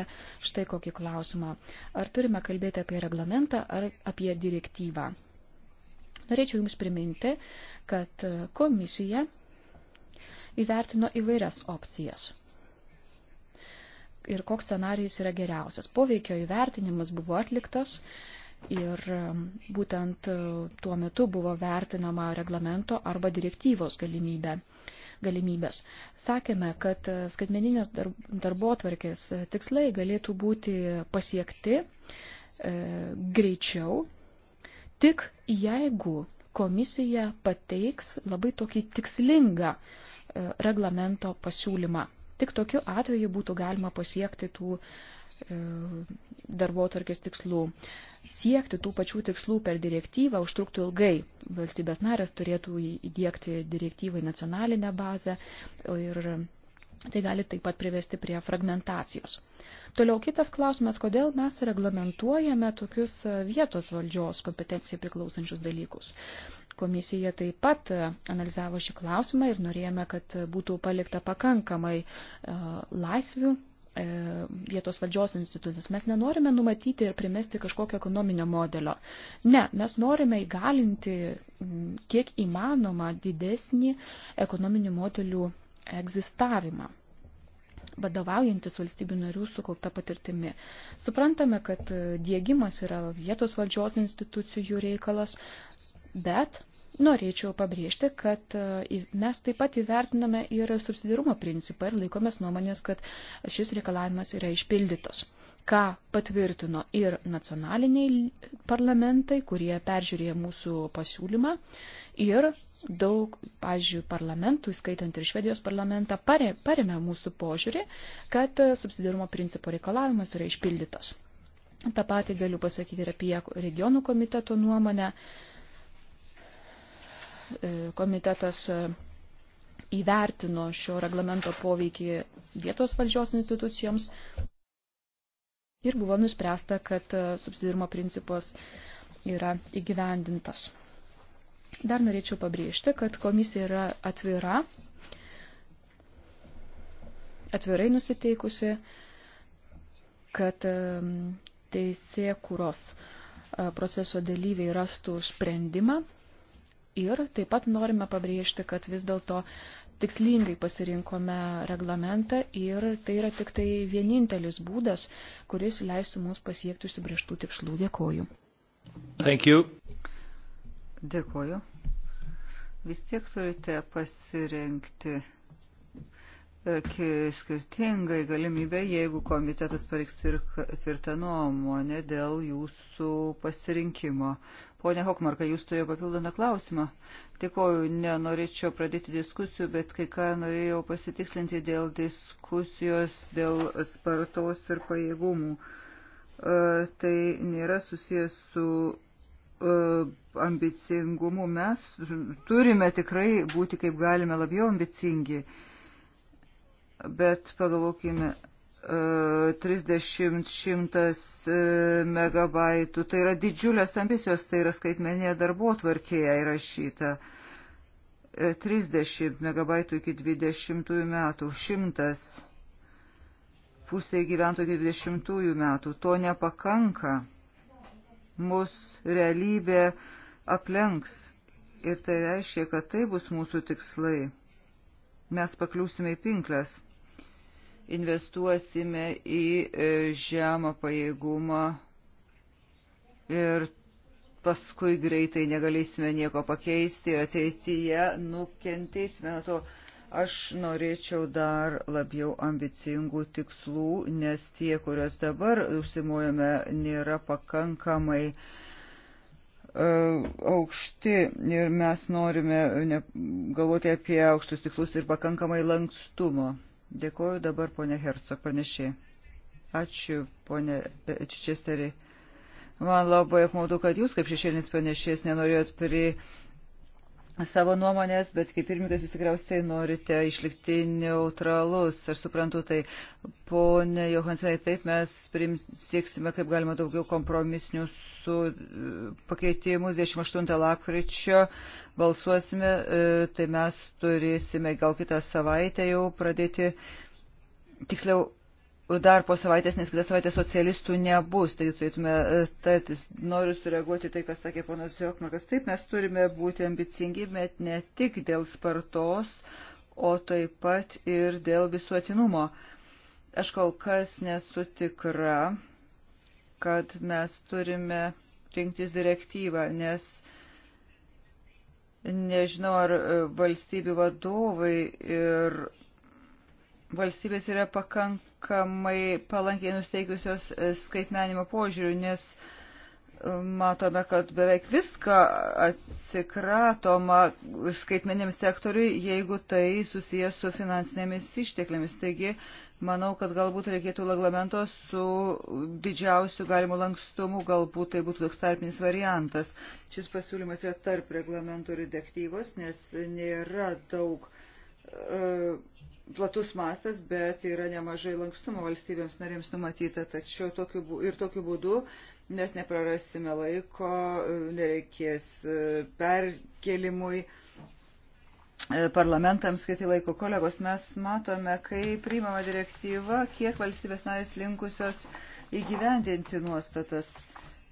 štai kokį klausimą. Ar turime kalbėti apie reglamentą ar apie direktyvą? Norėčiau Jums priminti, kad komisija įvertino įvairias opcijas ir koks scenarijus yra geriausias. Poveikio įvertinimas buvo atliktas ir um, būtent uh, tuo metu buvo vertinama reglamento arba direktyvos galimybė. Galimybės. Sakėme, kad uh, skaitmeninės darbotvarkės uh, tikslai galėtų būti pasiekti e, greičiau, tik jeigu komisija pateiks labai tokį tikslingą reglamento pasiūlymą. Tik tokiu atveju būtų galima pasiekti tų e, darbo tarkės tikslų. Siekti tų pačių tikslų per direktyvą užtruktų ilgai. Valstybės narės turėtų įdėkti direktyvą į nacionalinę bazę ir tai gali taip pat privesti prie fragmentacijos. Toliau kitas klausimas, kodėl mes reglamentuojame tokius vietos valdžios kompetencijai priklausančius dalykus. Komisija taip pat e, analizavo šį klausimą ir norėjome, kad būtų palikta pakankamai e, laisvių e, vietos valdžios institucijas. Mes nenorime numatyti ir primesti kažkokio ekonominio modelio. Ne, mes norime įgalinti kiek įmanoma didesnį ekonominių modelių egzistavimą vadovaujantis valstybių narių sukaupta patirtimi. Suprantame, kad dėgymas yra vietos valdžios institucijų reikalas, bet Norėčiau pabrėžti, kad e, mes taip pat įvertiname ir subsidirumo principą ir laikomės nuomonės, kad šis reikalavimas yra išpildytas ką patvirtino ir nacionaliniai parlamentai, kurie peržiūrėjo mūsų pasiūlymą ir daug, pažiūrėjau, parlamentų, skaitant ir Švedijos parlamentą, paremė mūsų požiūrį, kad subsidiarumo principo reikalavimas yra išpildytas. Ta patį galiu pasakyti ir apie regionų komiteto nuomonę. Uh, E, komitetas e, įvertino šio reglamento poveikį vietos valdžios institucijoms ir buvo nuspręsta, kad e, subsidirimo principas yra įgyvendintas. Dar norėčiau pabrėžti, kad komisija yra atvira, atvirai nusiteikusi, kad teisė, kuros proceso dalyviai rastų sprendimą Ir taip pat norime pabrėžti, kad vis dėlto tikslingai pasirinkome reglamentą ir tai yra tik tai vienintelis būdas, kuris leistų mums pasiekti užsibrieštų tikslų. Dėkoju. Thank you. Dėkoju. Vis tiek turite pasirinkti e, skirtingai galimybę, jeigu komitetas pareiks tvirtą nuomonę dėl jūsų pasirinkimo. Pone Hokmarka, jūs turėjo papildomą klausimą. Tikoju, nenorėčiau pradėti diskusijų, bet kai ką norėjau pasitikslinti dėl diskusijos dėl spartos ir pajėgumų. E, tai nėra susijęs su e, ambicingumu. Mes turime tikrai būti kaip galime labiau ambicingi, bet pagalvokime 30-100 e, megabaitų. Tai yra didžiulės ambicijos, tai yra skaitmenėje darbo tvarkėje įrašyta. 30 e, megabaitų iki 20 metų, 100 pusė gyventojų iki 20 metų. To nepakanka. Mūsų realybė aplenks. Ir tai reiškia, kad tai bus mūsų tikslai. Mes pakliūsime į pinklės investuosime į e, žemą pajėgumą ir paskui greitai negalėsime nieko pakeisti ir ateityje nukentėsime nuo to. Aš norėčiau dar labiau ambicingų tikslų, nes tie, kuriuos dabar užsimojame, nėra pakankamai e, aukšti ir mes norime galvoti apie aukštus tikslus ir pakankamai lankstumo. Dėkuoju dabar ponė Herco pranešė. Ačiū, ponė e, Čičesteri. Man labai apmaudu, kad jūs kaip šešėlinis pranešėjas nenorėjot pri savo nuomonės, bet kaip pirmininkas jūs tikriausiai norite išlikti neutralus. Aš suprantu tai, ponė Johansai, taip mes prims, sieksime kaip galima daugiau kompromisnių su e, pakeitimu. 28 lapkričio balsuosime, e, tai mes turėsime gal kitą savaitę jau pradėti, tiksliau dar po savaitės, nes kitą savaitę socialistų nebus, tai turėtume e, tartis. Noriu sureaguoti tai, kas sakė ponas Jokmarkas. Taip, mes turime būti ambicingi, bet ne tik dėl spartos, o taip pat ir dėl visuotinumo. Aš kol kas nesu tikra, kad mes turime rinktis direktyvą, nes nežinau, ar e, valstybių vadovai ir valstybės yra pakankamai pakankamai palankiai nusteikusios e, skaitmenimo požiūrių, nes e, matome, kad beveik viską atsikratoma skaitmeniam sektoriui, jeigu tai susijęs su finansinėmis išteklėmis. Taigi, manau, kad galbūt reikėtų reglamento su didžiausiu galimu lankstumu, galbūt tai būtų toks tarpinis variantas. Šis pasiūlymas yra tarp reglamento ir dektyvos, nes nėra daug. Uh, e, platus mastas, bet yra nemažai lankstumo valstybėms narėms numatyta, tačiau tokiu, ir tokiu būdu mes neprarasime laiko, nereikės e, perkelimui e, parlamentams skirti laiko. Kolegos, mes matome, kai priimama direktyva, kiek valstybės narės linkusios įgyvendinti nuostatas.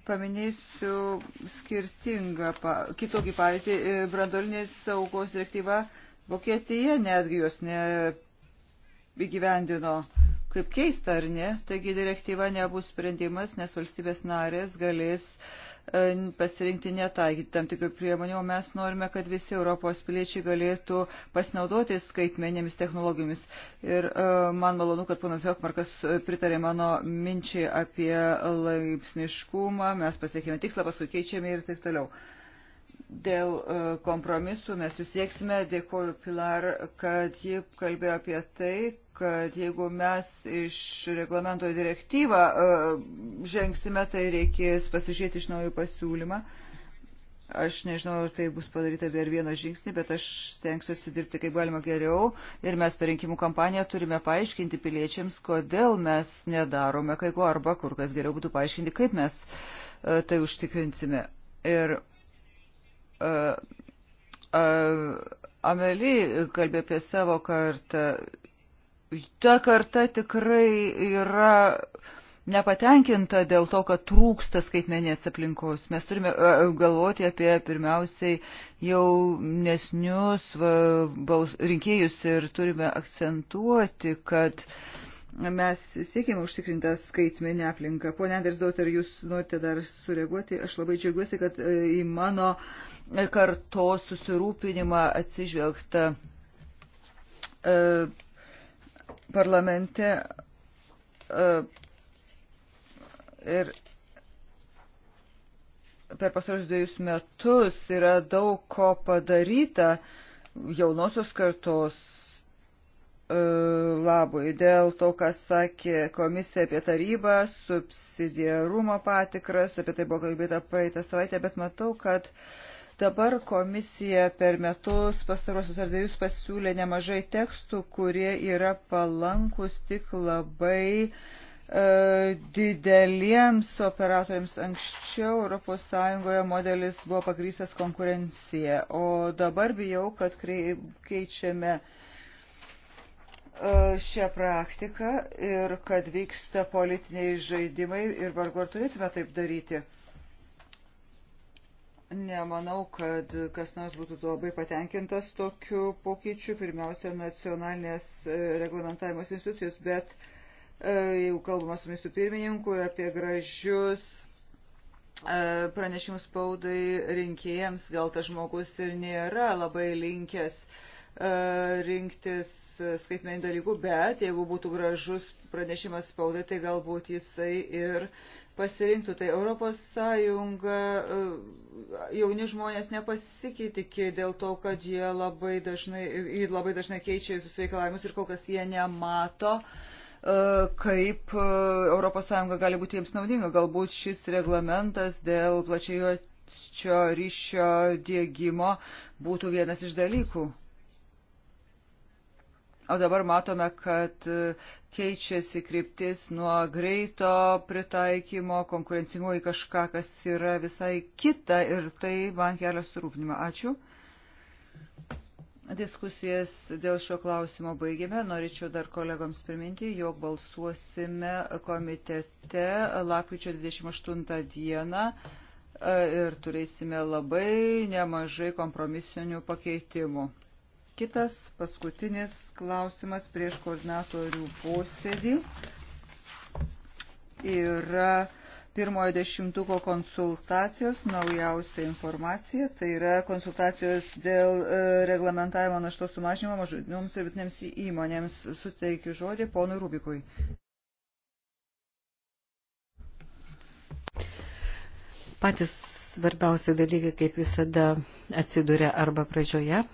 Paminėsiu skirtingą, kitokį pavyzdį, e, brandolinės saugos direktyva Vokietija netgi jos ne įgyvendino. Kaip keista, ar ne? Taigi direktyva nebus sprendimas, nes valstybės narės galės e, pasirinkti netaikyti tam tikrų priemonių, o mes norime, kad visi Europos piliečiai galėtų pasinaudoti skaitmenėmis technologijomis. Ir e, man malonu, kad ponas Jokmarkas pritarė mano minčiai apie laipsniškumą, mes pasiekime tikslą, paskui keičiame ir taip toliau. Dėl e, kompromisų mes susieksime, dėkoju Pilar, kad ji kalbėjo apie tai, kad jeigu mes iš reglamento direktyvą e, žengsime, tai reikės pasižiūrėti iš naujo pasiūlymą. Aš nežinau, ar tai bus padaryta per vieną žingsnį, bet aš stengsiuosi dirbti kaip galima geriau ir mes per rinkimų kampaniją turime paaiškinti piliečiams, kodėl mes nedarome kai ko arba kur kas geriau būtų paaiškinti, kaip mes uh, tai užtikrinsime. Ir uh, e, uh, Ameli kalbė apie savo kartą, ta karta tikrai yra nepatenkinta dėl to, kad trūksta skaitmenės aplinkos. Mes turime e, galvoti apie pirmiausiai jaunesnius rinkėjus ir turime akcentuoti, kad mes siekime užtikrintą skaitmenę aplinką. Pone Andersdot, ar jūs norite dar sureaguoti? Aš labai džiaugiuosi, kad e, į mano kartos susirūpinimą atsižvelgta. E, parlamente e, ir per pasarus dviejus metus yra daug ko padaryta jaunosios kartos e, labui dėl to, kas sakė komisija apie tarybą, subsidiarumo patikras, apie tai buvo kalbėta praeitą savaitę, bet matau, kad uh, Dabar komisija per metus pastarosius ar dviejus pasiūlė nemažai tekstų, kurie yra palankus tik labai e, dideliems operatoriams anksčiau ES modelis buvo pagrystas konkurencija, o dabar bijau, kad keičiame e, šią praktiką ir kad vyksta politiniai žaidimai ir vargu ar turėtume taip daryti. Nemanau, kad kas nors būtų labai patenkintas tokiu pokyčiu, pirmiausia, nacionalinės e, reglamentavimo institucijos, bet e, jeigu kalbama su ministru pirmininku ir apie gražius e, pranešimus spaudai rinkėjams, gal tas žmogus ir nėra labai linkęs rinktis skaitmeninių dalykų, bet jeigu būtų gražus pranešimas spaudai, tai galbūt jisai ir pasirinktų. Tai Europos Sąjunga e, jauni žmonės nepasikitikė dėl to, kad jie labai dažnai, labai dažnai keičia visus reikalavimus ir kol kas jie nemato e, kaip ES gali būti jiems naudinga. Galbūt šis reglamentas dėl plačiojo ryšio dėgymo būtų vienas iš dalykų. O dabar matome, kad e, keičiasi kryptis nuo greito pritaikymo, konkurencingumo į kažką, kas yra visai kita ir tai man kelia surūpnimą. Ačiū. Diskusijas dėl šio klausimo baigėme. Norėčiau dar kolegoms priminti, jog balsuosime komitete lapkričio 28 dieną e, ir turėsime labai nemažai kompromisinių pakeitimų. Kitas paskutinis klausimas prieš koordinatorių posėdį yra pirmojo dešimtuko konsultacijos, naujausia informacija, tai yra konsultacijos dėl e, reglamentavimo naštos sumažinimo mažutiniams ir vidutinėms įmonėms. Suteikiu žodį ponui Rubikui. Patys svarbiausi dalykai, kaip visada, atsiduria arba pradžioje,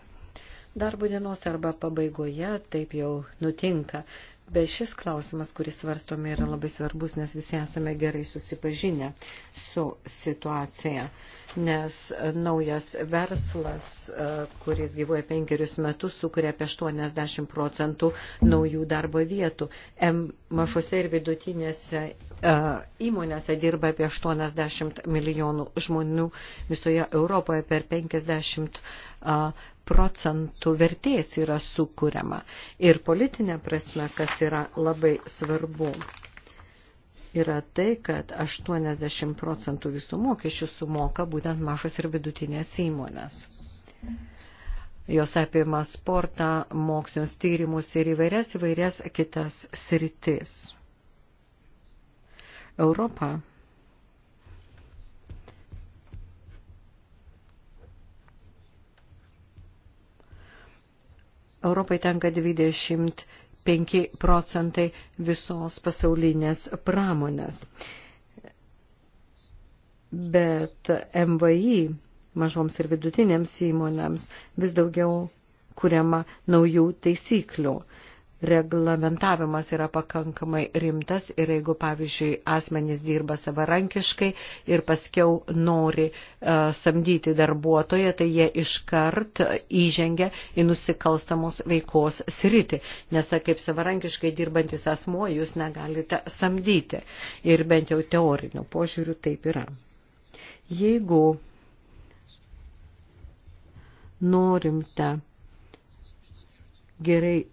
darbo dienos arba pabaigoje, taip jau nutinka. Bet šis klausimas, kuris svarstome, yra labai svarbus, nes visi esame gerai susipažinę su situacija. Nes naujas verslas, e, kuris gyvoja penkerius metus, sukuria apie 80 procentų naujų darbo vietų. M mažose ir vidutinėse e, įmonėse dirba apie 80 milijonų žmonių visoje Europoje per 50 procentų vertės yra sukūriama. Ir politinė prasme, kas yra labai svarbu, yra tai, kad 80 procentų visų mokesčių sumoka būtent mažos ir vidutinės įmonės. Jos apima sportą, mokslinius tyrimus ir įvairias įvairias kitas sritis. Europa Europai tenka 25 procentai visos pasaulinės pramonės. Bet MVI mažoms ir vidutinėms įmonėms vis daugiau kuriama naujų taisyklių reglamentavimas yra pakankamai rimtas ir jeigu, pavyzdžiui, asmenys dirba savarankiškai ir paskiau nori uh, samdyti darbuotoją, tai jie iškart įžengia į nusikalstamos veikos sritį, nes, kaip savarankiškai dirbantis asmuo, jūs negalite samdyti ir bent jau teoriniu požiūriu taip yra. Jeigu norimte gerai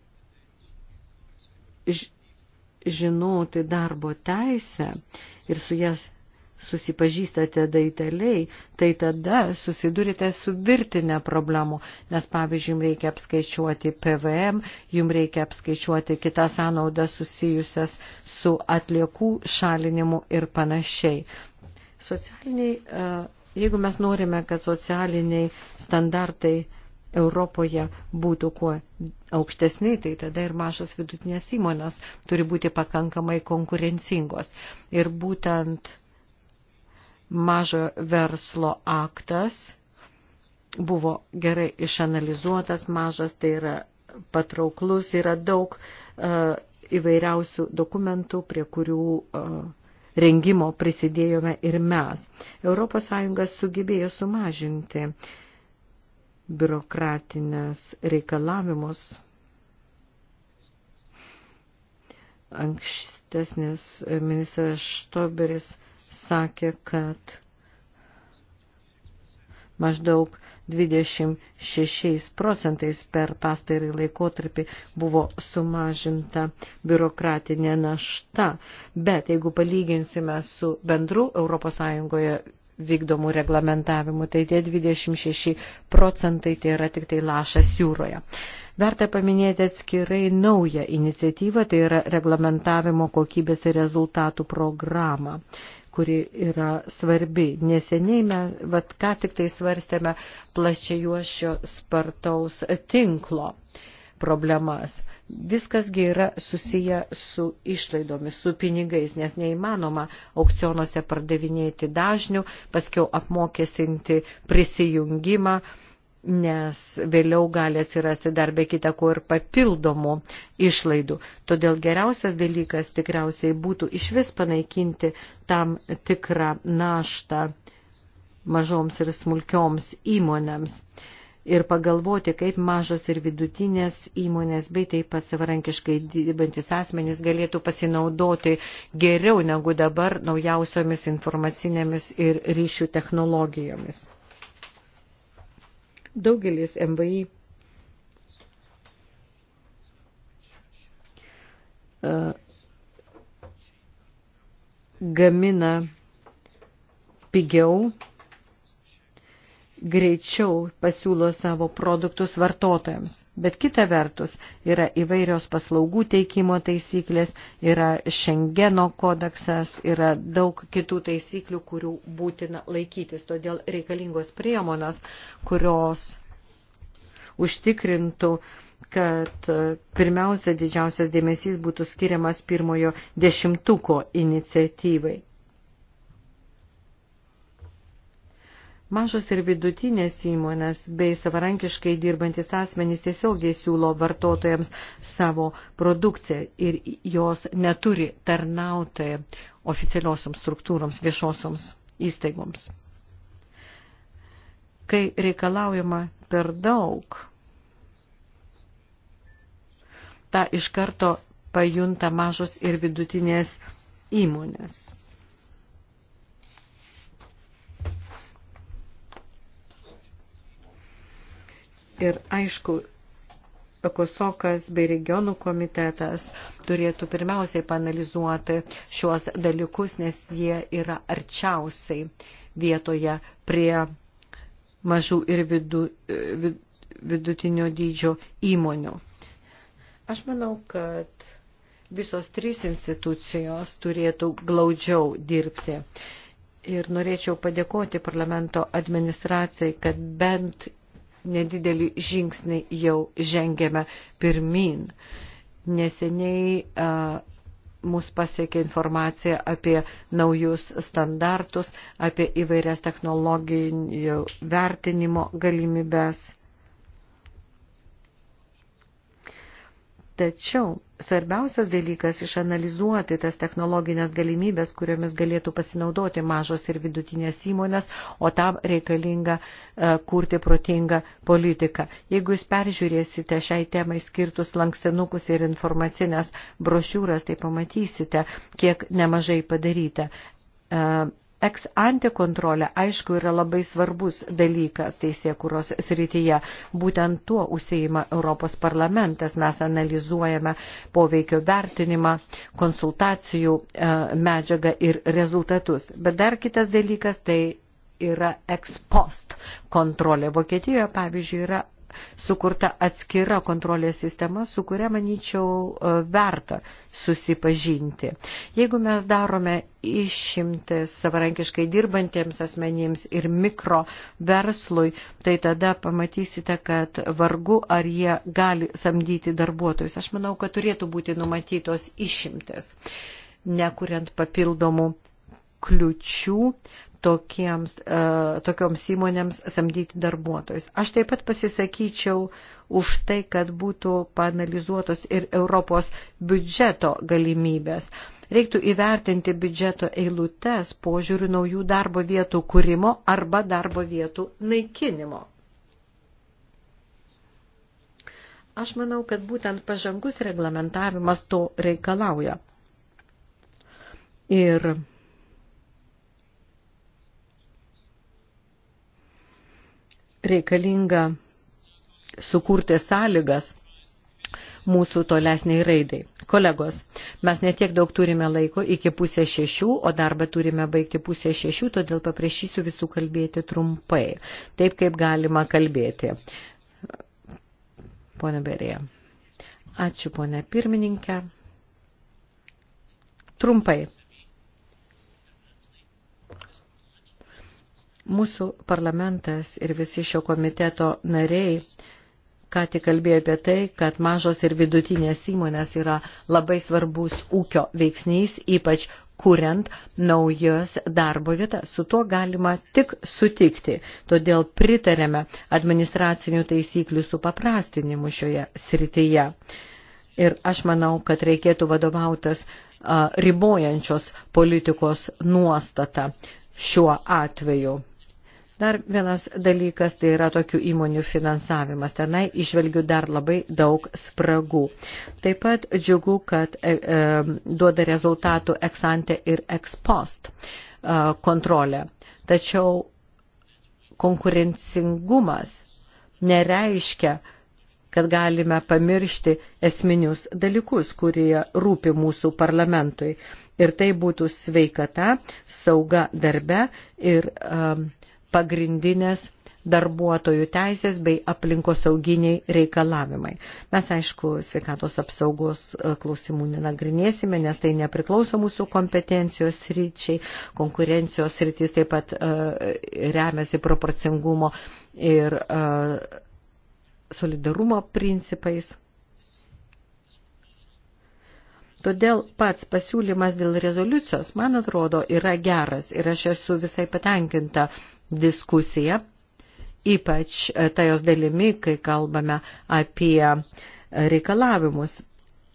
žinoti darbo teisę ir su jas susipažįstate daiteliai, tai tada susidurite su virtinė problemų, nes pavyzdžiui, jums reikia apskaičiuoti PVM, jums reikia apskaičiuoti kitas sąnaudas susijusias su atliekų šalinimu ir panašiai. Socialiniai, e, jeigu mes norime, kad socialiniai standartai Europoje būtų kuo aukštesni, tai tada ir mažos vidutinės įmonės turi būti pakankamai konkurencingos. Ir būtent mažo verslo aktas buvo gerai išanalizuotas, mažas tai yra patrauklus, yra daug uh, įvairiausių dokumentų, prie kurių uh, rengimo prisidėjome ir mes. ES sugebėjo sumažinti uh, biurokratinės reikalavimus. Ankstesnis ministras Štoberis sakė, kad maždaug 26 procentais per pastarį laikotarpį buvo sumažinta biurokratinė našta. Bet jeigu palyginsime su bendru ES vykdomų reglamentavimų. Tai tie 26 procentai tai yra tik tai lašas jūroje. Verta paminėti atskirai naują iniciatyvą, tai yra reglamentavimo kokybės ir rezultatų programą kuri yra svarbi. Neseniai mes, vat ką tik tai svarstėme plačiajuošio spartaus tinklo. Uh, problemas. Viskasgi yra susiję su išlaidomis, su pinigais, nes neįmanoma aukcionuose pardavinėti dažnių, paskiau apmokestinti prisijungimą nes vėliau gali atsirasti dar be kita ko ir papildomų išlaidų. Todėl geriausias dalykas tikriausiai būtų iš vis panaikinti tam tikrą naštą mažoms ir smulkioms įmonėms ir pagalvoti, kaip mažos ir vidutinės įmonės bei taip pat savarankiškai dirbantis asmenys galėtų pasinaudoti geriau negu dabar naujausiomis informacinėmis ir ryšių technologijomis. Daugelis MVI e, gamina pigiau greičiau pasiūlo savo produktus vartotojams. Bet kita vertus yra įvairios paslaugų teikimo taisyklės, yra Schengeno kodeksas, yra daug kitų taisyklių, kurių būtina laikytis. Todėl reikalingos priemonas, kurios užtikrintų kad e, pirmiausia didžiausias dėmesys būtų skiriamas pirmojo dešimtuko iniciatyvai Mažos ir vidutinės įmonės bei savarankiškai dirbantis asmenys tiesiogiai siūlo vartotojams savo produkciją ir jos neturi tarnauti oficialiosioms struktūroms, viešosioms įstaigoms. Kai reikalaujama per daug, tą iš karto pajunta mažos ir vidutinės įmonės. Ir aišku, Ekosokas bei regionų komitetas turėtų pirmiausiai panalizuoti šiuos dalykus, nes jie yra arčiausiai vietoje prie mažų ir vidu, vid, vidutinio dydžio įmonių. Aš manau, kad visos trys institucijos turėtų glaudžiau dirbti. Ir norėčiau padėkoti parlamento administracijai, kad bent nedidelį žingsnį jau žengėme pirmin. Neseniai a, mus pasiekė informacija apie naujus standartus, apie įvairias technologijų vertinimo galimybės. Tačiau svarbiausias dalykas išanalizuoti tas technologinės galimybės, kuriomis galėtų pasinaudoti mažos ir vidutinės įmonės, o tam reikalinga e, kurti protingą politiką. Jeigu jūs peržiūrėsite šiai temai skirtus lankstinukus ir informacinės brošiūras, tai pamatysite, kiek nemažai padaryta e, Eks ante kontrolė, aišku, yra labai svarbus dalykas teisėkuros srityje. Būtent tuo užsieima Europos parlamentas. Mes analizuojame poveikio vertinimą, konsultacijų e, medžiagą ir rezultatus. Bet dar kitas dalykas tai yra ex post kontrolė. Vokietijoje, pavyzdžiui, yra sukurta atskira kontrolės sistema, su kuria, manyčiau, e, verta susipažinti. Jeigu mes darome išimtis savarankiškai dirbantiems asmenims ir mikro verslui, tai tada pamatysite, kad vargu ar jie gali samdyti darbuotojus. Aš manau, kad turėtų būti numatytos išimtis, nekuriant papildomų kliučių tokiems, e, tokioms įmonėms samdyti darbuotojus. Aš taip pat pasisakyčiau už tai, kad būtų panalizuotos ir Europos biudžeto galimybės. Reiktų įvertinti biudžeto eilutes požiūrių naujų darbo vietų kūrimo arba darbo vietų naikinimo. Aš manau, kad būtent pažangus reglamentavimas to reikalauja. Ir reikalinga sukurti sąlygas mūsų tolesniai raidai. Kolegos, mes netiek daug turime laiko iki pusės šešių, o darbą turime baigti pusės šešių, todėl paprašysiu visų kalbėti trumpai, taip kaip galima kalbėti. Pone Berėja. Ačiū, ponė pirmininkė. Trumpai. Mūsų parlamentas ir visi šio komiteto nariai ką tik kalbėjo apie tai, kad mažos ir vidutinės įmonės yra labai svarbus ūkio veiksnys, ypač kuriant naujas darbo vietas. Su tuo galima tik sutikti. Todėl pritarėme administracinių taisyklių supaprastinimu šioje srityje. Ir aš manau, kad reikėtų vadovautas ribojančios politikos nuostata šiuo atveju. Dar vienas dalykas tai yra tokių įmonių finansavimas. Tenai išvelgiu dar labai daug spragų. Taip pat džiugu, kad e, e, duoda rezultatų eksante ir ekspost e, kontrolė. Tačiau konkurencingumas nereiškia, kad galime pamiršti esminius dalykus, kurie rūpi mūsų parlamentui. Ir tai būtų sveikata, sauga darbe ir um, pagrindinės darbuotojų teisės bei aplinkosauginiai reikalavimai. Mes, aišku, sveikatos apsaugos e, klausimų nenagrinėsime, nes tai nepriklauso mūsų kompetencijos ryčiai, konkurencijos rytis taip pat uh, remiasi proporcingumo ir uh, solidarumo principais. Todėl pats pasiūlymas dėl rezoliucijos, man atrodo, yra geras ir aš esu visai patenkinta diskusiją, ypač e, ta jos dalimi, kai kalbame apie reikalavimus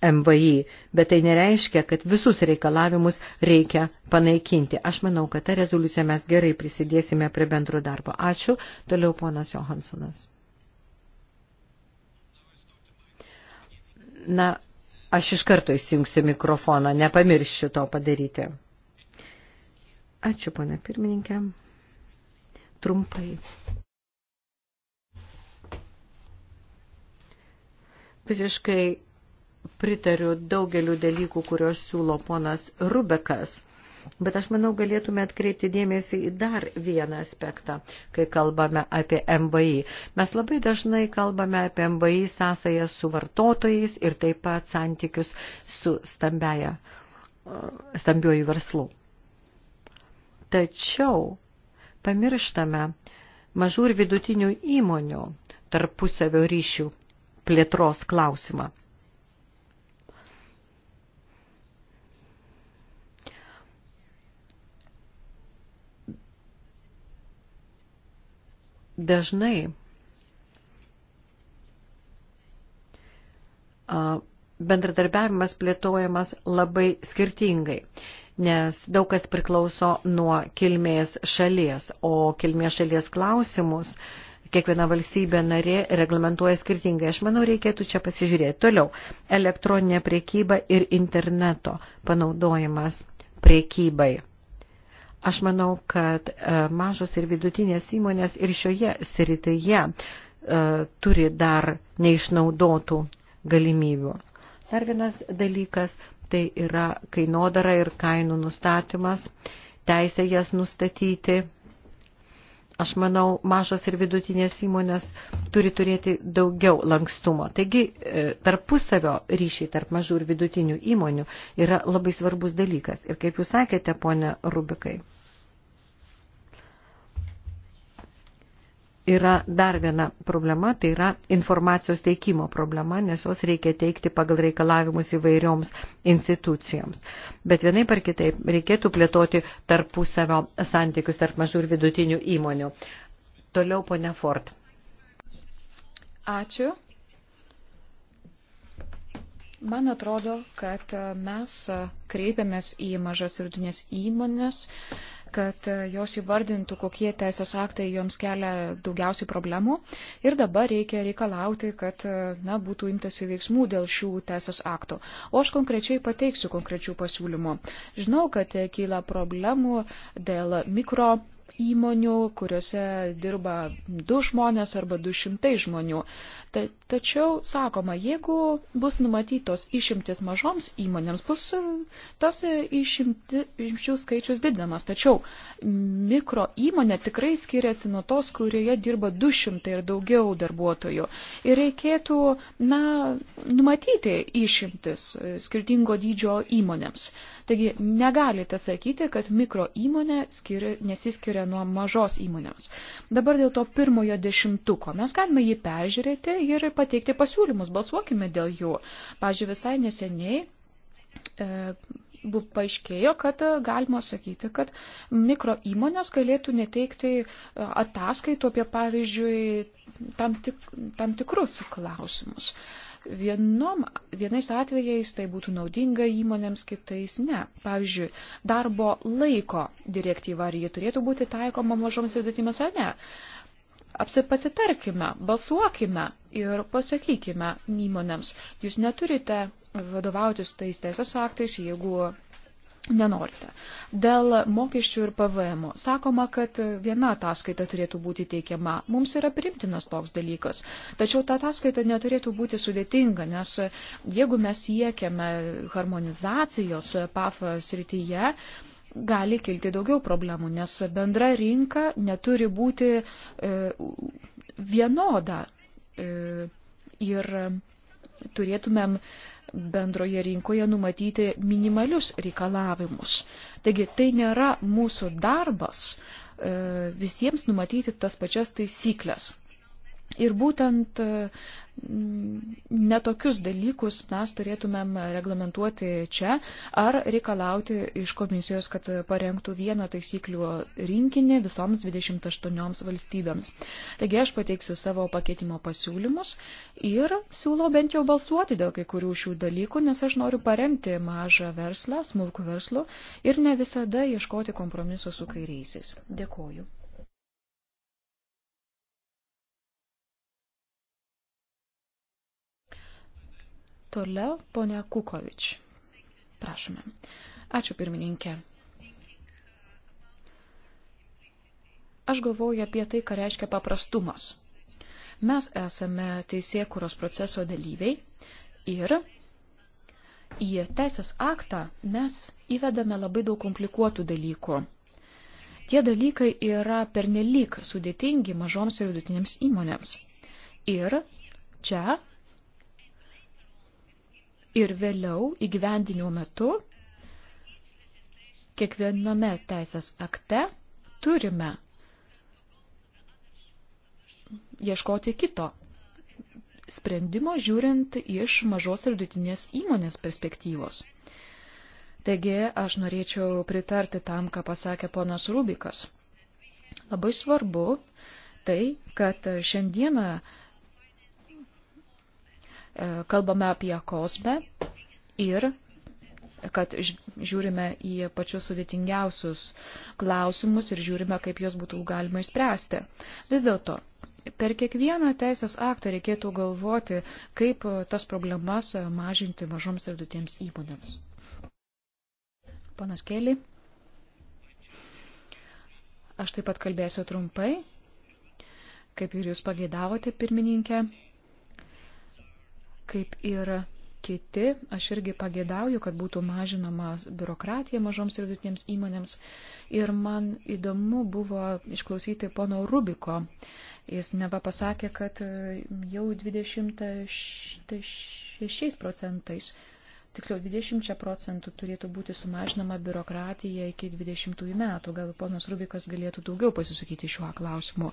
MVI, bet tai nereiškia, kad visus reikalavimus reikia panaikinti. Aš manau, kad tą rezoliuciją mes gerai prisidėsime prie bendro darbo. Ačiū. Toliau ponas Johansonas. Na, aš iš karto įsijungsiu mikrofoną, nepamiršiu to padaryti. Ačiū, ponė pirmininkė trumpai. Visiškai pritariu daugeliu dalykų, kuriuos siūlo ponas Rubekas. Bet aš manau, galėtume atkreipti dėmesį į dar vieną aspektą, kai kalbame apie MBI. Mes labai dažnai kalbame apie MBI sąsają su vartotojais ir taip pat santykius su stambiaja, stambiuoju verslu. Tačiau pamirštame mažų ir vidutinių įmonių tarpusavio ryšių plėtros klausimą. Dažnai bendradarbiavimas plėtojamas labai skirtingai nes daug kas priklauso nuo kilmės šalies, o kilmės šalies klausimus kiekviena valstybė narė reglamentuoja skirtingai. Aš manau, reikėtų čia pasižiūrėti. Toliau, elektroninė priekyba ir interneto panaudojimas priekybai. Aš manau, kad e, mažos ir vidutinės įmonės ir šioje srityje e, turi dar neišnaudotų galimybių. Dar vienas dalykas tai yra kainodara ir kainų nustatymas, teisė jas nustatyti. Aš manau, mažos ir vidutinės įmonės turi turėti daugiau lankstumo. Taigi, e, tarpusavio ryšiai tarp mažų ir vidutinių įmonių yra labai svarbus dalykas. Ir kaip jūs sakėte, ponia Rubikai, yra dar viena problema, tai yra informacijos teikimo problema, nes jos reikia teikti pagal reikalavimus įvairioms institucijoms. Bet vienaip ar kitaip reikėtų plėtoti tarpusavio santykius tarp mažų ir vidutinių įmonių. Toliau ponia Ford. Ačiū. Man atrodo, kad mes kreipiamės į mažas ir vidutinės įmonės. Uh, kad e, jos įvardintų, kokie teisės aktai joms kelia daugiausiai problemų. Ir dabar reikia reikalauti, kad e, na, būtų imtasi veiksmų dėl šių teisės aktų. O aš konkrečiai pateiksiu konkrečių pasiūlymų. Žinau, kad e, kyla problemų dėl mikro įmonių, kuriuose dirba du žmonės arba du šimtai žmonių. Ta, tačiau, sakoma, jeigu bus numatytos išimtis mažoms įmonėms, bus e, tas išimti, išimčių skaičius didinamas. Tačiau mikro įmonė tikrai skiriasi nuo tos, kurioje dirba du šimtai ir daugiau darbuotojų. Ir reikėtų, na, numatyti išimtis e, skirtingo dydžio įmonėms. Taigi, negalite sakyti, kad mikro įmonė skiri, nesiskiria nuo mažos įmonės. Dabar dėl to pirmojo dešimtuko. Mes galime jį peržiūrėti ir pateikti pasiūlymus, balsuokime dėl jų. Pavyzdžiui, visai neseniai. E, paaiškėjo, kad e, galima sakyti, kad mikro įmonės galėtų neteikti e, ataskaitų apie, pavyzdžiui, tam, tik, tam tikrus klausimus. Vienom, vienais atvejais tai būtų naudinga įmonėms, kitais ne. Pavyzdžiui, darbo laiko direktyva, ar ji turėtų būti taikoma mažoms vidutinėms ar ne. Apsitarkime, balsuokime ir pasakykime įmonėms, jūs neturite vadovautis tais teisės aktais, jeigu nenorite. Dėl mokesčių ir PVM. Sakoma, kad viena ataskaita turėtų būti teikiama. Mums yra primtinas toks dalykas. Tačiau ta ataskaita neturėtų būti sudėtinga, nes jeigu mes siekiame harmonizacijos PAF srityje, gali kilti daugiau problemų, nes bendra rinka neturi būti e, vienoda. E, ir turėtumėm e, bendroje rinkoje numatyti minimalius reikalavimus. Taigi tai nėra mūsų darbas e, visiems numatyti tas pačias taisyklės. Ir būtent mm, netokius dalykus mes turėtumėm reglamentuoti čia ar reikalauti iš komisijos, kad parengtų vieną taisyklių rinkinį visoms 28 valstybėms. Taigi aš pateiksiu savo pakeitimo pasiūlymus ir siūlau bent jau balsuoti dėl kai kurių šių dalykų, nes aš noriu paremti mažą verslą, smulkų verslų ir ne visada ieškoti kompromiso su kairiaisiais. Dėkoju. Toliau ponia Kukovič. Prašome. Ačiū pirmininkė. Aš galvoju apie tai, ką reiškia paprastumas. Mes esame teisėkuros proceso dalyviai ir į teisės aktą mes įvedame labai daug komplikuotų dalykų. Tie dalykai yra pernelyg sudėtingi mažoms ir vidutinėms įmonėms. Ir čia ir vėliau įgyvendinimo metu kiekviename teisės akte turime ieškoti kito sprendimo žiūrint iš mažos ir vidutinės įmonės perspektyvos. Taigi aš norėčiau pritarti tam, ką pasakė ponas Rubikas. Labai svarbu tai, kad šiandieną E, kalbame apie kosmę ir kad žiūrime į pačius sudėtingiausius klausimus ir žiūrime, kaip juos būtų galima išspręsti. Vis dėlto, per kiekvieną teisės aktą reikėtų galvoti, kaip tas problemas mažinti mažoms ir dutiems įmonėms. Panas Keli. Aš taip pat kalbėsiu trumpai, kaip ir jūs pageidavote, pirmininkė. Kaip ir kiti, aš irgi pagėdauju, kad būtų mažinama biurokratija mažoms ir vidutinėms įmonėms. Ir man įdomu buvo išklausyti pono Rubiko. Jis neva pasakė, kad jau 26 procentais tiksliau 20 procentų turėtų būti sumažinama biurokratija iki 20 metų. Gal ponas Rubikas galėtų daugiau pasisakyti šiuo klausimu.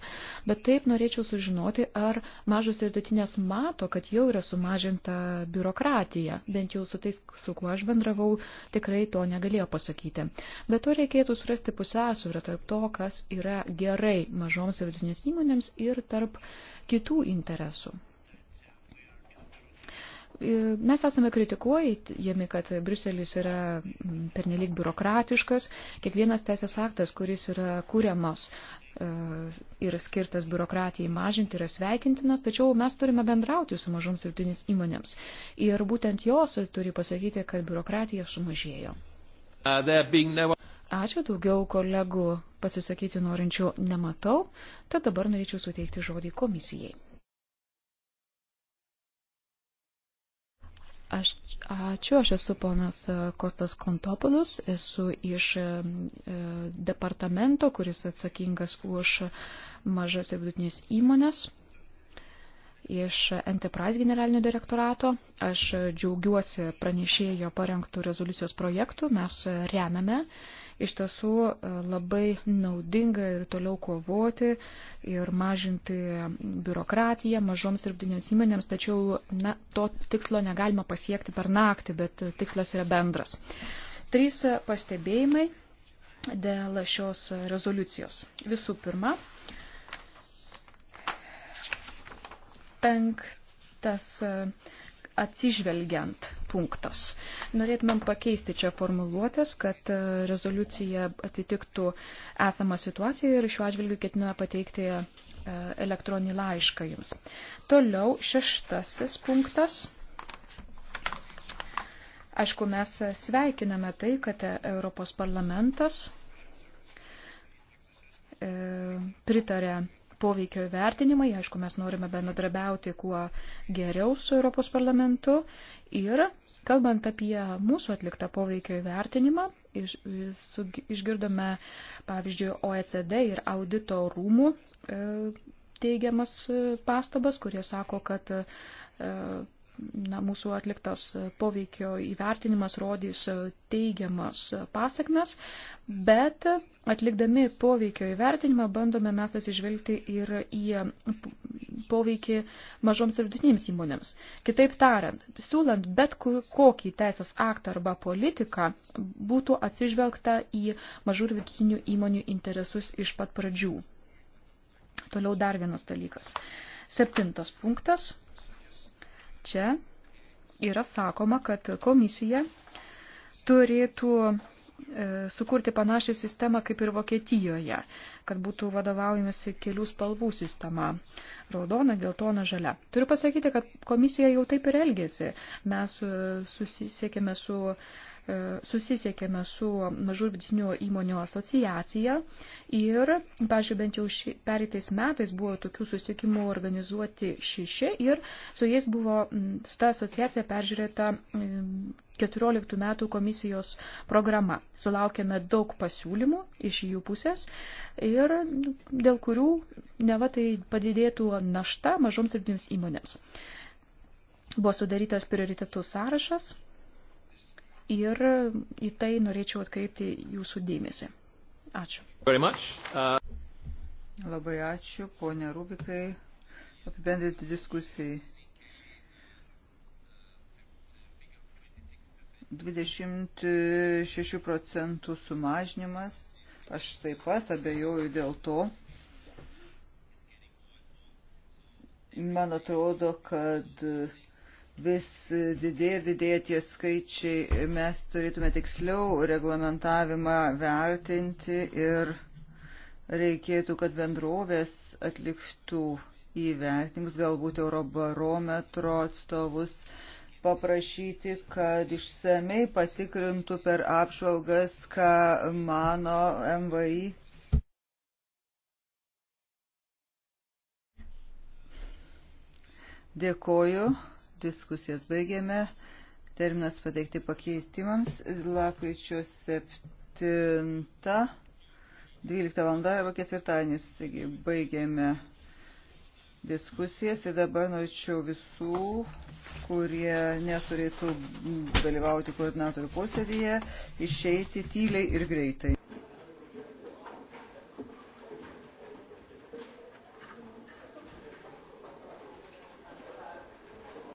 Bet taip norėčiau sužinoti, ar mažos ir dutinės mato, kad jau yra sumažinta biurokratija. Bent jau su tais, su kuo aš bendravau, tikrai to negalėjo pasakyti. Bet to reikėtų surasti pusiausvyrą tarp to, kas yra gerai mažoms ir dutinės įmonėms ir tarp kitų interesų. E, mes esame kritikuojami, kad Bruselis yra mm, pernelyg biurokratiškas. Kiekvienas teisės aktas, kuris yra kūriamas ir e, skirtas biurokratijai mažinti, yra sveikintinas, tačiau mes turime bendrauti su mažoms rytinės įmonėms. Ir būtent jos turi pasakyti, kad biurokratija sumažėjo. Uh, Ačiū, daugiau kolegų pasisakyti norinčių nematau, tad dabar norėčiau suteikti žodį komisijai. Aš, ačiū, aš esu ponas e, Kostas Kontopolus, esu iš e, e, departamento, kuris atsakingas už mažas ir vidutinės įmonės iš Enterprise generalinio direktorato. Aš džiaugiuosi pranešėjo parengtų rezoliucijos projektų, mes remiame e, iš tiesų e, labai naudinga ir toliau kovoti ir mažinti biurokratiją mažoms ir vidinėms įmonėms, tačiau na, to tikslo negalima pasiekti per naktį, bet tikslas yra bendras. Trys pastebėjimai dėl šios rezoliucijos. Visų pirma, penktas atsižvelgiant punktas. Norėtumėm pakeisti čia formuluotės, kad e, rezoliucija atitiktų esamą situaciją ir šiuo atžvilgiu ketiname pateikti e, elektroninį laišką jums. Toliau šeštasis punktas. Aišku, mes sveikiname tai, kad Europos parlamentas e, pritarė poveikio vertinimai. Aišku, mes norime bendradarbiauti kuo geriau su Europos parlamentu ir Kalbant apie mūsų atliktą poveikio įvertinimą, iš, su, išgirdome, pavyzdžiui, OECD ir audito rūmų e, teigiamas e, pastabas, kurie sako, kad e, na, mūsų atliktas poveikio įvertinimas rodys teigiamas pasakmes, bet atlikdami poveikio įvertinimą bandome mes atsižvelgti ir į poveikį mažoms ir vidutinėms įmonėms. Kitaip tariant, siūlant bet kur, kokį teisės aktą arba politiką, būtų atsižvelgta į mažų ir vidutinių įmonių interesus iš pat pradžių. Toliau dar vienas dalykas. Septintas punktas čia yra sakoma, kad komisija turėtų e, sukurti panašią sistemą kaip ir Vokietijoje, kad būtų vadovaujamasi kelių spalvų sistema - raudona, geltona, žalia. Turiu pasakyti, kad komisija jau taip ir elgėsi. Mes e, susisiekėme su uh, E, susisiekėme su mažų vidinių įmonių asociacija ir, pažiūrėjau, bent jau ši, pereitais metais buvo tokių susitikimų organizuoti šeši ir su jais buvo su ta asociacija peržiūrėta 14 metų komisijos programa. Sulaukėme daug pasiūlymų iš jų pusės ir dėl kurių neva tai padidėtų našta mažoms ir didėms įmonėms. Buvo sudarytas prioritetų sąrašas, ir į tai norėčiau atkreipti jūsų dėmesį. Ačiū. Uh... Labai ačiū, ponė Rubikai, apibendrinti diskusijai. 26 procentų sumažinimas, aš taip pat abejoju dėl to. Man atrodo, kad vis didėja ir didėja tie skaičiai. Mes turėtume tiksliau reglamentavimą vertinti ir reikėtų, kad bendrovės atliktų įvertinimus, galbūt Eurobarometro atstovus paprašyti, kad išsamei patikrintų per apžvalgas, ką mano MVI Dėkoju. Diskusijas baigėme. Terminas pateikti pakeitimams lapkričio 7, 12 val. arba ketvirtadienis. Taigi baigėme diskusijas ir dabar norėčiau visų, kurie neturėtų dalyvauti koordinatorių posėdėje, išeiti tyliai ir greitai.